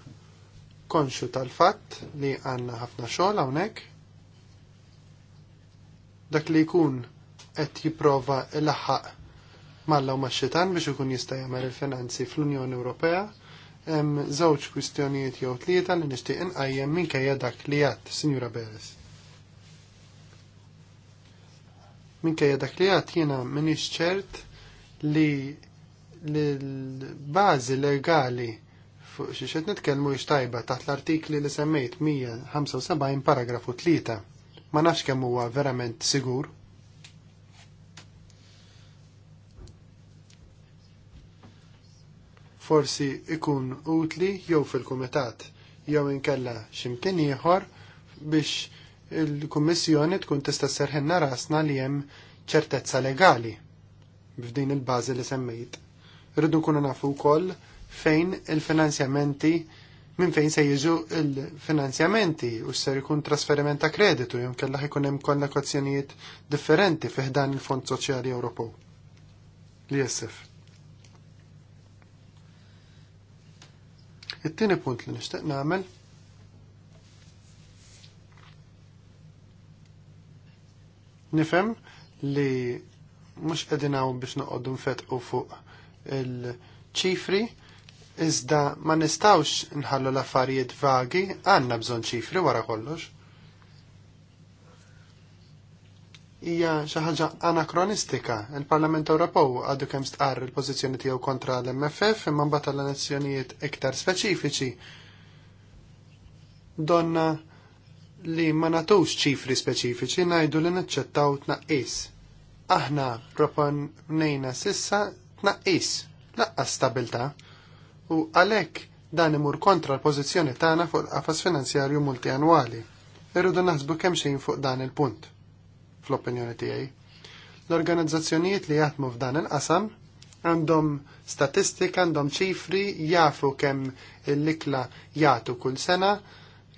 konxu tal-fatt li għanna ħafna xogħol hawnhekk. Dak li jkun qed jipprova laħħaq mallaw max-xitan biex ikun jista' jagħmel il-finanzi fl-Unjoni Ewropea hemm żewġ kwistjonijiet jew tlieta li nixtieq inqajjem minkejja dak li għad, Sinjura Beres. Minkejja dak li għad jiena m'iniex ċert li l-bażi legali fuq xi xed nitkellmu tajba taħt l-artikli li semmejt 175 paragrafu 3. Ma nafx kemm huwa verament sigur. Forsi ikun utli jew fil-kumitat jew inkella x'imkien ieħor biex il-Kummissjoni tkun tista' serħenna rasna li hemm ċertezza legali b'din il-bażi li semmejt. Rridu nkunu nafu wkoll fejn il-finanzjamenti minn fejn se jiġu il-finanzjamenti u se jkun trasferiment ta' kreditu jom kellaħ ikun hemm kollakozzjonijiet differenti fih dan il-Fond Soċjali Ewropew. Li jessef. It-tieni punt li nixtieq nagħmel nifhem li mhux qegħdin hawn biex noqogħdu nfetqu fuq il-ċifri Iżda ma nistawx nħallu l-affarijiet vagi, għanna bżon ċifri wara kollox. Hija xi ħaġa anakronistika. Il-Parlament Ewropew għadu kemm stqar il-pożizzjoni tiegħu kontra l-MFF imma mbagħad tal-elezzjonijiet iktar speċifiċi. Donna li ma natux ċifri speċifiċi ngħidu li naċċettaw tnaqqis. Aħna proponnejna sissa tnaqqis, laqqa stabilta' u għalhekk dan imur kontra l-pożizzjoni tagħna fuq qafas finanzjarju multianwali. Irridu naħsbu kemm xejn fuq dan il-punt, fl-opinjoni tiegħi. L-organizzazzjonijiet li jaħdmu f'dan il-qasam għandhom statistika, għandhom ċifri, jafu kemm l-ikla jagħtu kull sena,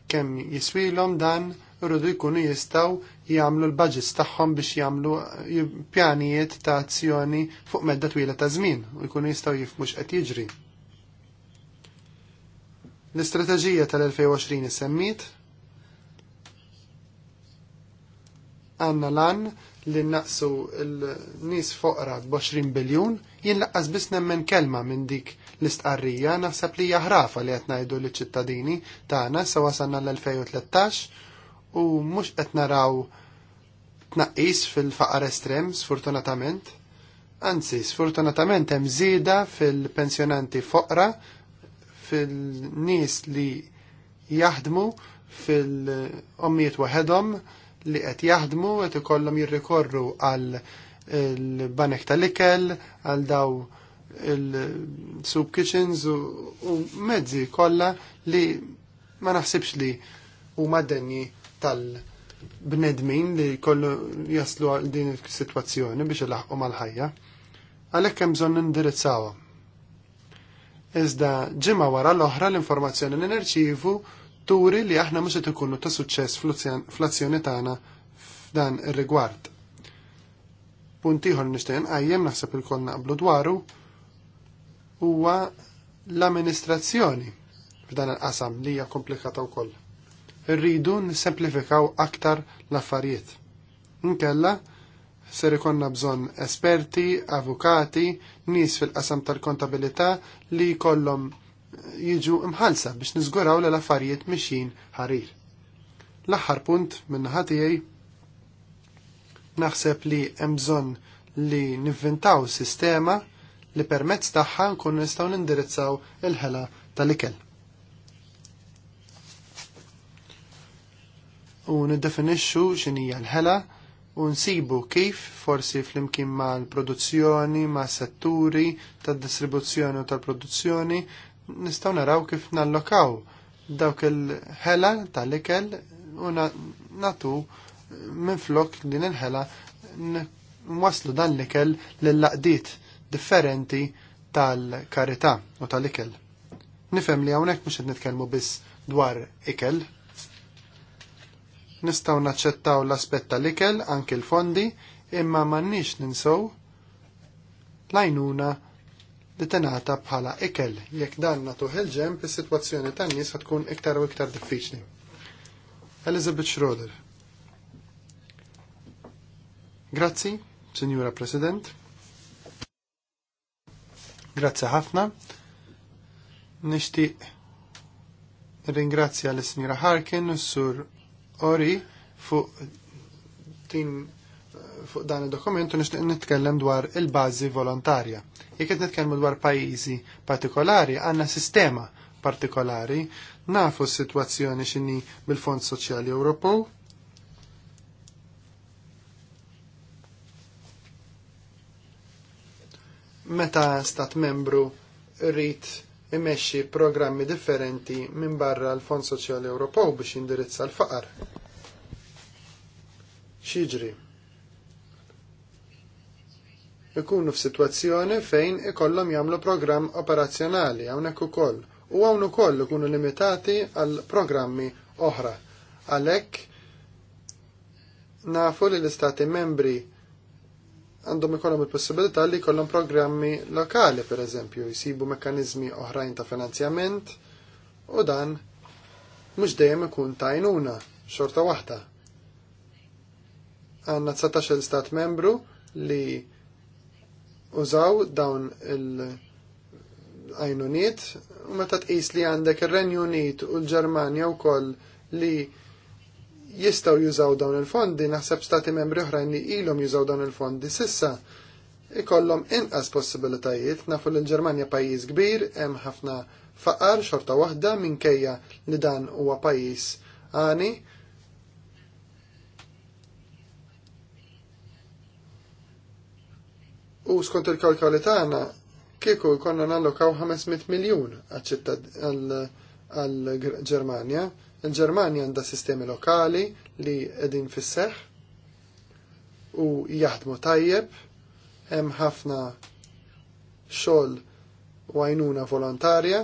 kemm jiswilhom dan, irridu jkunu jistaw jagħmlu l-budgets tagħhom biex jagħmlu eh, pjanijiet ta' azzjoni fuq medda twila ta' żmien u jkunu jistgħu jifmux qed jiġri. L-istrateġija tal-2020 semmit għanna lan li naqsu l-nis foqra b-20 biljun, jien laqqas biss nemmen kelma minn dik l-istqarrija, naħseb li jahrafa li għetnajdu li ċittadini tagħna sa wasanna l-2013 u mux qed naraw tnaqqis fil-faqar estrem, sfortunatament. Anzi, sfortunatament hemm żieda fil-pensjonanti foqra fil-nies li jaħdmu fil ommiet waħedhom li qed jaħdmu qed ikollhom jirrikorru għal il-banek tal-ikel, għal daw il-soup kitchens u, u mezzi kollha li ma naħsibx li huma denji tal-bnedmin li kollu jaslu għal din is-sitwazzjoni biex ilaħqu mal-ħajja. Għalhekk hemm bżonn indirizzawhom iżda ġimma wara l-oħra l-informazzjoni li nerċivu turi li aħna mhux qed ikunu ta' suċċess fl-azzjoni tagħna f'dan ir-rigward. Punt ieħor nixtieq nqajjem naħseb ilkoll naqblu dwaru huwa l-amministrazzjoni f'dan il-qasam li hija komplikata wkoll. Irridu nissemplifikaw aktar l-affarijiet. Inkella, ser ikonna bżonn esperti, avukati, nies fil-qasam tal-kontabilità li jkollhom jiġu imħalsa biex niżguraw l affarijiet mixin ħarir. L-aħħar punt minna ħatijaj, naħseb li hemm bżonn li nivvintaw sistema li permezz tagħha nkunu nistgħu nindirizzaw il-ħela tal-ikel. U niddefinixxu x'inhija l-ħela u nsibu kif forsi flimkien ma' l-produzzjoni, ma' setturi tad-distribuzzjoni u tal-produzzjoni nistgħu naraw kif nallokaw dawk il-ħela tal-ikel u natu minn flok din il-ħela waslu dan l-ikel l-laqdiet differenti tal-karità u tal-ikel. Nifem li hawnhekk mhux qed nitkellmu biss dwar ikel Nistaw naċċettaw l-aspett tal-ikel anke l-fondi imma m'għandniex ninsow lajnuna li tenata bħala ikel jekk dan nagħtu il-ġemp is-sitwazzjoni tan-nies tkun iktar u iktar diffiċli. Elizabeth Schroeder. Grazzi, Signora President. Grazzi ħafna. Nixtieq ringrazzja l-Signora Harkin u s-Sur ori fuq din fuq dan il-dokument u nixtieq nitkellem dwar il-bażi volontarja. Jekk qed nitkellmu dwar pajjiżi partikolari, għandna sistema partikolari, nafu s-sitwazzjoni x'inhi bil-Fond Soċjali Ewropew. Meta stat membru rrit imexxi programmi differenti minn barra l-Fond Soċjali Ewropew biex indirizza l-faqar. Xiġri. Ikunu f'sitwazzjoni fejn ikollhom jagħmlu programm operazzjonali hawnhekk ukoll u hawn ukoll ikunu limitati għal programmi oħra. Għalhekk nafu li l-istati membri għandhom ikollhom il-possibilità li jkollhom programmi lokali pereżempju jsibu mekkaniżmi oħrajn ta' finanzjament u dan mhux dejjem ikun ta' għajnuna, xorta waħda. Għandna 19 stat membru li użaw dawn il-għajnuniet u meta tqis li għandek ir-Renju Unit u l-Ġermanja wkoll li jistaw jużaw dawn il-fondi, naħseb stati membri oħrajn li ilhom jużaw dawn il-fondi sissa ikollhom inqas possibilitajiet nafu l ġermanja pajjiż kbir hemm ħafna faqar xorta waħda minkejja li dan huwa pajjiż għani. U skont il-kalkoli tagħna kieku jkollna nallokaw 500 miljun għal-Ġermanja il germania għandha sistemi lokali li qegħdin fisseħ u jaħdmu tajjeb, hemm ħafna xogħol u għajnuna volontarja.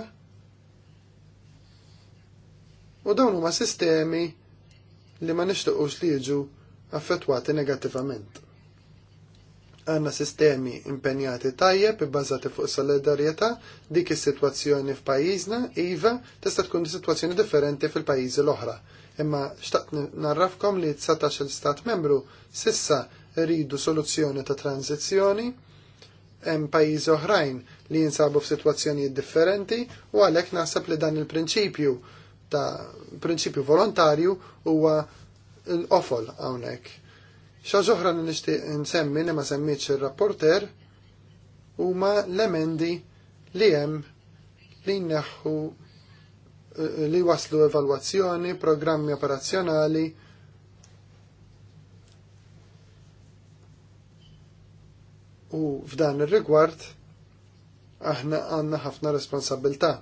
U dawn huma sistemi li ma nixtiequx li jiġu affettwati negattivament għanna sistemi impenjati tajjeb bbażati fuq solidarjetà dik is-sitwazzjoni f'pajjiżna iva tista' tkun sitwazzjoni differenti fil-pajjiżi l-oħra. Imma xtaqt narrafkom li 19 stat membru sissa ridu soluzzjoni ta' tranzizzjoni hemm pajjiżi oħrajn li jinsabu f'sitwazzjonijiet differenti u għalhekk naħseb li dan il-prinċipju ta' prinċipju volontarju huwa l ofol hawnhekk n-nishti n nsemmi li ma semmiċ il-rapporter u ma l-emendi li jem li neħu eh, li waslu evalwazzjoni, programmi operazzjonali, u f'dan ir-rigward aħna għanna ħafna responsabilta.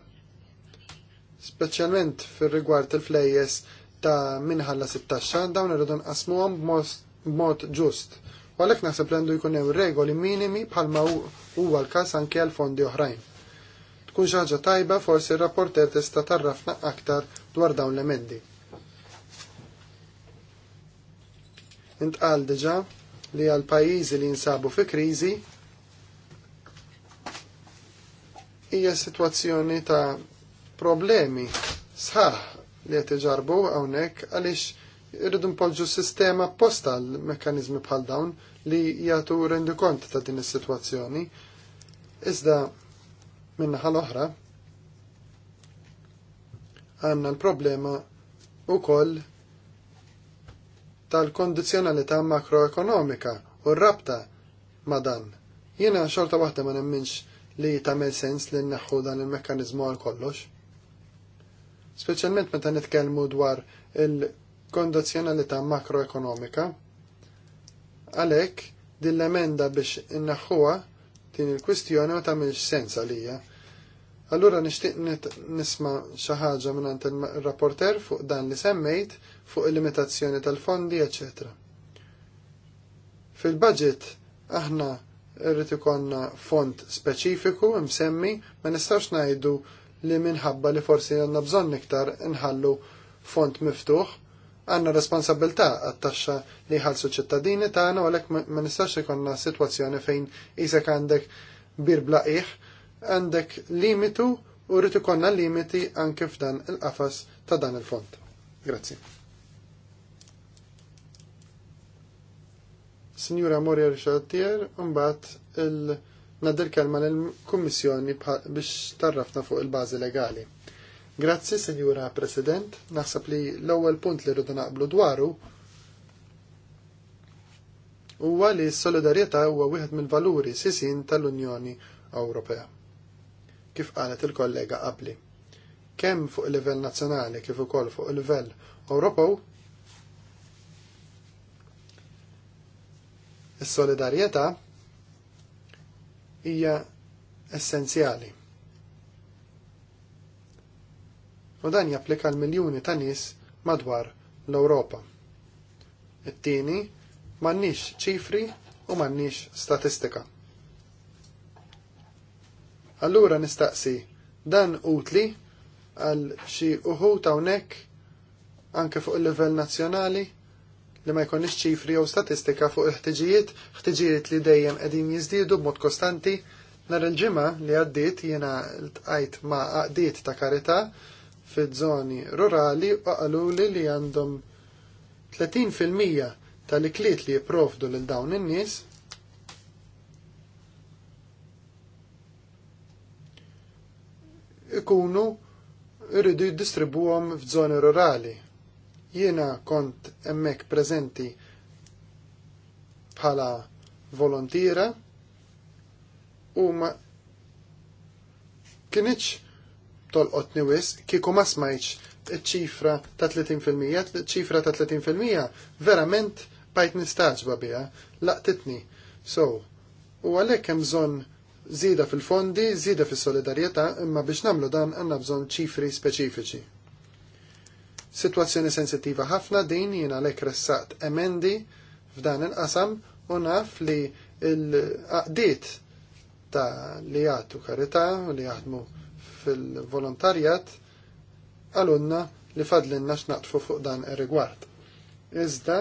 Speċjalment fir-rigward il-flejjes ta' minħalla 16 dawn irridu nqasmuhom b'mod b'mod ġust. U għalhekk naħseb li jkun hemm regoli minimi bħalma huwa l-każ anke għal fondi oħrajn. Tkun xi ħaġa tajba forsi r-rapporter tista' tarrafna aktar dwar dawn l-emendi. Intqal diġa' li għal pajjiżi li jinsabu fi kriżi hija sitwazzjoni ta' problemi sħaħ li qed iġarbu hawnhekk għaliex irridu npoġġu sistema apposta għal mekkaniżmi bħal dawn li jagħtu rendi kont ta' din is-sitwazzjoni. Iżda minnaħa l-oħra għandna l-problema wkoll tal-kondizjonalità makroekonomika u r-rabta ma' dan. Jiena xorta waħda ma nemminx li tagħmel sens li nneħħu dan il-mekkaniżmu għal kollox. Speċjalment meta nitkellmu dwar il- kondizjonalità makroekonomika. Għalhekk din l-emenda biex innaħħuha din il-kwistjoni ma tagħmilx sens għalija. Allura nixtieq nisma' xi ħaġa minnant il-rapporter fuq dan li semmejt fuq il-limitazzjoni tal-fondi, ecc. Fil-budget aħna rrid ikonna fond speċifiku msemmi ma nistax ngħidu li minħabba li forsi għandna bżonn iktar inħallu font miftuħ għanna responsabilta għat-taxxa li ħalsu ċittadini tagħna għana, għalhekk ma nistax ikonna sitwazzjoni fejn isek għandek bir blaqiħ, għandek limitu u rritu ikonna limiti anke f'dan il-qafas ta' dan il-fond. Grazzi. Signora Moria Richardier, unbat il-nadel kelma lill-Kummissjoni biex tarrafna fuq il-bażi legali. Grazzi, Senjura President. Naħseb li l-ewwel punt li rridu naqblu dwaru huwa li s-solidarjetà huwa wieħed mill-valuri sisin tal-Unjoni Ewropea. Kif qalet il-kollega qabli. Kemm fuq il-livell nazzjonali kif ukoll fuq il-livell Ewropew is-solidarjetà hija essenzjali u dan japplika l-miljuni ta' nies madwar l-Ewropa. It-tieni m'għandniex ċifri u m'għandniex statistika. Allura nistaqsi dan utli għal xi uħud hawnhekk anke fuq il-livell nazzjonali li ma jkunniex ċifri jew statistika fuq il-ħtiġijiet, ħtiġijiet li dejjem qegħdin jiżdiedu b'mod kostanti. Nar il-ġimgħa li għaddiet jiena ltqajt ma' għaqdiet ta' karità fiż-żoni rurali u qalu li għandhom 30% tal-ikliet li jipprovdu lil dawn in-nies ikunu irridu jiddistribuhom f'żoni rurali. Jiena kont hemmhekk preżenti bħala volontira u ma kienitx tolqot niwis, kieku ma smajtx ċifra ta' 30%, ċifra ta' 30% verament bajt nistaġba biha, laqtitni. So, u għalek hemm bżonn zida fil-fondi, zida fis-solidarjetà, imma biex nagħmlu dan għandna bżonn ċifri speċifiċi. Sitwazzjoni sensittiva ħafna din jiena għalhekk ressaqt emendi f'dan il-qasam u naf li l-qaqdiet ta' li jgħatu karità u li jaħdmu fil-volontarjat għalunna li fadlinna x'naqtfu fuq dan ir-rigward. Iżda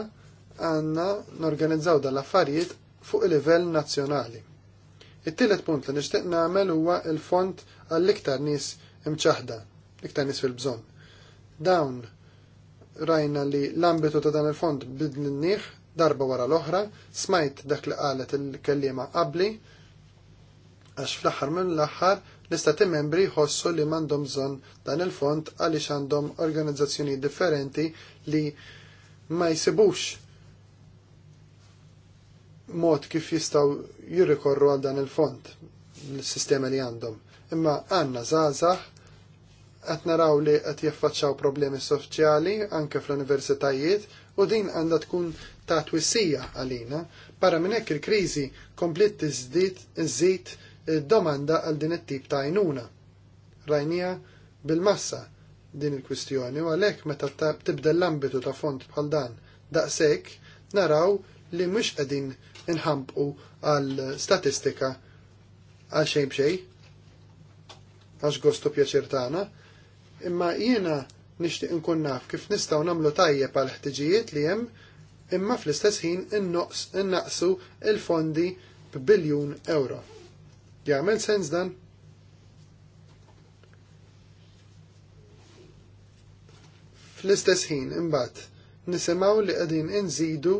għanna norganizzaw dan l-affarijiet fuq il-livell nazzjonali. It-tielet punt li nixtieq nagħmel huwa il-font għall-iktar nies imċaħda, iktar nies fil-bżonn. Dawn rajna li l-ambitu ta' dan il-fond bidlinniħ darba wara l-oħra, smajt dak li qalet il-kellima qabli, għax fl-aħħar minn l-aħħar L-istati membri jħossu li m'għandhom bżonn dan il-fond għaliex għandhom organizzazzjoni differenti li ma jsibux mod kif jistaw jirrikorru għal dan il-fond l-sistema li għandhom. Imma għanna zazah qed naraw li qed jaffaċċaw problemi soċjali anke fl-universitajiet u din għandha tkun ta' twissija għalina. para minn hekk il-kriżi komplet tiżdid iżid domanda għal din it-tip ta' għajnuna. Rajnija bil-massa din il-kwistjoni u għalhekk meta tibda l-ambitu ta' font bħal dan daqshekk naraw li mux qegħdin inħampqu għal statistika għal xejn bxej għax gostu pjaċir tagħna, imma jiena nixtieq inkun naf kif nistgħu nagħmlu tajjeb għal ħtiġijiet li hemm imma fl-istess ħin innaqsu il-fondi b'biljun euro. Jagħmel sens dan? Fl-istess ħin imbagħad nisimgħu li qegħdin inżidu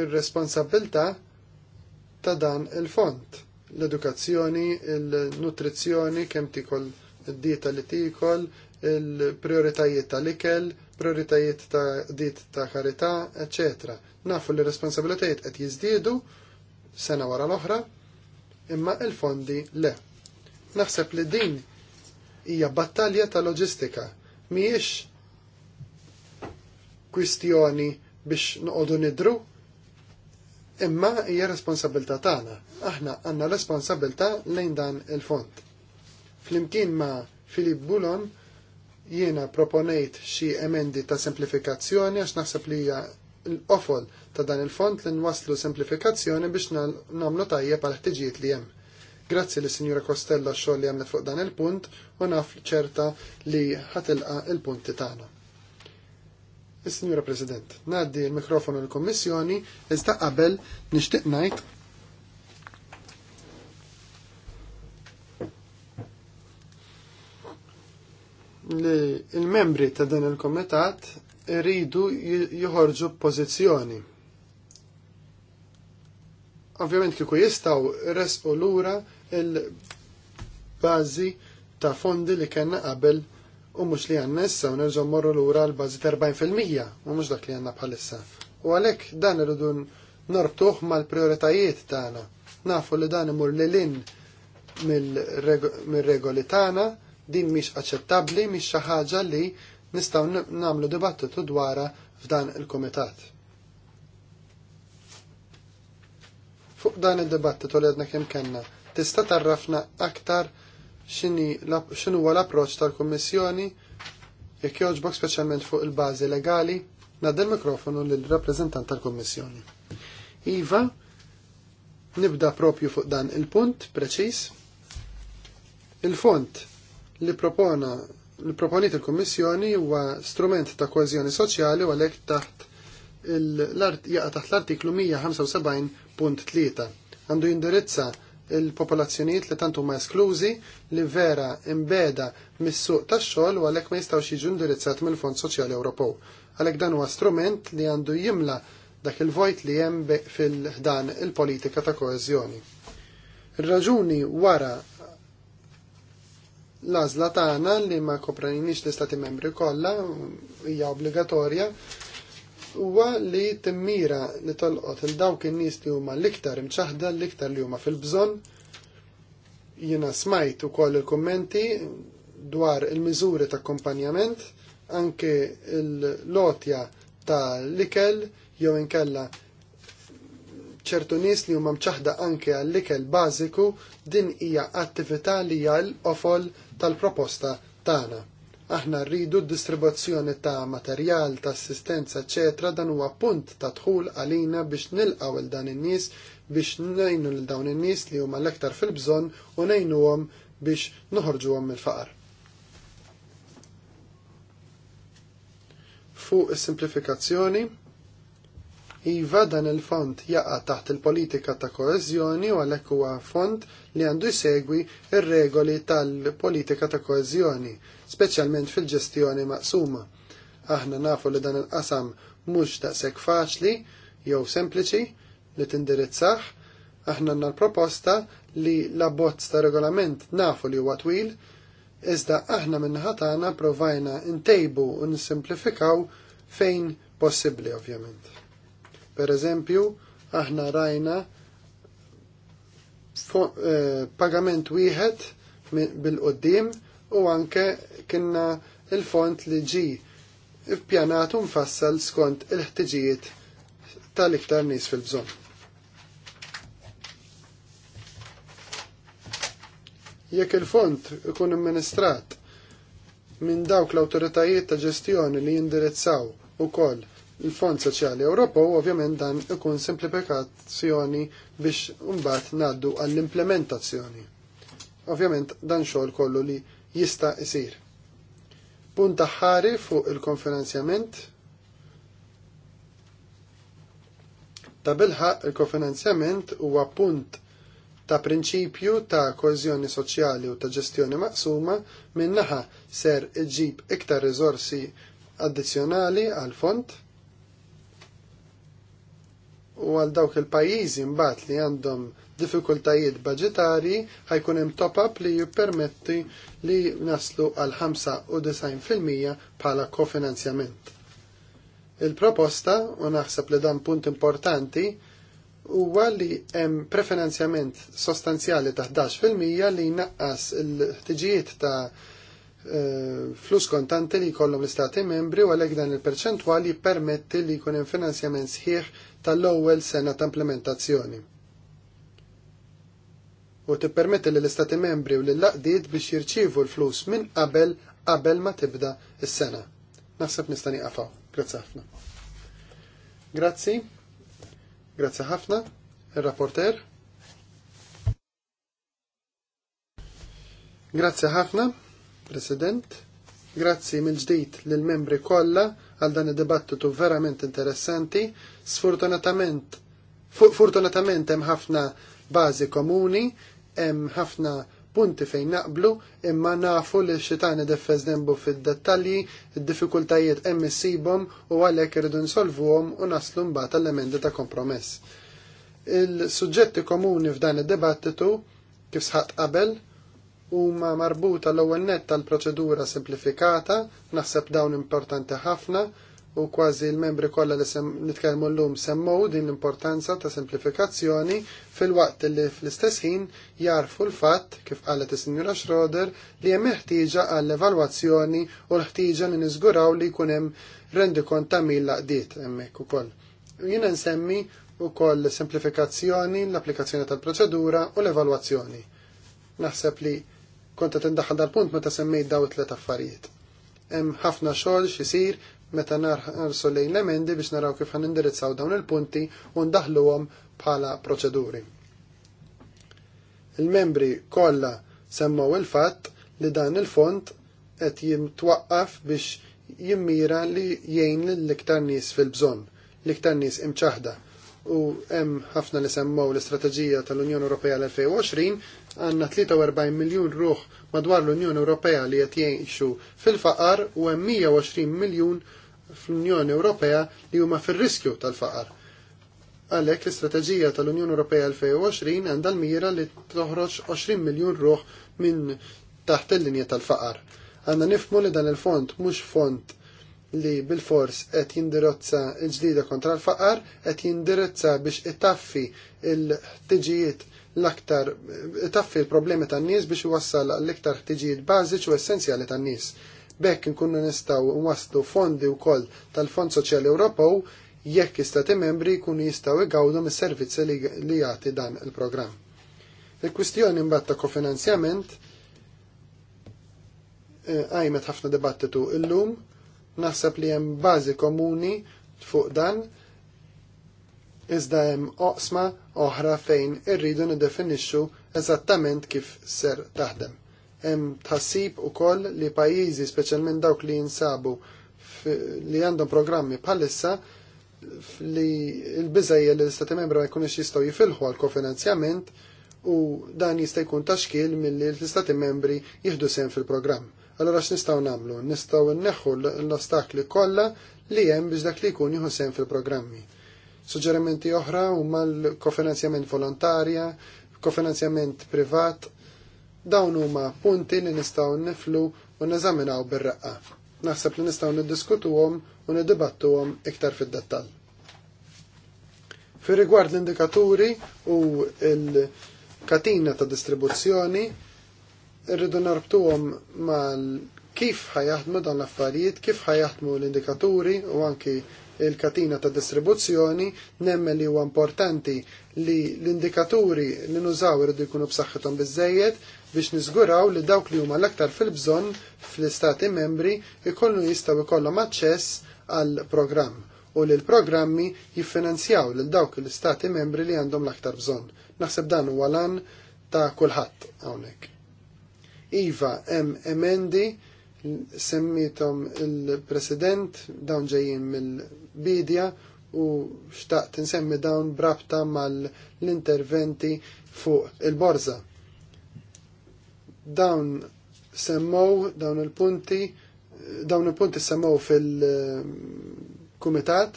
ir-responsabilità ta' dan il-font. L-edukazzjoni, il-nutrizzjoni, kemm tikol id-dieta li tikol, il-prioritajiet tal-ikel, prioritajiet ta' dit ta' karità, etc. Nafu li responsabilitajiet qed jiżdiedu sena wara l-oħra, imma il-fondi le. Naħseb li din hija battalja ta' loġistika, mhijiex kwistjoni biex noqogħdu nidru, imma hija responsabilità tagħna. Aħna għandna responsabilità lejn dan il-fond. Flimkien ma' Filip Bulon jiena proponejt xi emendi ta' semplifikazzjoni għax naħseb li hija l-qofol ta' dan il font li nwaslu semplifikazzjoni biex nagħmlu tajjeb għal ħtiġijiet li hemm. Grazzi li Sinjura Costello xogħol li għamlet fuq dan il-punt u naf ċerta li ħatilqa il-punti tagħna. Is-Sinjura President, ngħaddi l-mikrofonu l-Kommissjoni iżda qabel nixtieq ngħid li il-membri ta' dan il-komitat iridu joħorġu pożizzjoni Ovvjament kieku jistaw resqu lura il-bażi ta' fondi li kena qabel u mux li għannessa u nerġu morru l-ura l-bazi 40% u mux dak li għanna bħalissa. U għalek dan irridu ma' mal-prioritajiet tagħna. Nafu li dan imur li l-in mill-regoli tagħna, din mhix aċċettabbli, mhix xi ħaġa li nistgħu nagħmlu dibattitu dwarha f'dan il-kumitat. Fuq dan id-dibattitu li għedna kemm kellna, tista' tarrafna aktar x'inhu huwa l-approċċ tal-Kummissjoni jekk jogħġbok speċjalment fuq il-bażi legali nadda l-mikrofonu lill-rappreżentant tal-Kummissjoni. Iva, nibda propju fuq dan il-punt preċis. Il-font li propona li proponit il-Kommissjoni huwa strument ta' kohezjoni soċjali u għalhekk taħt jaqa taħt l-artiklu 175.3 għandu jindirizza il-popolazzjonijiet li tantu ma esklużi li vera imbeda mis-suq tax-xogħol u għalhekk ma jistgħux jiġu indirizzat mill-Fond Soċjali Ewropew. Għalhekk dan huwa strument li għandu jimla dak il-vojt li hemm fil-dan il-politika ta' koeżjoni. Ir-raġuni wara l-għażla tagħna li ma kopranix l-istati membri kollha hija obbligatorja huwa li timmira li tolqot il dawk in-nies li huma l-iktar imċaħda, l-iktar li huma fil-bżonn. Jiena smajt ukoll il-kummenti dwar il-miżuri ta' akkompanjament, anke l-lotja ta' l-ikel jew inkella ċertu nies li huma mċaħda anke għall-ikel bażiku din hija attività li hija l-ofol tal-proposta tagħna. Aħna rridu d-distribuzzjoni ta' materjal, ta' assistenza, eċetera, dan huwa punt ta' dħul għalina biex nilqaw il dan in-nies biex nejnu l dawn in-nies li huma l-aktar fil-bżonn u għom biex għom il faqar Fuq is-simplifikazzjoni, Iva dan il-fond jaqa taħt il-politika ta' koezjoni u għalhekk huwa fond li għandu jsegwi ir-regoli tal-politika ta' koezjoni, speċjalment fil-ġestjoni maqsuma. Aħna nafu li dan il-qasam mhux daqshekk faċli jew sempliċi li tindirizzah, aħna għandna l-proposta li l-abbozz ta' regolament nafu li huwa twil, iżda aħna tagħna provajna ntejbu u nissimplifikaw fejn possibbli ovvjament. Per eżempju, aħna rajna eh, pagament wieħed bil-qoddim u anke kienna il-font li ġi ippjanat mfassal skont il-ħtiġijiet tal-iktar nies fil-bżonn. Jekk il-font ikun amministrat minn dawk l-awtoritajiet ta' ġestjoni li jindirizzaw ukoll il-Fond Soċjali Ewropew ovvjament dan ikun simplifikazzjoni biex mbagħad ngħaddu għall-implementazzjoni. Ovvjament dan xogħol kollu li jista' isir. Punt ħari fuq il-konfinanzjament Ta' bilħa il-kofinanzjament huwa punt ta' prinċipju ta' koezjoni soċjali u ta' ġestjoni maqsuma minnaħa ser iġib iktar riżorsi addizzjonali għal fond u għal dawk il-pajjiżi mbagħad li għandhom diffikultajiet budgetari ħajkun hemm top-up li jippermetti li naslu għal 95% bħala kofinanzjament. Il-proposta, u naħseb li dan punt importanti, huwa li hemm prefinanzjament sostanzjali ta' 11% li naqqas il-ħtiġijiet ta' Eh, flus kontanti li jkollhom l-istati membri u għalhekk dan il-perċentwal permetti li jkun hemm finanzjament sħiħ tal-ewwel sena ta' implementazzjoni. U tippermetti li l-istati membri u lill-laqdiet biex jirċievu l-flus minn qabel qabel ma tibda s-sena. Naħseb nista' nieqafaw. Grazzi ħafna. Grazzi. Grazzi ħafna. Ir-rapporter. Grazzi ħafna. President. Grazzi mill-ġdid lill-membri kollha għal dan id-dibattitu verament interessanti. Sfortunatament, fortunatament hemm ħafna bażi komuni, hemm ħafna punti fejn naqblu, imma nafu li xitani defez nembu fil-dettalji, id-difikultajiet hemm issibhom u għalhekk irridu nsolvuhom u naslu mbagħad l-emendi ta' kompromess. Il-suġġetti komuni f'dan id-dibattitu kif sħat qabel huma marbuta l-ewwel nett tal-proċedura simplifikata, naħseb dawn importanti ħafna u kważi l-membri kollha li nitkellmu llum semmow din l-importanza ta' simplifikazzjoni fil-waqt li fl-istess ħin jarfu l-fatt kif qalet is-Sinjura Schroeder li hemm ħtieġa għall evalwazzjoni u l-ħtieġa li niżguraw li jkun hemm rendikont ta' mil laqdiet hemmhekk ukoll. Jiena nsemmi wkoll simplifikazzjoni, l-applikazzjoni tal-proċedura u l-evalwazzjoni. Naħseb li konta tindaħħal dal-punt meta semmejt daw tlet affarijiet. Hemm ħafna xogħol xisir meta narsu lejn l-emendi biex naraw kif ħanindirizzaw dawn il-punti u ndaħluhom bħala proċeduri. Il-membri kollha semmaw il-fatt li dan il-font qed jimtwaqqaf biex jimmira li jgħin l-iktar nies fil-bżonn, l-iktar nies imċaħda u hemm ħafna li semmaw l-istrateġija tal-Unjoni Ewropea l-2020 għanna 43 miljon ruħ madwar l-Unjoni Ewropea li qed jgħixu fil-faqar u hemm 120 miljun fl-Unjoni Ewropea li huma fir-riskju tal-faqar. Għalhekk l-istrateġija tal-Unjoni Ewropea 2020 għandha l-mira li toħroġ 20 miljun ruħ minn taħt il-linja tal-faqar. Għandna nifmu li dan il-fond mhux fond li bil-fors qed jindirizza l-ġdida kontra l-faqar, qed jindirizza biex itaffi il-ħtiġijiet l-aktar taffi l-problemi tan-nies biex iwassal l-iktar ħtiġijiet bażiċi u essenzjali tan-nies. Bekk nkunu nistgħu nwaslu fondi wkoll tal-Fond Soċjali Ewropew jekk istati membri jkunu jistgħu igawdu mis-servizzi li jagħti dan il-programm. Il-kwistjoni mbagħad ta' kofinanzjament eh, għajmet ħafna dibattitu illum, naħseb li hemm bażi komuni fuq dan iżda hemm oqsma oħra fejn irridu niddefinixxu eżattament kif ser taħdem. Hemm tħassib ukoll li pajjiżi speċjalment dawk li jinsabu li għandhom programmi bħalissa li l-biżajja li l-istati membri ma jkunux jistgħu jifilħu għal kofinanzjament u dan jista' jkun taxkil milli l-istati membri jieħdu sehem fil-programm. Allora x'nistgħu nagħmlu? Nistgħu nneħħu l-ostakli kollha li hemm biex dak li jkun jieħu sehem fil-programmi Suġġerimenti oħra huma l-kofinanzjament volontarja, kofinanzjament privat, dawn huma punti li nistgħu niflu u neżaminaw bir-raqqa. Naħseb li nistgħu niddiskutuhom u nidibattuhom iktar fid-dettall. Fir rigward l-indikaturi u l-katina ta' distribuzzjoni, irridu narbtuhom mal kif ħajaħdmu dan l-affarijiet, kif ħajaħdmu l-indikaturi u anki il-katina ta' distribuzzjoni, nemmen li huwa importanti li l-indikaturi li nużaw irridu jkunu b'saħħithom biżejjed biex niżguraw li dawk li huma l-aktar fil-bżonn fl-istati membri ikollu jistgħu jkollhom aċċess għal programm u li l-programmi jiffinanzjaw lil dawk l-istati membri li għandhom l-aktar bżonn. Naħseb dan huwa lan ta' kulħadd hawnhekk. Iva M. Emendi semmitom il-President dawn ġejjin mill bidja u xtaqt insemmi dawn brabta mal-interventi fuq il-borza. Dawn semmow, dawn il-punti, dawn il-punti semmow fil-kumitat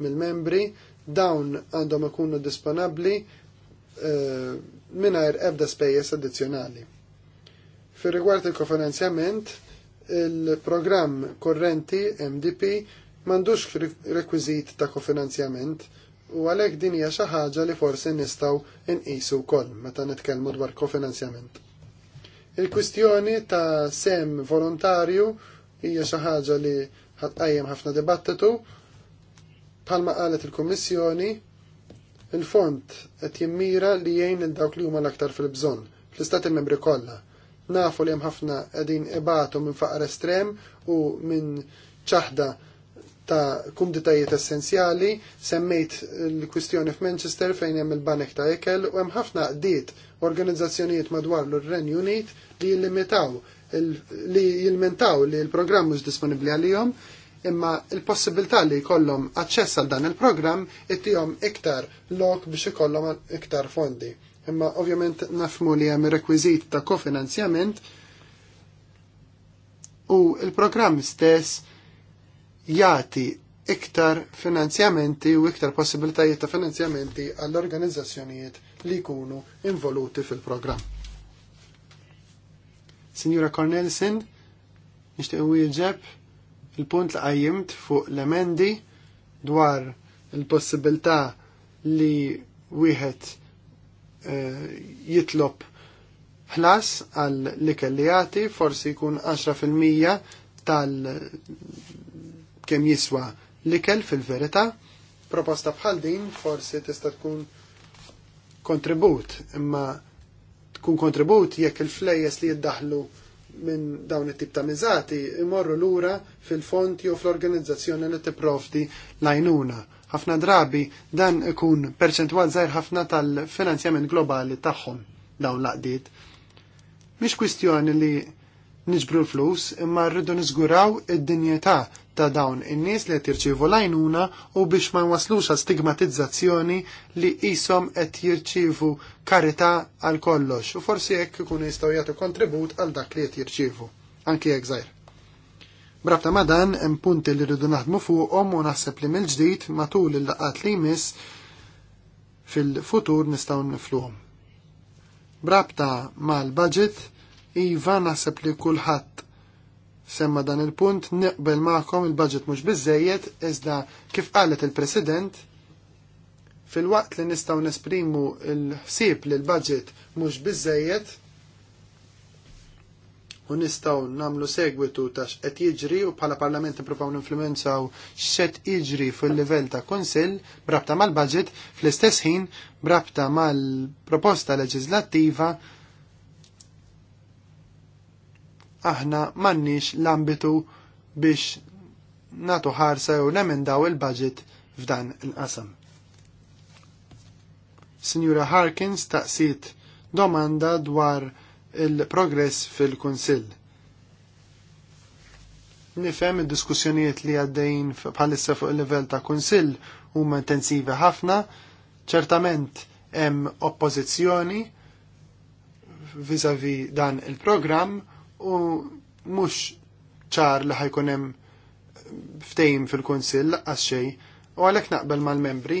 mill-membri, dawn għandhom ikunu disponabli uh, minnajr ebda spejjeż addizzjonali. Fir rigward il-kofinanzjament, il-programm korrenti MDP m'għandux rekwiżit ta' kofinanzjament u għalhekk din hija xi ħaġa li forsi nistgħu nqisu wkoll meta nitkellmu dwar kofinanzjament. Il-kwistjoni ta' sem volontarju hija xi ħaġa li ħatqajjem ħafna dibattitu bħalma qalet il-Kummissjoni il-fond qed jimmira li jgħin il dawk li huma l-aktar fil-bżonn fl-istati membri kollha. Nafu li hemm ħafna qegħdin ibatu minn faqar estrem u minn ċaħda ta' kumditajiet essenzjali, semmejt l-kwistjoni f'Manchester fejn hemm il-banek ta' ekel u hemm ħafna qdiet organizzazzjonijiet madwar l-Renju Unit li jillimitaw li jilmentaw li l-programm mhux disponibbli għalihom imma il-possibilità li jkollhom aċċess għal dan il-programm ittihom iktar lok biex ikollhom iktar fondi. Imma ovvjament nafmu li hemm rekwiżit ta' kofinanzjament u il-programm stess jati iktar finanzjamenti u iktar possibilitajiet ta' finanzjamenti għall-organizzazzjonijiet li jkunu involuti fil-programm. Signora Cornelsen, nishtiq wieġeb il-punt li għajjimt fuq l-emendi dwar il-possibilità li wieħed eh, jitlob ħlas għal li forsi jkun 10% tal kem jiswa l-ikel fil-verita, proposta bħal din forsi tista' tkun kontribut, imma tkun kontribut jekk il-flejjes li jiddaħlu minn dawn it-tip ta' miżati imorru lura fil-font jew fl-organizzazzjoni li tipprovdi lajnuna. Ħafna drabi dan ikun perċentwal żgħir ħafna tal-finanzjament globali tagħhom dawn laqdiet. Mhix kwistjoni li niġbru l-flus imma rridu niżguraw id-dinjetà ta' dawn in-nies li qed jirċievu lajnuna u biex ma nwaslux għal stigmatizzazzjoni li qishom qed jirċievu karità għal kollox u forsi hekk ikunu jistgħu jagħtu kontribut għal dak li qed jirċievu anki jekk żgħir. Brabta ma dan hemm punti li rridu naħdmu fuqhom u naħseb li mill-ġdid matul il-laqat li jmiss fil-futur nistgħu nifluhom. Brabta mal-budget iva naħseb li kulħadd semma dan il-punt neqbel maħkom il-budget mhux bizzejiet, iżda kif qalet il-President fil-waqt li nistgħu nesprimu l-ħsieb li l-budget mhux bizzejiet, u nistgħu nagħmlu segwitu ta' x'qed jiġri u bħala Parlament influenza ninfluwenzaw x'qed jiġri fil-livell ta' Kunsill brabta mal-budget fl-istess ħin brabta mal-proposta leġislattiva aħna m'għandniex l-ambitu biex natu ħarsa jew nemendaw il-budget f'dan il-qasam. Sinjura Harkins taqsit domanda dwar il-progress fil-Kunsill. Nifhem id-diskussjonijiet li għaddejn bħalissa fuq il-livell ta' Kunsill huma intensivi ħafna, ċertament hemm oppożizzjoni vis dan il-programm u mhux ċar li ħajkunem hemm ftejim fil-Kunsill laqqas xejn u għalhekk naqbel mal-membri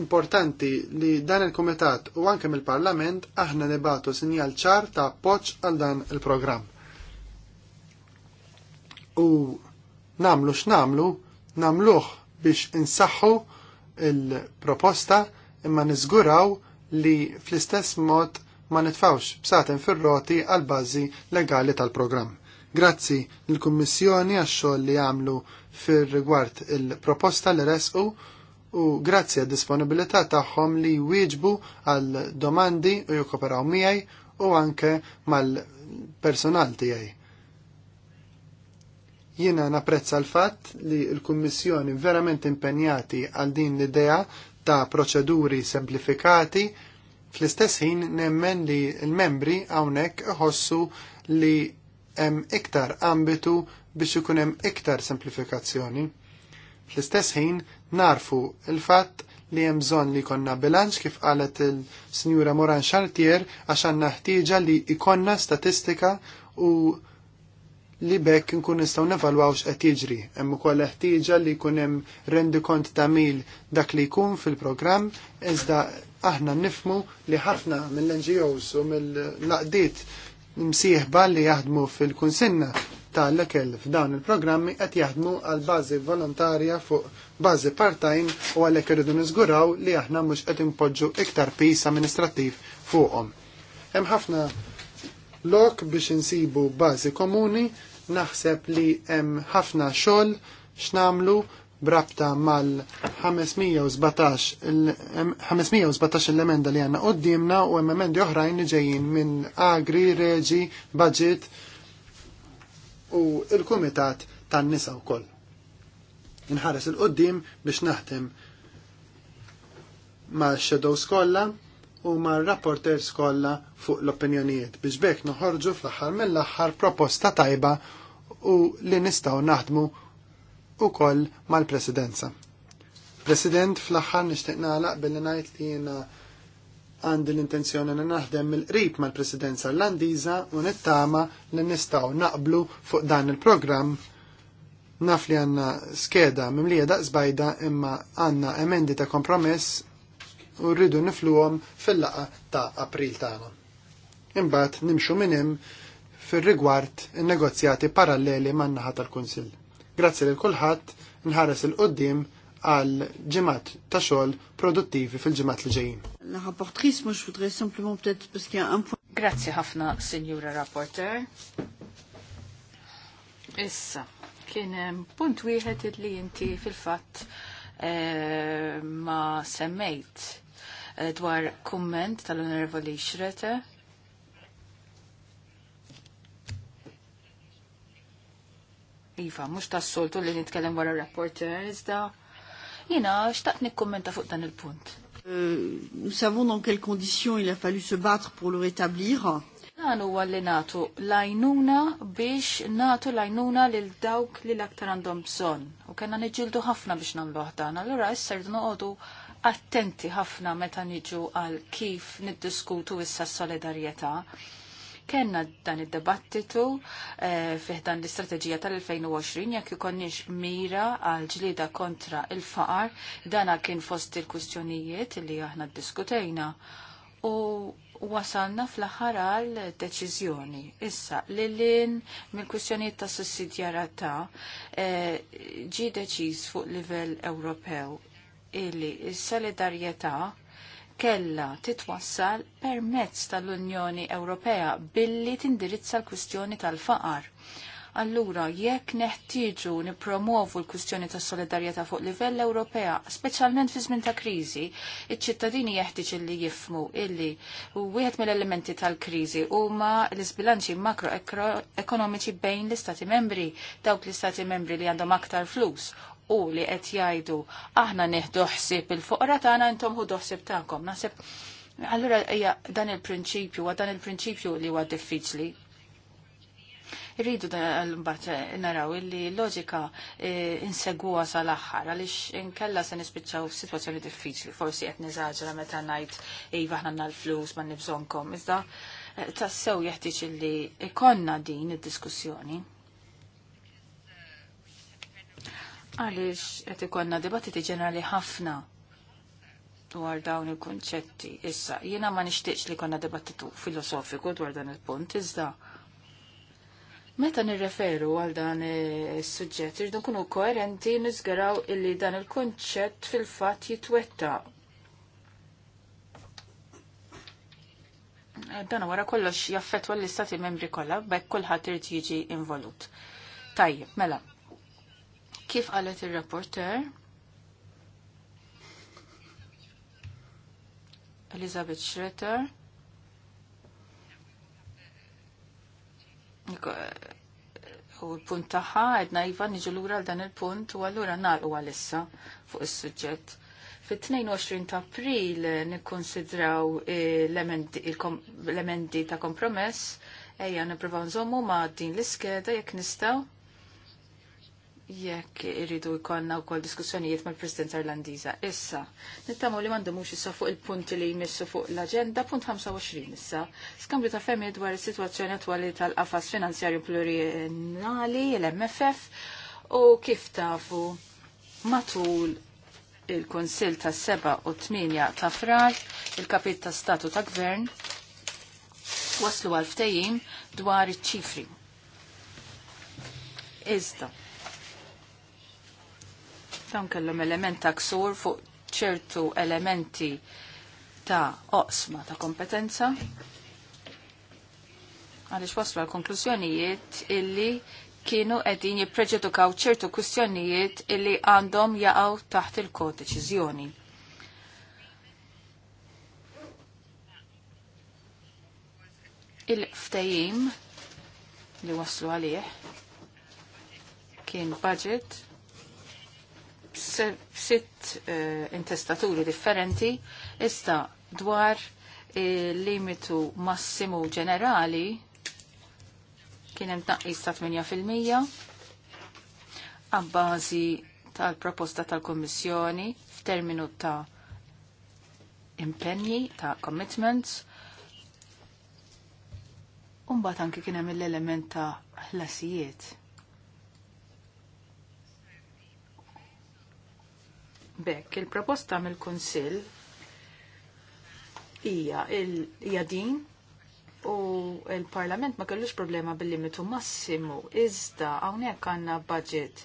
importanti li dan il-Kumitat u anke mill-Parlament aħna nibatu sinjal ċar ta' appoġġ għal dan il-programm. U namlu x'namlu, namluħ biex insaħħu il-proposta imma niżguraw li fl-istess mod ma nitfawx b'saten fir-roti għal bażi legali tal-programm. Grazzi l-Kummissjoni għax-xogħol li għamlu fir-rigward il-proposta li resqu u grazzi għad disponibilità tagħhom li jwieġbu għal domandi u jokoperaw miegħi u anke mal-personal tiegħi. Jiena napprezza l-fatt li l-Kummissjoni verament impenjati għal din l-idea ta' proċeduri semplifikati Fl-istess ħin nemmen li l-membri hawnhekk iħossu li hemm iktar ambitu biex ikun hemm iktar semplifikazzjoni. Fl-istess ħin narfu il-fatt li hemm bżonn li jkollna bilanċ kif qalet il-Sinjura Moran Chartier għax għandna ħtieġa li jkollna statistika u li bekk nkun nistgħu nevalwaw x'qed jiġri. Hemm ukoll ħtieġa li jkun hemm rendikont ta' mil dak li jkun fil-programm iżda aħna nifmu li ħafna mill-NGOs u mill-laqdiet msieħba li jaħdmu fil-kunsinna tal-lekel f'dawn il-programmi qed jaħdmu għal bażi volontarja fuq bażi part-time u għalhekk irridu niżguraw li aħna mhux qed impoġġu iktar pis amministrattiv fuqhom. Hemm ħafna lok biex insibu bażi komuni, naħseb li hemm ħafna xogħol x'namlu brabta mal-517 l-emenda li għanna qoddimna u emendi oħrajn li ġejjin minn agri, reġi, budget u il-kumitat tan-nisa wkoll. Inħares il-qoddim biex naħdem ma' shadows kollha u ma' rapporters kollha fuq l-opinjonijiet biex bekk noħorġu fl-aħħar mill-aħħar proposta tajba u li nistgħu naħdmu ukoll mal-Presidenza. President, fl-aħħar nixtieq nagħlaq billi ngħid li jena għandi l-intenzjoni li naħdem mill-qrib mal-Presidenza Irlandiża u nittama li nistgħu naqblu fuq dan il-programm naf li għanna skeda mimlija daqsbajda imma għanna emendi ta' kompromess u rridu nifluhom fil-laqa ta' april tagħna. Imbagħad nimxu minn hemm fir-rigward in-negozjati paralleli man-naħa tal-Kunsill. Grazzi lil kulħadd nħares il-qoddim għal ġemat ta' xogħol produttivi fil-ġemat li ġejjin. un Grazzi ħafna, Sinjura Rapporter. Issa, kien punt wieħed li inti fil-fatt eh, ma semmejt eh, dwar kumment tal-Onorevoli Xrete Iva, mux ta' soltu li nitkellem wara rapporter, iżda jina xtaqt nikkommenta fuq dan il-punt. Euh, nous savons dans quelles conditions il a fallu se battre pour le rétablir. Dan huwa li natu lajnuna biex natu lajnuna lil dawk li l-aktar għandhom bżonn. U kena niġildu ħafna biex nagħmluh dan. Allura issa noqogħdu attenti ħafna meta niġu għal kif niddiskutu issa s-solidarjetà kena dan id-debattitu eh, fih dan l-istrateġija tal-2020 jekk ikonniex mira għal ġlida kontra il-faqar, dana kien fost il-kustjonijiet li aħna diskutejna. U wasalna fl-aħħar għal deċiżjoni. Issa, li lin mill kwistjonijiet ta' sussidjarità eh, ġi deċiż fuq livell Ewropew illi s-solidarjetà kella titwassal permezz tal-Unjoni Ewropea billi tindirizza l-kwistjoni tal-faqar. Allura, jekk neħtieġu nipromovu l-kwistjoni ta' solidarjetà fuq livell Ewropea, speċjalment fi żmien ta' kriżi, iċ-ċittadini jeħtieġ li jifmu illi wieħed mill-elementi tal-kriżi huma l-isbilanċi makroekonomiċi bejn l-Istati membri, dawk l-Istati membri li għandhom aktar flus u li qed jgħidu aħna neħdu ħsieb il-fuqra tagħna intom hu doħsib tagħkom. Naħseb allura hija dan il-prinċipju wa dan il-prinċipju li huwa diffiċli. Irridu mbagħad naraw illi loġika e, inseguha sal-aħħar għaliex inkella se nispiċċaw f'sitwazzjoni diffiċli, forsi qed niżaġra meta ngħid iva aħna l-flus ma nibżonkom, iżda e, tassew jeħtieġ illi ikonna din id-diskussjoni. Għaliex qed ikonna dibattiti ġenerali ħafna dwar dawn il-konċetti. Issa, jiena ma nixtieqx li konna dibattitu filosofiku dwar dan il-punt, iżda Meta nirreferu għal dan is sujġet irdu nkunu koerenti nizgaraw illi dan il-konċett fil-fatt jitwetta. Dan wara kollox jaffettwa l-istati membri kollha bekk kulħadd irid jiġi involut. Tajjeb, mela. Kif qalet il-rapporter? Elizabeth Schroeter. U l-punt taħħa, għedna Iva niġu lura għal dan il-punt u għallura nalqu għalissa fuq is-suġġett. Fit-22 ta' april nikkonsidraw l-emendi ta' kompromess, ejja niprofaw nżommu ma' din l-iskeda jekk nistaw jekk irridu jkollna wkoll diskussjonijiet mal-President Irlandiża. Issa, nittamu li mandu mhux issa fuq il-punti li jmissu fuq l-aġenda, punt 25 issa. Skambju ta' femmi dwar is-sitwazzjoni attwali tal-qafas finanzjarju pluriennali, l-MFF, u kif tafu matul il-Konsil ta' 7 u 8 ta' frar, il-Kapit ta' Statu ta' Gvern, waslu għal ftejim dwar iċ-ċifri. Iżda, Dawn kellhom element ta' ksur fuq ċertu elementi ta' oqsma ta' kompetenza. Għaliex waslu għal konklużjonijiet illi kienu qegħdin jippreġedukaw ċertu kwistjonijiet illi għandhom jaqgħu taħt il-kodeċiżjoni. Il-ftajim li waslu għalih kien budget sitt eh, intestaturi differenti issa dwar il-limitu eh, massimu ġenerali kien hemm tnaqqis ta' 8% għabbażi tal-proposta tal-Kommissjoni f'terminu ta' impenji, ta' commitments. Umbat anki kien hemm l-element ta' ħlasijiet. Bekk, il-proposta mill-Kunsill hija il din u l-Parlament ma kellux problema bil-limitu massimu iżda hawnhekk għandna budget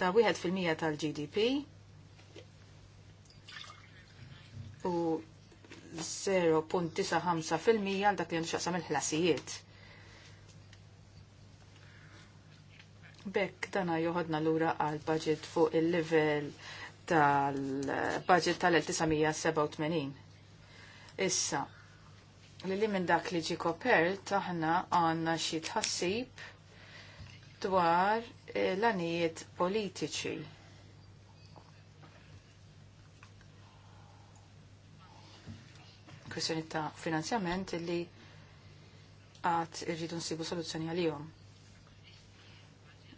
ta' wieħed fil tal-GDP u 0.95% għal dak li nxaqsam il-ħlasijiet. Bekk dana joħodna l-ura għal budget fuq il-level tal-budget tal-1987. Issa, li li minn dak li ġi kopert, aħna għanna xi tħassib dwar eh, l-anijiet politiċi. Kwestjoni ta' finanzjament li għat irridu nsibu soluzzjoni għal-jom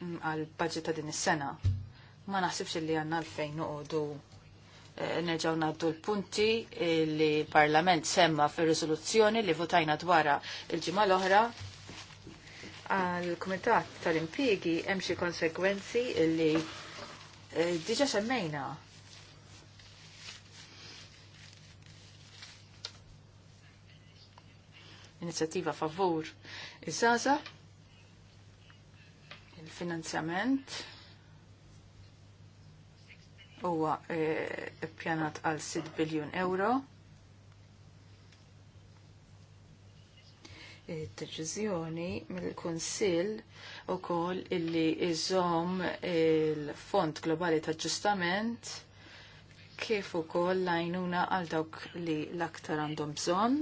mm, għal budget ta' din is-sena ma naħsibx li għanna l-fejn uqdu eh, nerġaw naddu l-punti li l-Parlament semma fir riżoluzzjoni li votajna dwara il-ġimgħa l-oħra għal-Kumitat tal-Impjiegi hemm xi konsegwenzi li eh, diġa semmejna. Inizjattiva favur iż-żaża il-finanzjament huwa e, ppjanat għal 6 biljun euro. Deċiżjoni mill-Kunsill ukoll illi iżomm il-Fond Globali ta' Ġustament kif ukoll lajnuna għal dawk li l-aktar għandhom bżonn.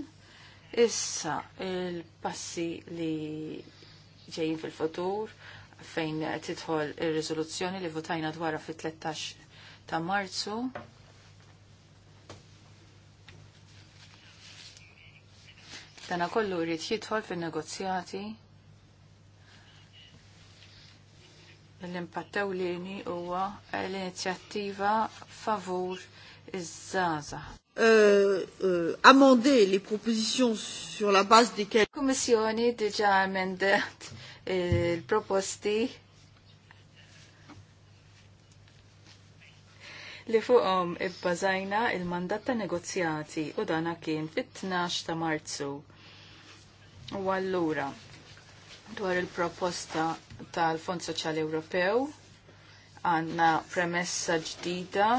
Issa il-passi li ġejjin fil-futur fejn titħol ir-riżoluzzjoni li votajna dwarha fit-13 ta' Marzu Dana kollu rrit jidħol fil negozjati l l-ini huwa l-inizjattiva favur iż-żaza. Euh, li euh, amender les propositions sur la base desquelles. Kummissjoni diġa emendat il-proposti li fuqhom ibbażajna il-mandat ta' negozjati u dana kien fit-12 ta' Marzu. U allura dwar il-proposta tal-Fond Soċjali Ewropew għandna premessa ġdida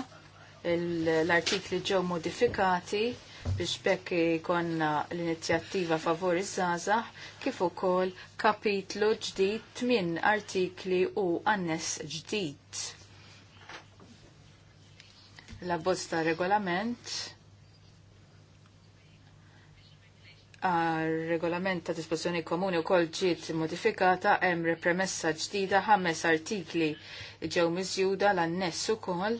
l-artikli ġew modifikati biex bekk konna l-inizjattiva favori żgħażagħ kif ukoll kapitlu ġdid minn artikli u annes ġdid la bosta regolament regolament ta' disposizjoni komuni u kol ġiet modifikata hemm repremessa ġdida ħames artikli ġew miżjuda l-anness ukoll.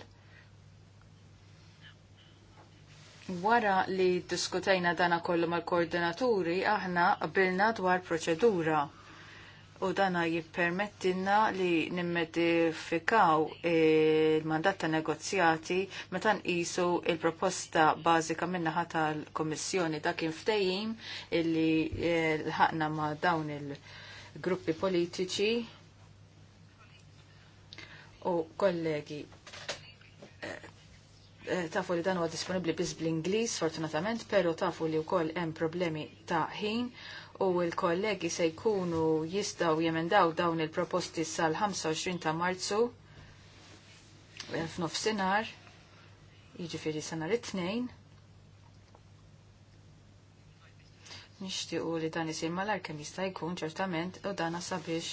Wara li ddiskutejna dana kollu mal-koordinaturi aħna qabilna dwar proċedura u dana jippermettinna li nimmedifikaw il-mandat ta' negozjati meta nqisu il-proposta bażika minnaħa tal komissjoni ta' kien ftehim illi eh, l ħakna ma' dawn il-gruppi politiċi u kollegi eh, eh, tafu li dan huwa disponibbli biss bl-Ingliż fortunatament, pero tafu li wkoll hemm problemi ta' ħin u l-kollegi se jkunu jistaw jemendaw dawn il-proposti sal-25 ta' marzu eh, f'nofsinar, jiġifieri sena it-tnejn. Nixtiequ li dan jisir malar kemm jista' jkun ċertament u dana sabiex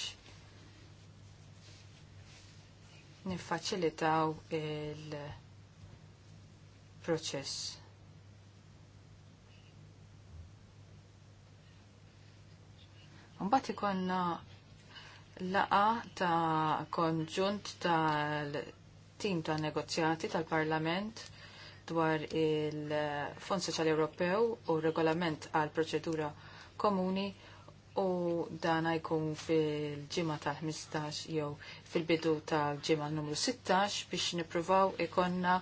niffaċilitaw il-proċess. Mbagħad ikonna laqa ta' konġunt tal-tim ta' negozjati tal-Parlament dwar il-Fond Soċjali Ewropew u regolament għal proċedura komuni u dana jkun fil-ġimma tal-15 jew fil-bidu tal-ġimma numru 16 biex nipruvaw ikonna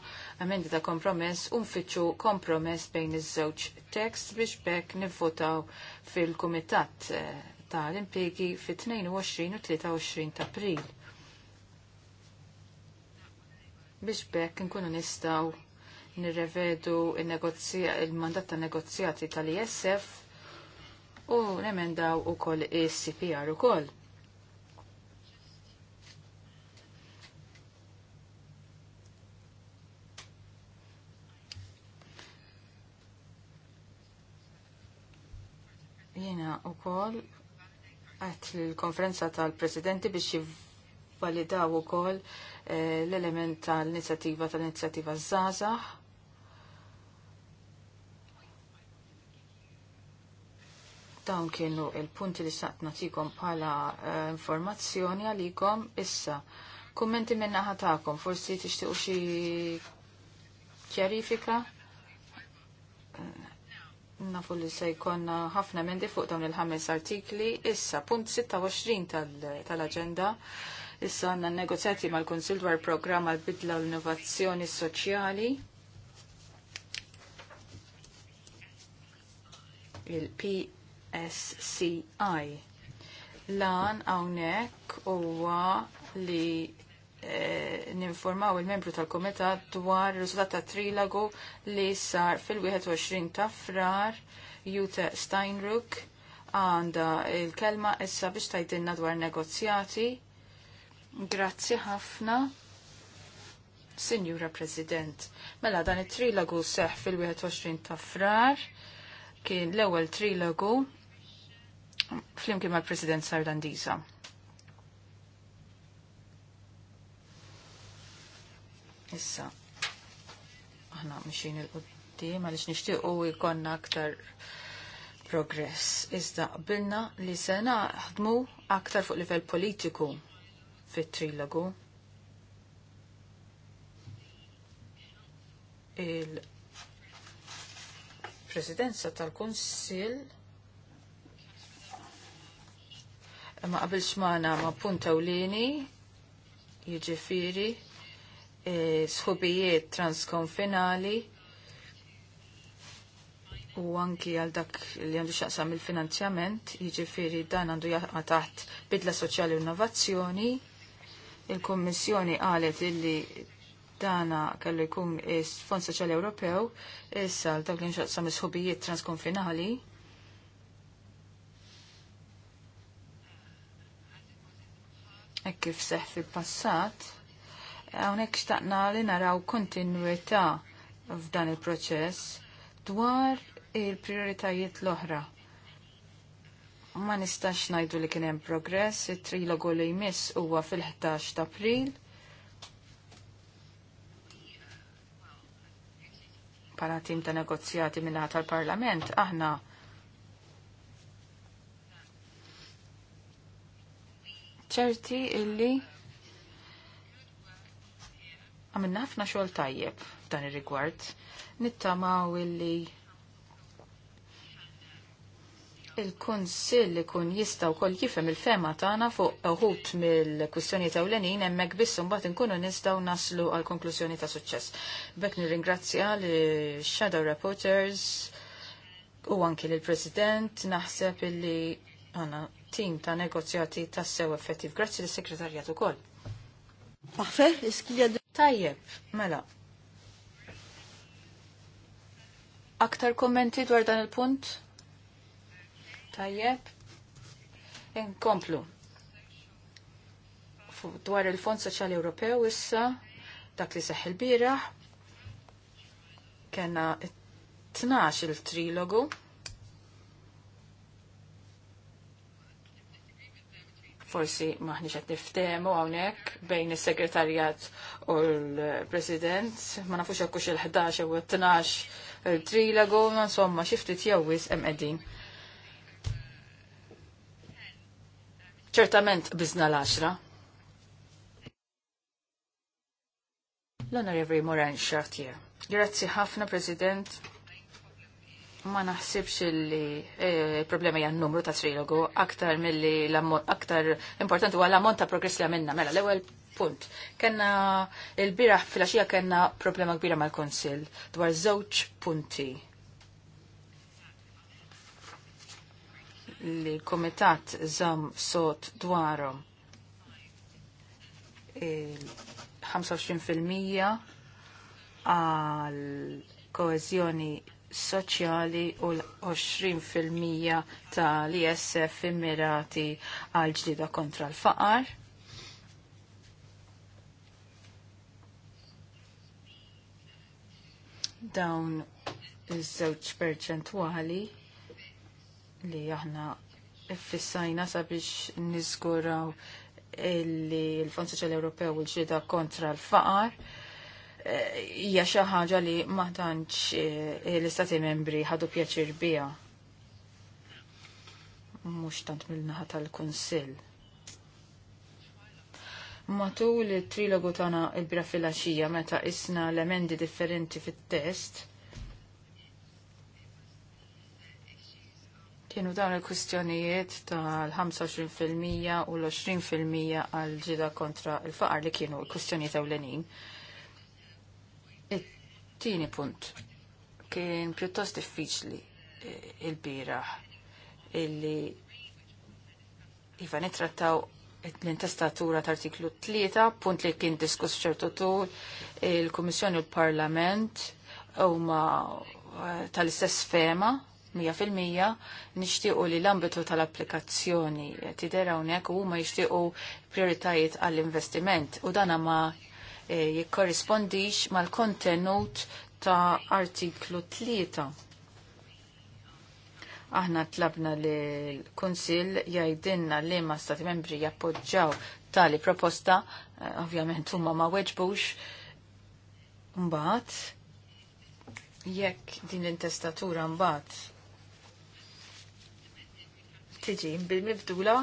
amendi ta' kompromess u nfittxu kompromess bejn iż-żewġ tekst biex bekk nivvotaw fil-kumitat eh, tal impiegi fit-22 u 23 ta' april. Biex bekk nkunu nistaw nirrevedu il-mandat ta' negozjati tal-ISF u nemendaw u koll il-CPR e u koll. jena u koll għat l-konferenza tal-presidenti biex jivvalidaw u kol eh, l-element tal-inizjativa tal-inizjativa Zaza. Dawn kienu il-punti li saqt natikom bħala eh, informazzjoni għalikom issa. Kummenti minna ħatakom, forsi tixtiqu xi kjarifika? Eh, Nafu li se jkonna ħafna mendi fuq dawn il-ħames artikli, issa punt 26 tal-agenda, tal issa għanna negozjati mal-Konsil dwar programm għal bidla l-innovazzjoni soċjali. Il-PSCI. Lan għawnek huwa li Eh, ninformaw il-membru tal-komitat dwar riżultat ta' trilagu li sar fil-21 ta' frar Jute Steinruck għanda il-kelma issa biex tajdinna dwar negozjati. Grazzi ħafna. Sinjura President, mela dan it-trilagu seħ fil-21 ta' frar kien l-ewwel trilagu flimkien mal-President Sardandiza. Issa, aħna mxin il-qoddim għalix u jkonna aktar progress. Iżda qbilna li sena ħdmu aktar fuq livell politiku fit-trilogu. Il-presidenza tal-Konsil ma qabilx maħna ma punta u lini jiġifiri sħubijiet transkonfinali u anki għal dak li għandu xaqsam il-finanzjament, jiġifieri dan għandu jaqqa taħt bidla soċjali u innovazzjoni. Il-Kommissjoni qalet illi dana kellu jkun fond Soċjali Ewropew, issa għal dak li nxaqsam sħubijiet transkonfinali. Ekkif kif seħ fil-passat, Hawnhekk xtaqna li naraw kontinwità f'dan il-proċess dwar il-prioritajiet l-oħra. Ma nistax ngħidu li kien hemm progress, it-trilogu li jmiss huwa fil-11 ta' April. Para tim ta' negozjati minna tal-Parlament, aħna ċerti illi għamilna ħafna xogħol tajjeb f'dan ir-rigward. Nittamaw illi il-Kunsill ikun jista' wkoll jifhem il-fema tagħna fuq uħut mill-kwistjonijiet ewlenin hemmhekk biss imbagħad inkunu nistgħu naslu għal konklużjoni ta' suċċess. Bekk nirringrazzja li Shadow Reporters u anki lill-President naħseb illi għandna tim ta' negozjati tassew effettiv. Grazzi lis-Sekretarjat ukoll. Parfait, est-ce qu'il y a de... Tajjeb, mela. Aktar kommenti dwar dan il-punt? Tajjeb. Inkomplu. Dwar il-Fond Soċjali Ewropew issa, dak li seħħ il-biraħ, kena 12 il-trilogu forsi maħniċ għet niftemu għawnek bejn il-segretarjat u l-president, ma nafux għakux il-11 u il-12 il-trilago, insomma, xiftit jawis emqedin. ċertament bizna l-10. L-Honorary Moran Chartier. Grazzi ħafna, President. Ma naħsibx li e, problema hija n-numru ta' trilogu aktar milli aktar importanti għu l-ammont ta' progress li għamilna mela l-ewwel punt. Kenna il-biraħ filgħaxija kenna problema kbira mal konsil dwar żewġ punti. Li l-Kumitat żamm sot dwarom 25 e, għal koezjoni soċjali u l-20% tal-ISF immirati għal ġdida kontra l-faqar. Dawn iż-żewġ perċentwali li aħna fissajna sabiex niżguraw illi l-Fond Soċjali Ewropew u l kontra l-faqar hija xi ħaġa li ma tantx eh, l-istati membri ħadu pjaċir biha. Mhux tant mill-naħa tal-Kunsill. Matul it-trilogu tagħna il bira filgħaxija meta isna l-emendi differenti fit-test, kienu dawn il-kustjonijiet tal-25% u l-20% għal ġida kontra il-faqar li kienu il-kustjonijiet ewlenin. Tieni punt. Kien pjuttost diffiċli eh, il-biraħ illi iva nitrattaw l-intestatura ta' artiklu 3, punt li kien diskuss ċertu tul, il-Komissjoni u l-Parlament u ma eh, tal-istess fema, 100% nixtiequ li l-ambitu tal-applikazzjoni tidera hawnhekk u huma jixtiequ prioritajiet għall-investiment u dana ma E, jikkorrispondix mal-kontenut ta' artiklu 3. Aħna tlabna li l-Kunsil jajdinna li ma stati membri jappoġġaw tali proposta, e, ovvjament huma ma weġbux, mbagħad jekk din l-intestatura mbagħad tiġi bil-mibdula,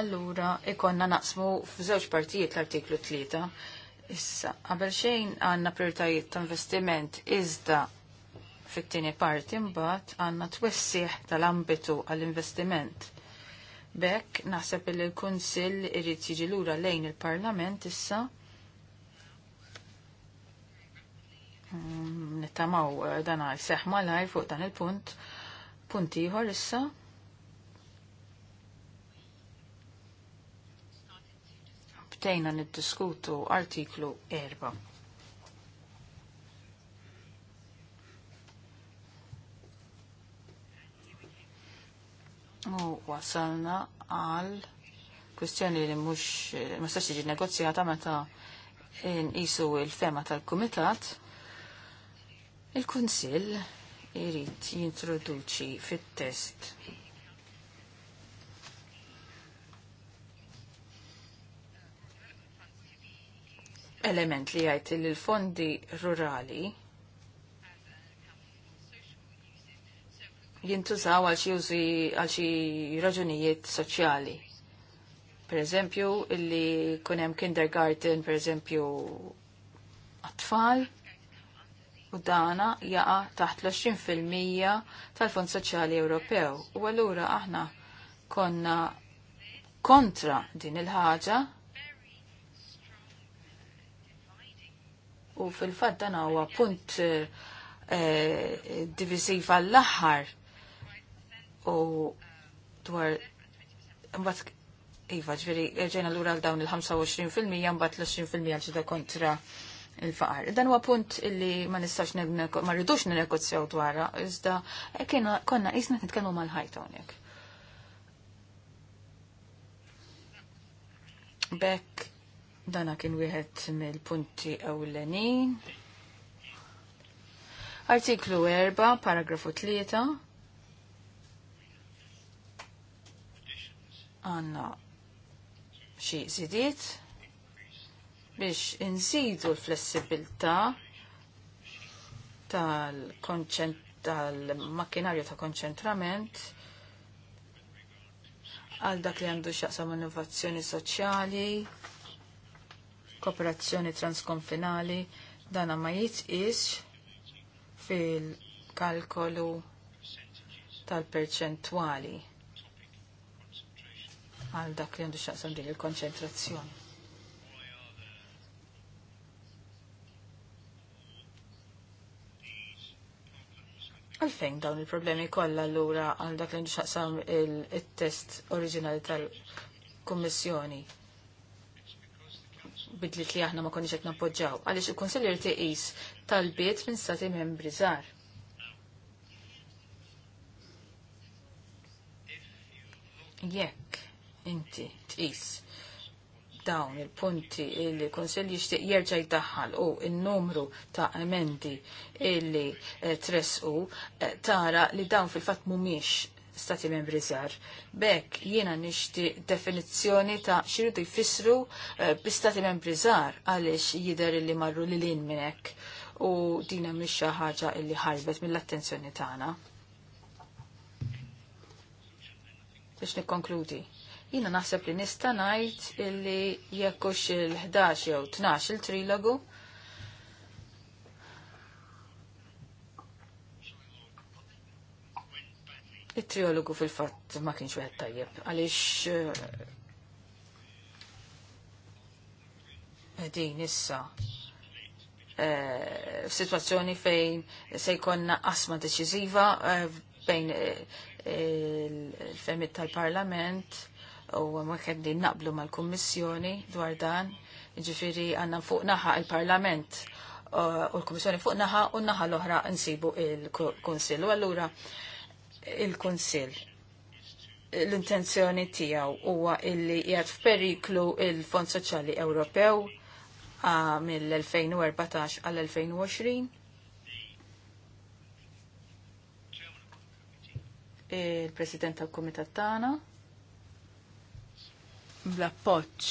allura ikonna naqsmu f'żewġ partijiet l-artiklu 3 Issa, qabel xejn għandna prioritajiet ta' investiment iżda fit-tieni parti mbagħad għandna twessih tal-ambitu għall-investiment. Bekk naħseb li l-Kunsill irid jiġi lura lejn il-Parlament issa mm, nittamaw eh, dan għal seħma laj fuq dan il-punt. Punt ieħor issa bdejna niddiskutu artiklu 4. U wasalna għal kwestjoni li mhux ma stax tiġi negozjata meta nqisu il-fema tal-kumitat. Il-Kunsill irid jintroduċi fit-test element li jgħid li l-fondi rurali jintużaw għal xi għal xi raġunijiet soċjali. Per eżempju, illi kun hemm kindergarten, per eżempju, tfal u dana jaqa taħt l-20% tal-Fond Soċjali Ewropew. U allura aħna konna kontra din il-ħaġa u fil-fatt dan huwa punt eh, eh, divisiv għall-aħħar u dwar mbagħad iva ġifieri rġejna lura għal dawn il-25% mbagħad l-20% għal ġida kontra il-faqar. Dan huwa punt illi ma nistax ma rridux nirnegozzjaw dwarha, iżda kienna konna qisna nitkellmu mal-ħajt hawnhekk. Bekk Dana kien wieħed mill-punti ewlenin. Artiklu 4, paragrafu 3. Għanna xi zidiet biex inżidu l-flessibilità tal-makkinarju ta' konċentrament għal dak li għandu xaqsam innovazzjoni soċjali, kooperazzjoni transkonfinali dan ma jitqis fil-kalkolu tal-perċentwali għal dak li għandu xaqsam dik il-konċentrazzjoni. Għalfejn dawn il-problemi kollha allura għal dak li għandu xaqsam il-test oriġinali tal-Kummissjoni bidlit li aħna ma konniex qed nappoġġaw għaliex il-Kunsill irid tal talbiet minn stati membri żgħar. Jekk inti tqis dawn il-punti li konsil jixtieq jerġa' jdaħħal u n-numru ta' emendi illi eh, tresqu eh, tara li dawn fil-fatt mhumiex stati membri żgħar. Bekk jiena nixti definizzjoni ta' xiridu jfissru eh, bi stati membri żgħar għaliex jidher li marru li lin minn hekk u dina hemm xi ħaġa li ħarbet mill-attenzjoni tagħna. Biex nikkonkludi. Jiena naħseb li nista' ngħid illi jekkux il-11 jew 12 il-trilogu il il trilogu Il-triologu fil-fat ma kienx wieħed tajjeb, għaliex eh, din issa eh, f'sitwazzjoni fejn se jkollna qasma deċiżiva eh, bejn il-femit tal-Parlament u ma keddi naqblu mal-Kummissjoni dwar dan, ġifiri għanna fuq naħa il-Parlament u l-Kummissjoni fuq naħa u naħa l-oħra nsibu il-Konsil. U allura il-Kunsill. L-intenzjoni tiegħu huwa illi qiegħed f'periklu il-Fond Soċjali Ewropew mill-2014 għal 2020. il-President tal-Komitat tagħna Bla appoġġ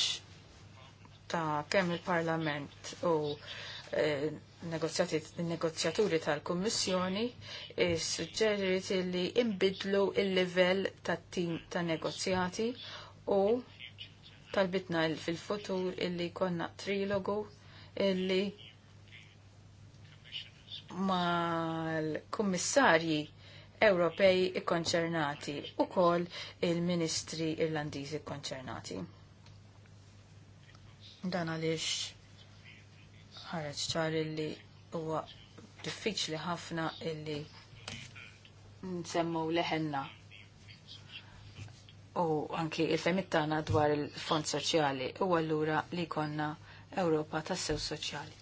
ta' kemm il-Parlament u eh, negozjaturi tal-Kummissjoni e, suġġerit li imbidlu il-livell tat-tim ta' negozjati u talbitna fil-futur illi konna trilogu illi mal-kummissarji Ewropej ikkonċernati u kol il-Ministri Irlandiżi ikkonċernati. Dan għaliex ħareġ ċar illi huwa diffiċli ħafna illi nsemmu leħenna u anki il-femit dwar il-fond soċjali u allura li konna Ewropa tas-sew soċjali.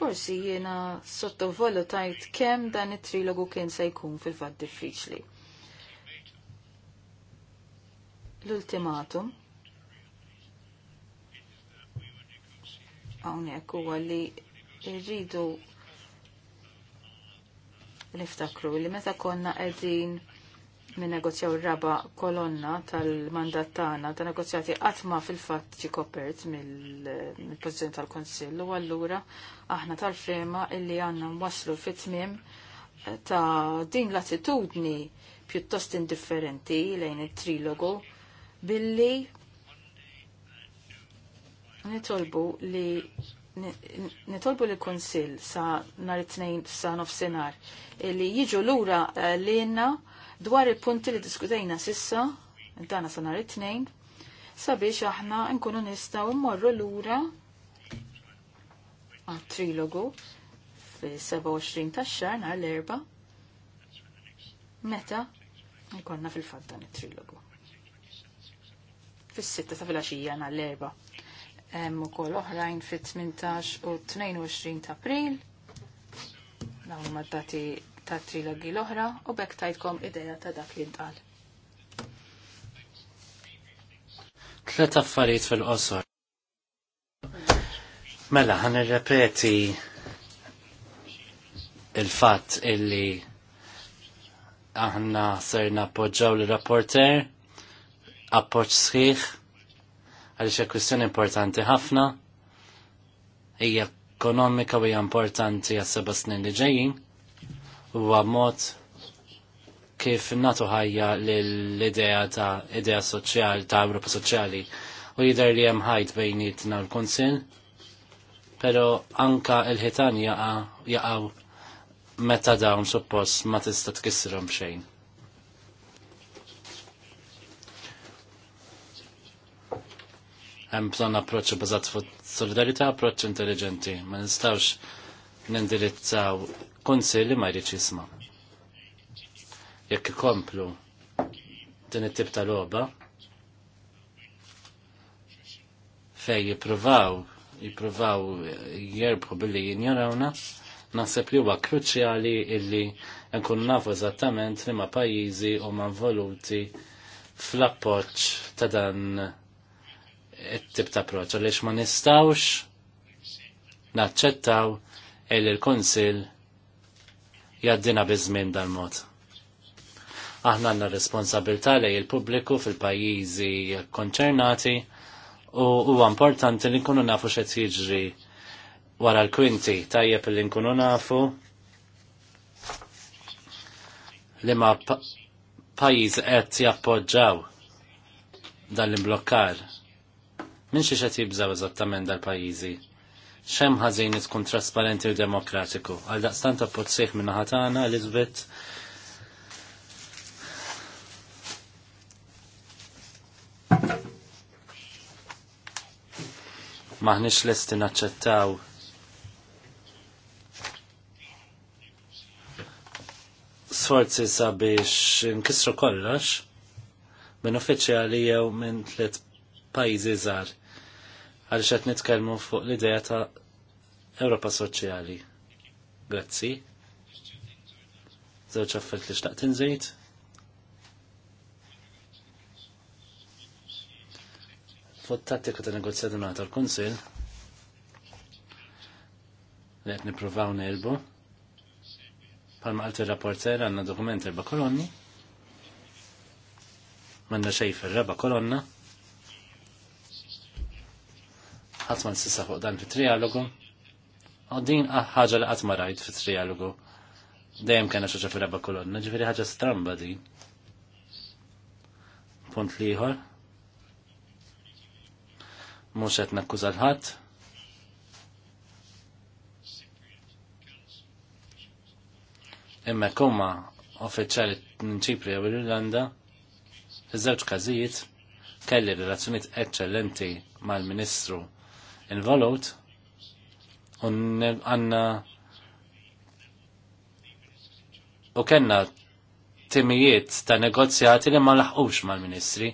forsi jiena sottovalutajt kemm dan it-trilogu kien se jkun fil-fatt diffiċli. L-ultimatum hawnhekk huwa li rridu niftakru li meta konna qegħdin minn negozjaw raba kolonna tal-mandat tagħna ta' negozjati qatt ma fil-fatt ġi kopert mill-President tal konsil u allura aħna tal-frema illi għandna nwasslu fit-tmiem ta' din l-attitudni pjuttost indifferenti lejn it-trilogu billi nitolbu li nitolbu li konsil sa nar it-tnejn sa nofsenar li jiġu lura eh, li jenna dwar il-punti li diskutejna sissa dana sa nar it-tnejn sabiex aħna nkunu nistaw morru lura għat-trilogu fi 27 ta' xar nar l-erba meta nkonna fil-fat dan it-trilogu fil-sitta ta' fil-axija nar l-erba hemm ukoll oħrajn fit-18 u 22 ta' April. Dawn huma d-dati ta' trilogi l-oħra u bekk tajtkom idea ta' dak li ntqal. Tlet affarijiet fil-qosor. Mela, ħan irrepeti il-fatt illi aħna ser poġġaw l-rapporter, appoġġ sħiħ, għaliex e kwistjoni importanti ħafna, hija ekonomika u hija importanti għas seba' snin li ġejjin, huwa mod kif natu ħajja l-idea ta' idea soċjali ta' Ewropa soċjali u jidher li hemm ħajt bejnietna l-Kunsill, pero anka l-ħitan jaqaw meta dawn suppost ma tista' tkissirhom xejn. Hemm bżonn approċċ bażat fuq solidarità, approċċ intelligenti. Ma nistgħux nindirizzaw kunsill li ma jridx jisma'. Jekk ikomplu din it-tip ta' logħba fej jippruvaw jippruvaw jerbħu billi jinjorawna, naħseb li huwa kruċjali illi nkun nafu eżattament li ma' pajjiżi huma involuti fl-appoġġ ta' dan it-tip ta' proċ, għalix ma nistawx naċċettaw il l-Kunsil jaddina bizmin dal-mod. Aħna għanna responsabilta li il-pubbliku fil-pajjiżi konċernati u huwa importanti li nkunu nafu xed jiġri wara l-kwinti tajjeb li nkunu nafu li ma pajjiż qed jappoġġaw dan l-imblokkar Min xi qed jibżaw eżattament dal-pajjiżi. ċem ħażin tkun trasparenti u demokratiku. Għal daqstan ta' sejħ minna ħatana Elizabeth Maħniex lesti naċċettaw sforzi sabiex nkissru kollox minn uffiċjali jew minn tliet pajjiżi żgħar għaliex qed nitkellmu fuq l-idea ta' Ewropa Soċjali. Grazzi. Żewġ affett li xtaqt nżejt. Fuq tattika ta' negozjati ma' tal-Kunsill li qed nippruvaw nelbu. Palma għalti rapporter għanna dokumenti erba' kolonni. Manna xej fil-raba kolonna. ħatman sissa fuq dan fit-trialogu. U din ħaġa li ħatma rajt fit-trialogu. Dejjem kena xoċa fil rabba kolonna, ġifiri ħaġa stramba din. Punt liħor. Muxet nakkuza l-ħat. Imma kumma uffiċjali n-ċipri u l-Irlanda, iż-żewġ każijiet kelli relazzjoniet eċċellenti mal-Ministru involut un għanna u kenna timijiet ta' negozjati li ma laħqux mal-ministri.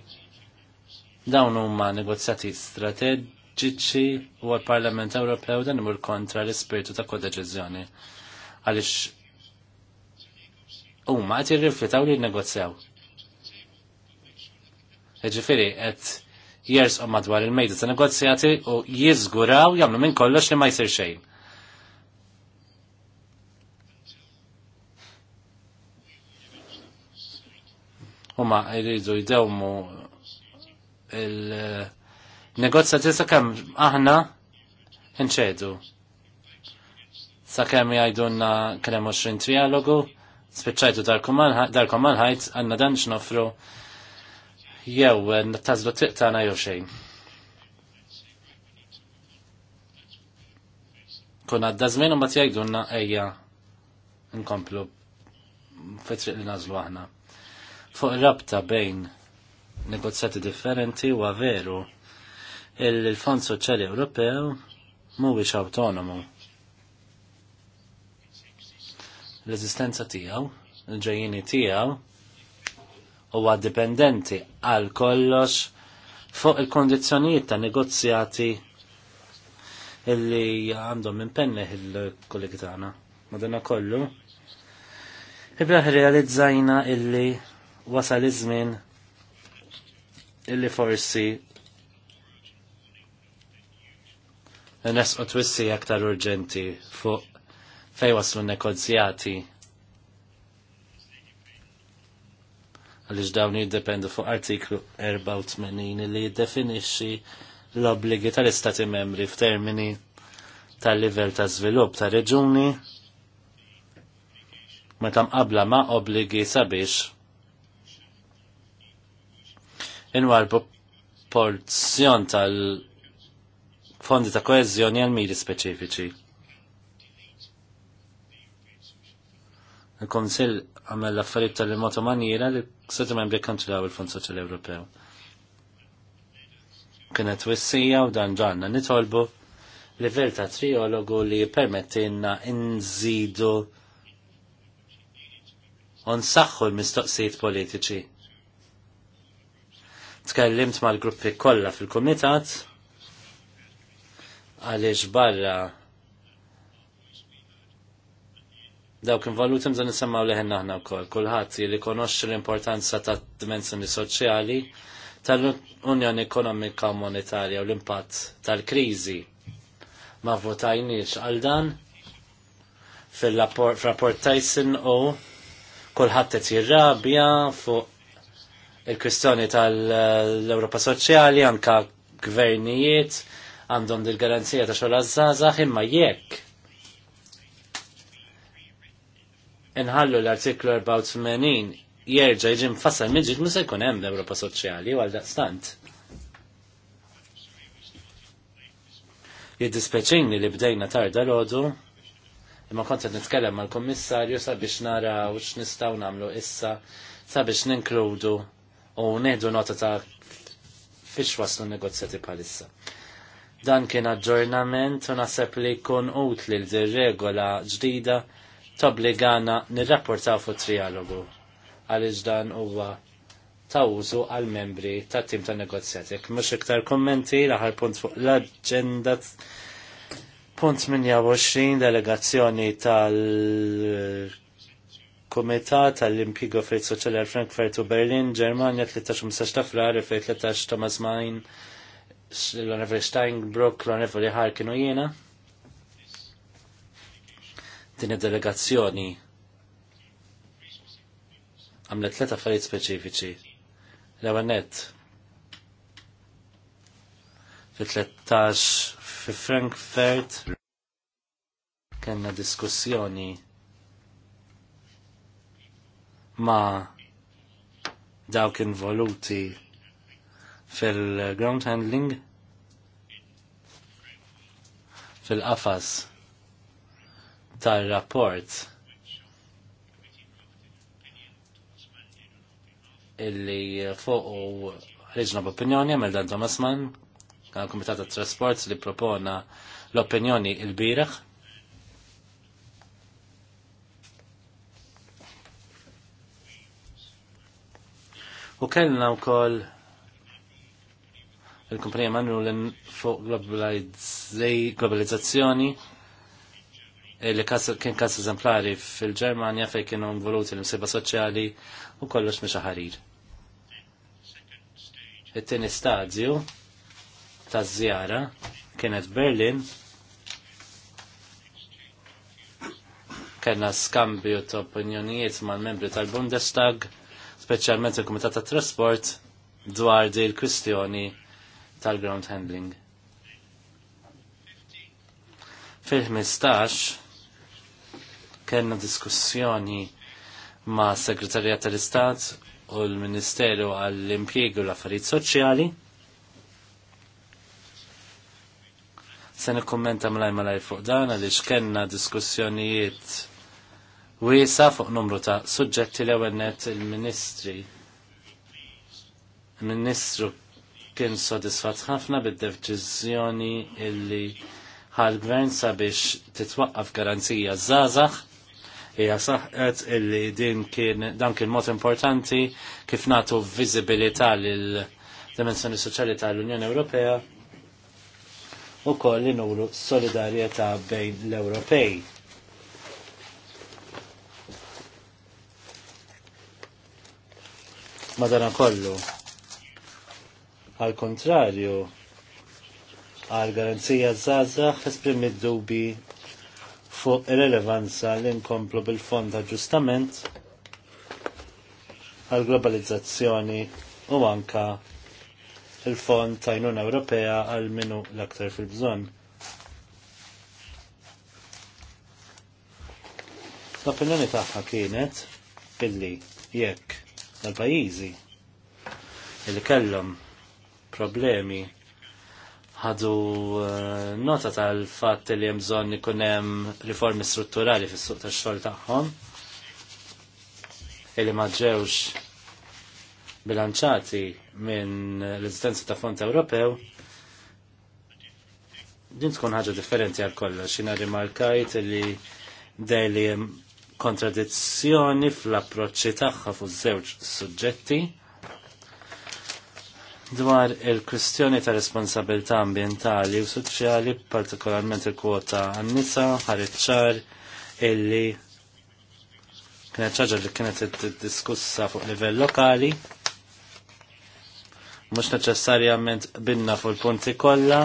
Dawn huma negozjati strateġiċi u għal-Parlament Ewropew dan imur kontra l-ispirtu ta' kodeċiżjoni. Għaliex huma qed jirriflitaw li negozjaw. Ġifieri qed u madwar il-mejda ta' negozjati u jiżguraw jagħmlu minn kollox li ma jsir xejn. Huma jridu jdewmu il-negozjati sakemm aħna nċedu. Sakemm kem jajdunna kremu 20 trialogu, spiċċajtu dar ħajt għandna dan x'nofru jew eh, tazlu triq t'ana jew xejn. Kun għadda żmien u jgħidulna ejja nkomplu fitriq li nażlu aħna. Fuq rabta bejn negozjati differenti huwa veru il-Fond Soċjali Ewropew mhuwiex autonomu. L-eżistenza tiegħu, il-ġejjini tiegħu, huwa dipendenti għal kollox fuq il-kondizzjonijiet ta' negozjati illi għandhom impenneħ il-kollegi tagħna. Madonna kollu. Ibraħ realizzajna illi wasal iż-żmien illi forsi nesqot wissi aktar urġenti fuq fej waslu negozjati għaliex dawn jiddependu fuq artiklu 84 li jiddefinixxi l-obbligi tal-Istati membri f'termini tal-livell ta' żvilupp ta' reġuni meta qabla ma' obbligi sabiex inwarbu porzjon tal-fondi ta' koezjoni għal miri speċifiċi. Il-Konsil għamel l-affarijiet tal-moto maniera li s-sati membri kontrolaw il-Fond Soċjali Ewropew. Kienet wissija u dan ġanna nitolbu livell ta' triologu li permettinna nżidu unsaxħu l-mistoqsijiet politiċi. Tkellimt mal-gruppi kollha fil-Kumitat għaliex barra Dawk involuti mżon nisemmaw leħen aħna wkoll. Kulħadd li konoxxi l-importanza ta' dimensjoni soċjali tal-Unjoni Ekonomika Monetarja u l-impatt tal-kriżi. Ma votajniex għal dan fil-rapport Tyson u kulħadd qed jirrabja fuq il-kwistjoni tal-Europa Soċjali, anka gvernijiet, għandhom dil-garanzija ta' xogħol għazzazax, imma jekk nħallu l-artiklu 84 jerġa' jġim mfassal miġid musa jkun hemm l-Ewropa Soċjali għal daqstant. Jiddispeċini li bdejna tarda l-għodu, imma kontet nitkellem mal-Kummissarju sabiex nara u x'nistgħu nagħmlu issa sabiex ninkludu u neħdu nota ta' fiex waslu negozjati bħalissa. Dan kien aġġornament u naħseb li jkun utli l-regola ġdida Tobligana nirrapportaw fuq trialogu għaliex dan huwa ta' użu għal membri ta' tim ta' negozjatik. Mux iktar kommenti laħar punt fuq l-agenda punt 28 delegazzjoni tal-Komitat tal-Impiego Fejt Soċjali għal Frankfurt u Berlin, Ġermanja 13-15 ta' frar, fejn 13 ta' mażmajn, l-Onorevoli Steinbrook, l-Onorevoli Harkin u jena. Din id-delegazzjoni għamlet tlet affarijiet speċifiċi. L-għanet fit-13 fi Frankfurt kena diskussjoni ma dawk involuti fil-ground handling fil-qafas tal rapport illi fuq u ħriġna b'opinjoni għamil dan Thomas Mann għal komitata Trasport li propona l-opinjoni il birax U kellna wkoll il-kumpanija Manu l fuq globalizzazzjoni li kien kas eżemplari fil-Ġermanja fej kienu involuti l-imsiba soċjali u kollox miex ħarir. It-tieni stadju taż-żjara kienet Berlin kellna skambju ta' opinjonijiet mal-membri tal-Bundestag, speċjalment il-Kumitat tat Trasport dwar di l-kwistjoni tal-ground handling. Fil-15 kellna diskussjoni ma' Segretarjat tal-Istat u l-Ministeru għall-Impjegu l-Affarijiet Soċjali. Se nikkummenta mlaj malaj fuq dan għaliex kellna diskussjonijiet wiesa fuq numru ta' suġġetti l ewwel net il-Ministri. Il-Ministru kien sodisfat ħafna bid-deċiżjoni illi ħal-gvern sabiex titwaqqaf garanzija żgħażagħ hija saħqet illi din kien dan kien mod importanti kif nagħtu viżibilità lil dimensjoni soċjali tal-Unjoni Ewropea u koll nuru solidarjetà bejn l-Ewropej. Madana kollu, għal kontrarju, għal garanzija zazax esprim id-dubi fuq ir-relevanza li nkomplu bil-fond aġġustament għal globalizzazzjoni u anka il-fond tajnuna Ewropea għal minu l-aktar fil-bżonn. L-opinjoni tagħha kienet billi jekk l-pajjiżi li kellhom problemi ħadu eh, nota tal-fatt li hemm bżonn ikun hemm riformi strutturali fis-suq tax-xogħol tagħhom illi ma ġewx bilanċati minn l-eżistenza ta' Fond Ewropew din tkun ħaġa differenti għal kollox. Xina rimarkajt li dejli kontradizzjoni fl-approċċi tagħha fuż żewġ suġġetti dwar il-kwistjoni ta' responsabilità ambientali u soċjali, partikolarment il-kwota għan-nisa, illi kienet ċaġa li kienet diskussa fuq livell lokali. Mux neċessarjament binna fuq il-punti kollha,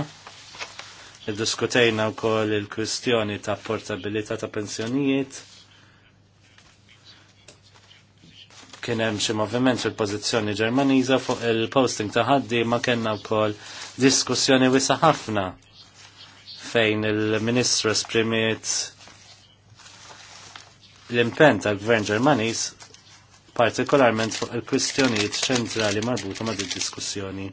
diskutejna wkoll il-kwistjoni ta' portabilità ta' pensjonijiet kien hemm xi moviment fil-pożizzjoni Ġermaniża fuq il-posting ta' ħaddi ma kellna wkoll diskussjoni wisa ħafna fejn il-Ministru esprimiet l-impen tal-Gvern Ġermaniż partikolarment fuq il-kwistjonijiet ċentrali marbuta ma' diskussjoni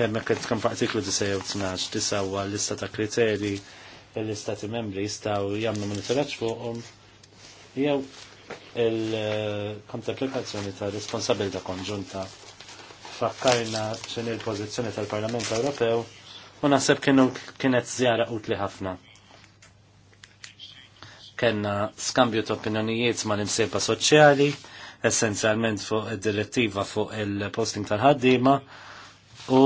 Hemmek qed kemm partiklu 19 tisawwa l-lista ta' kriteri l-istati membri jistgħu jagħmlu monitoraġġ fuqhom jew il-kontemplikazzjoni ta' responsabilità konġunta. Fakkarna xin il-pozizjoni tal-Parlament Ewropew u naħseb kienu kienet zjara utli ħafna. Kenna skambju ta' opinjonijiet ma' l-imsejba soċjali, essenzjalment fuq id-direttiva fuq il-posting tal-ħaddima u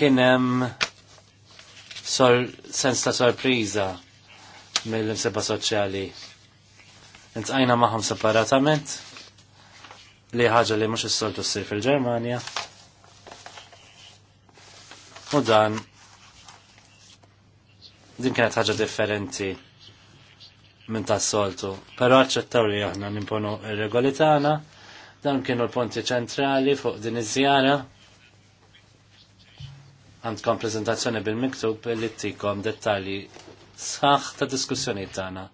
kienem sor, sens ta' sorpriza mill-imseba soċjali. Intqajna maħom separatament li ħaġa li mhux is-soltu ssir fil-Ġermanja. U dan din kienet ħaġa differenti minn tas-soltu, però aċċettaw li aħna nimponu ir-regoli tagħna, dan kienu l-ponti ċentrali fuq din iż-żjara għandkom prezentazzjoni bil-miktub li t-tikom dettalji sħaħ ta' diskussjoni tagħna.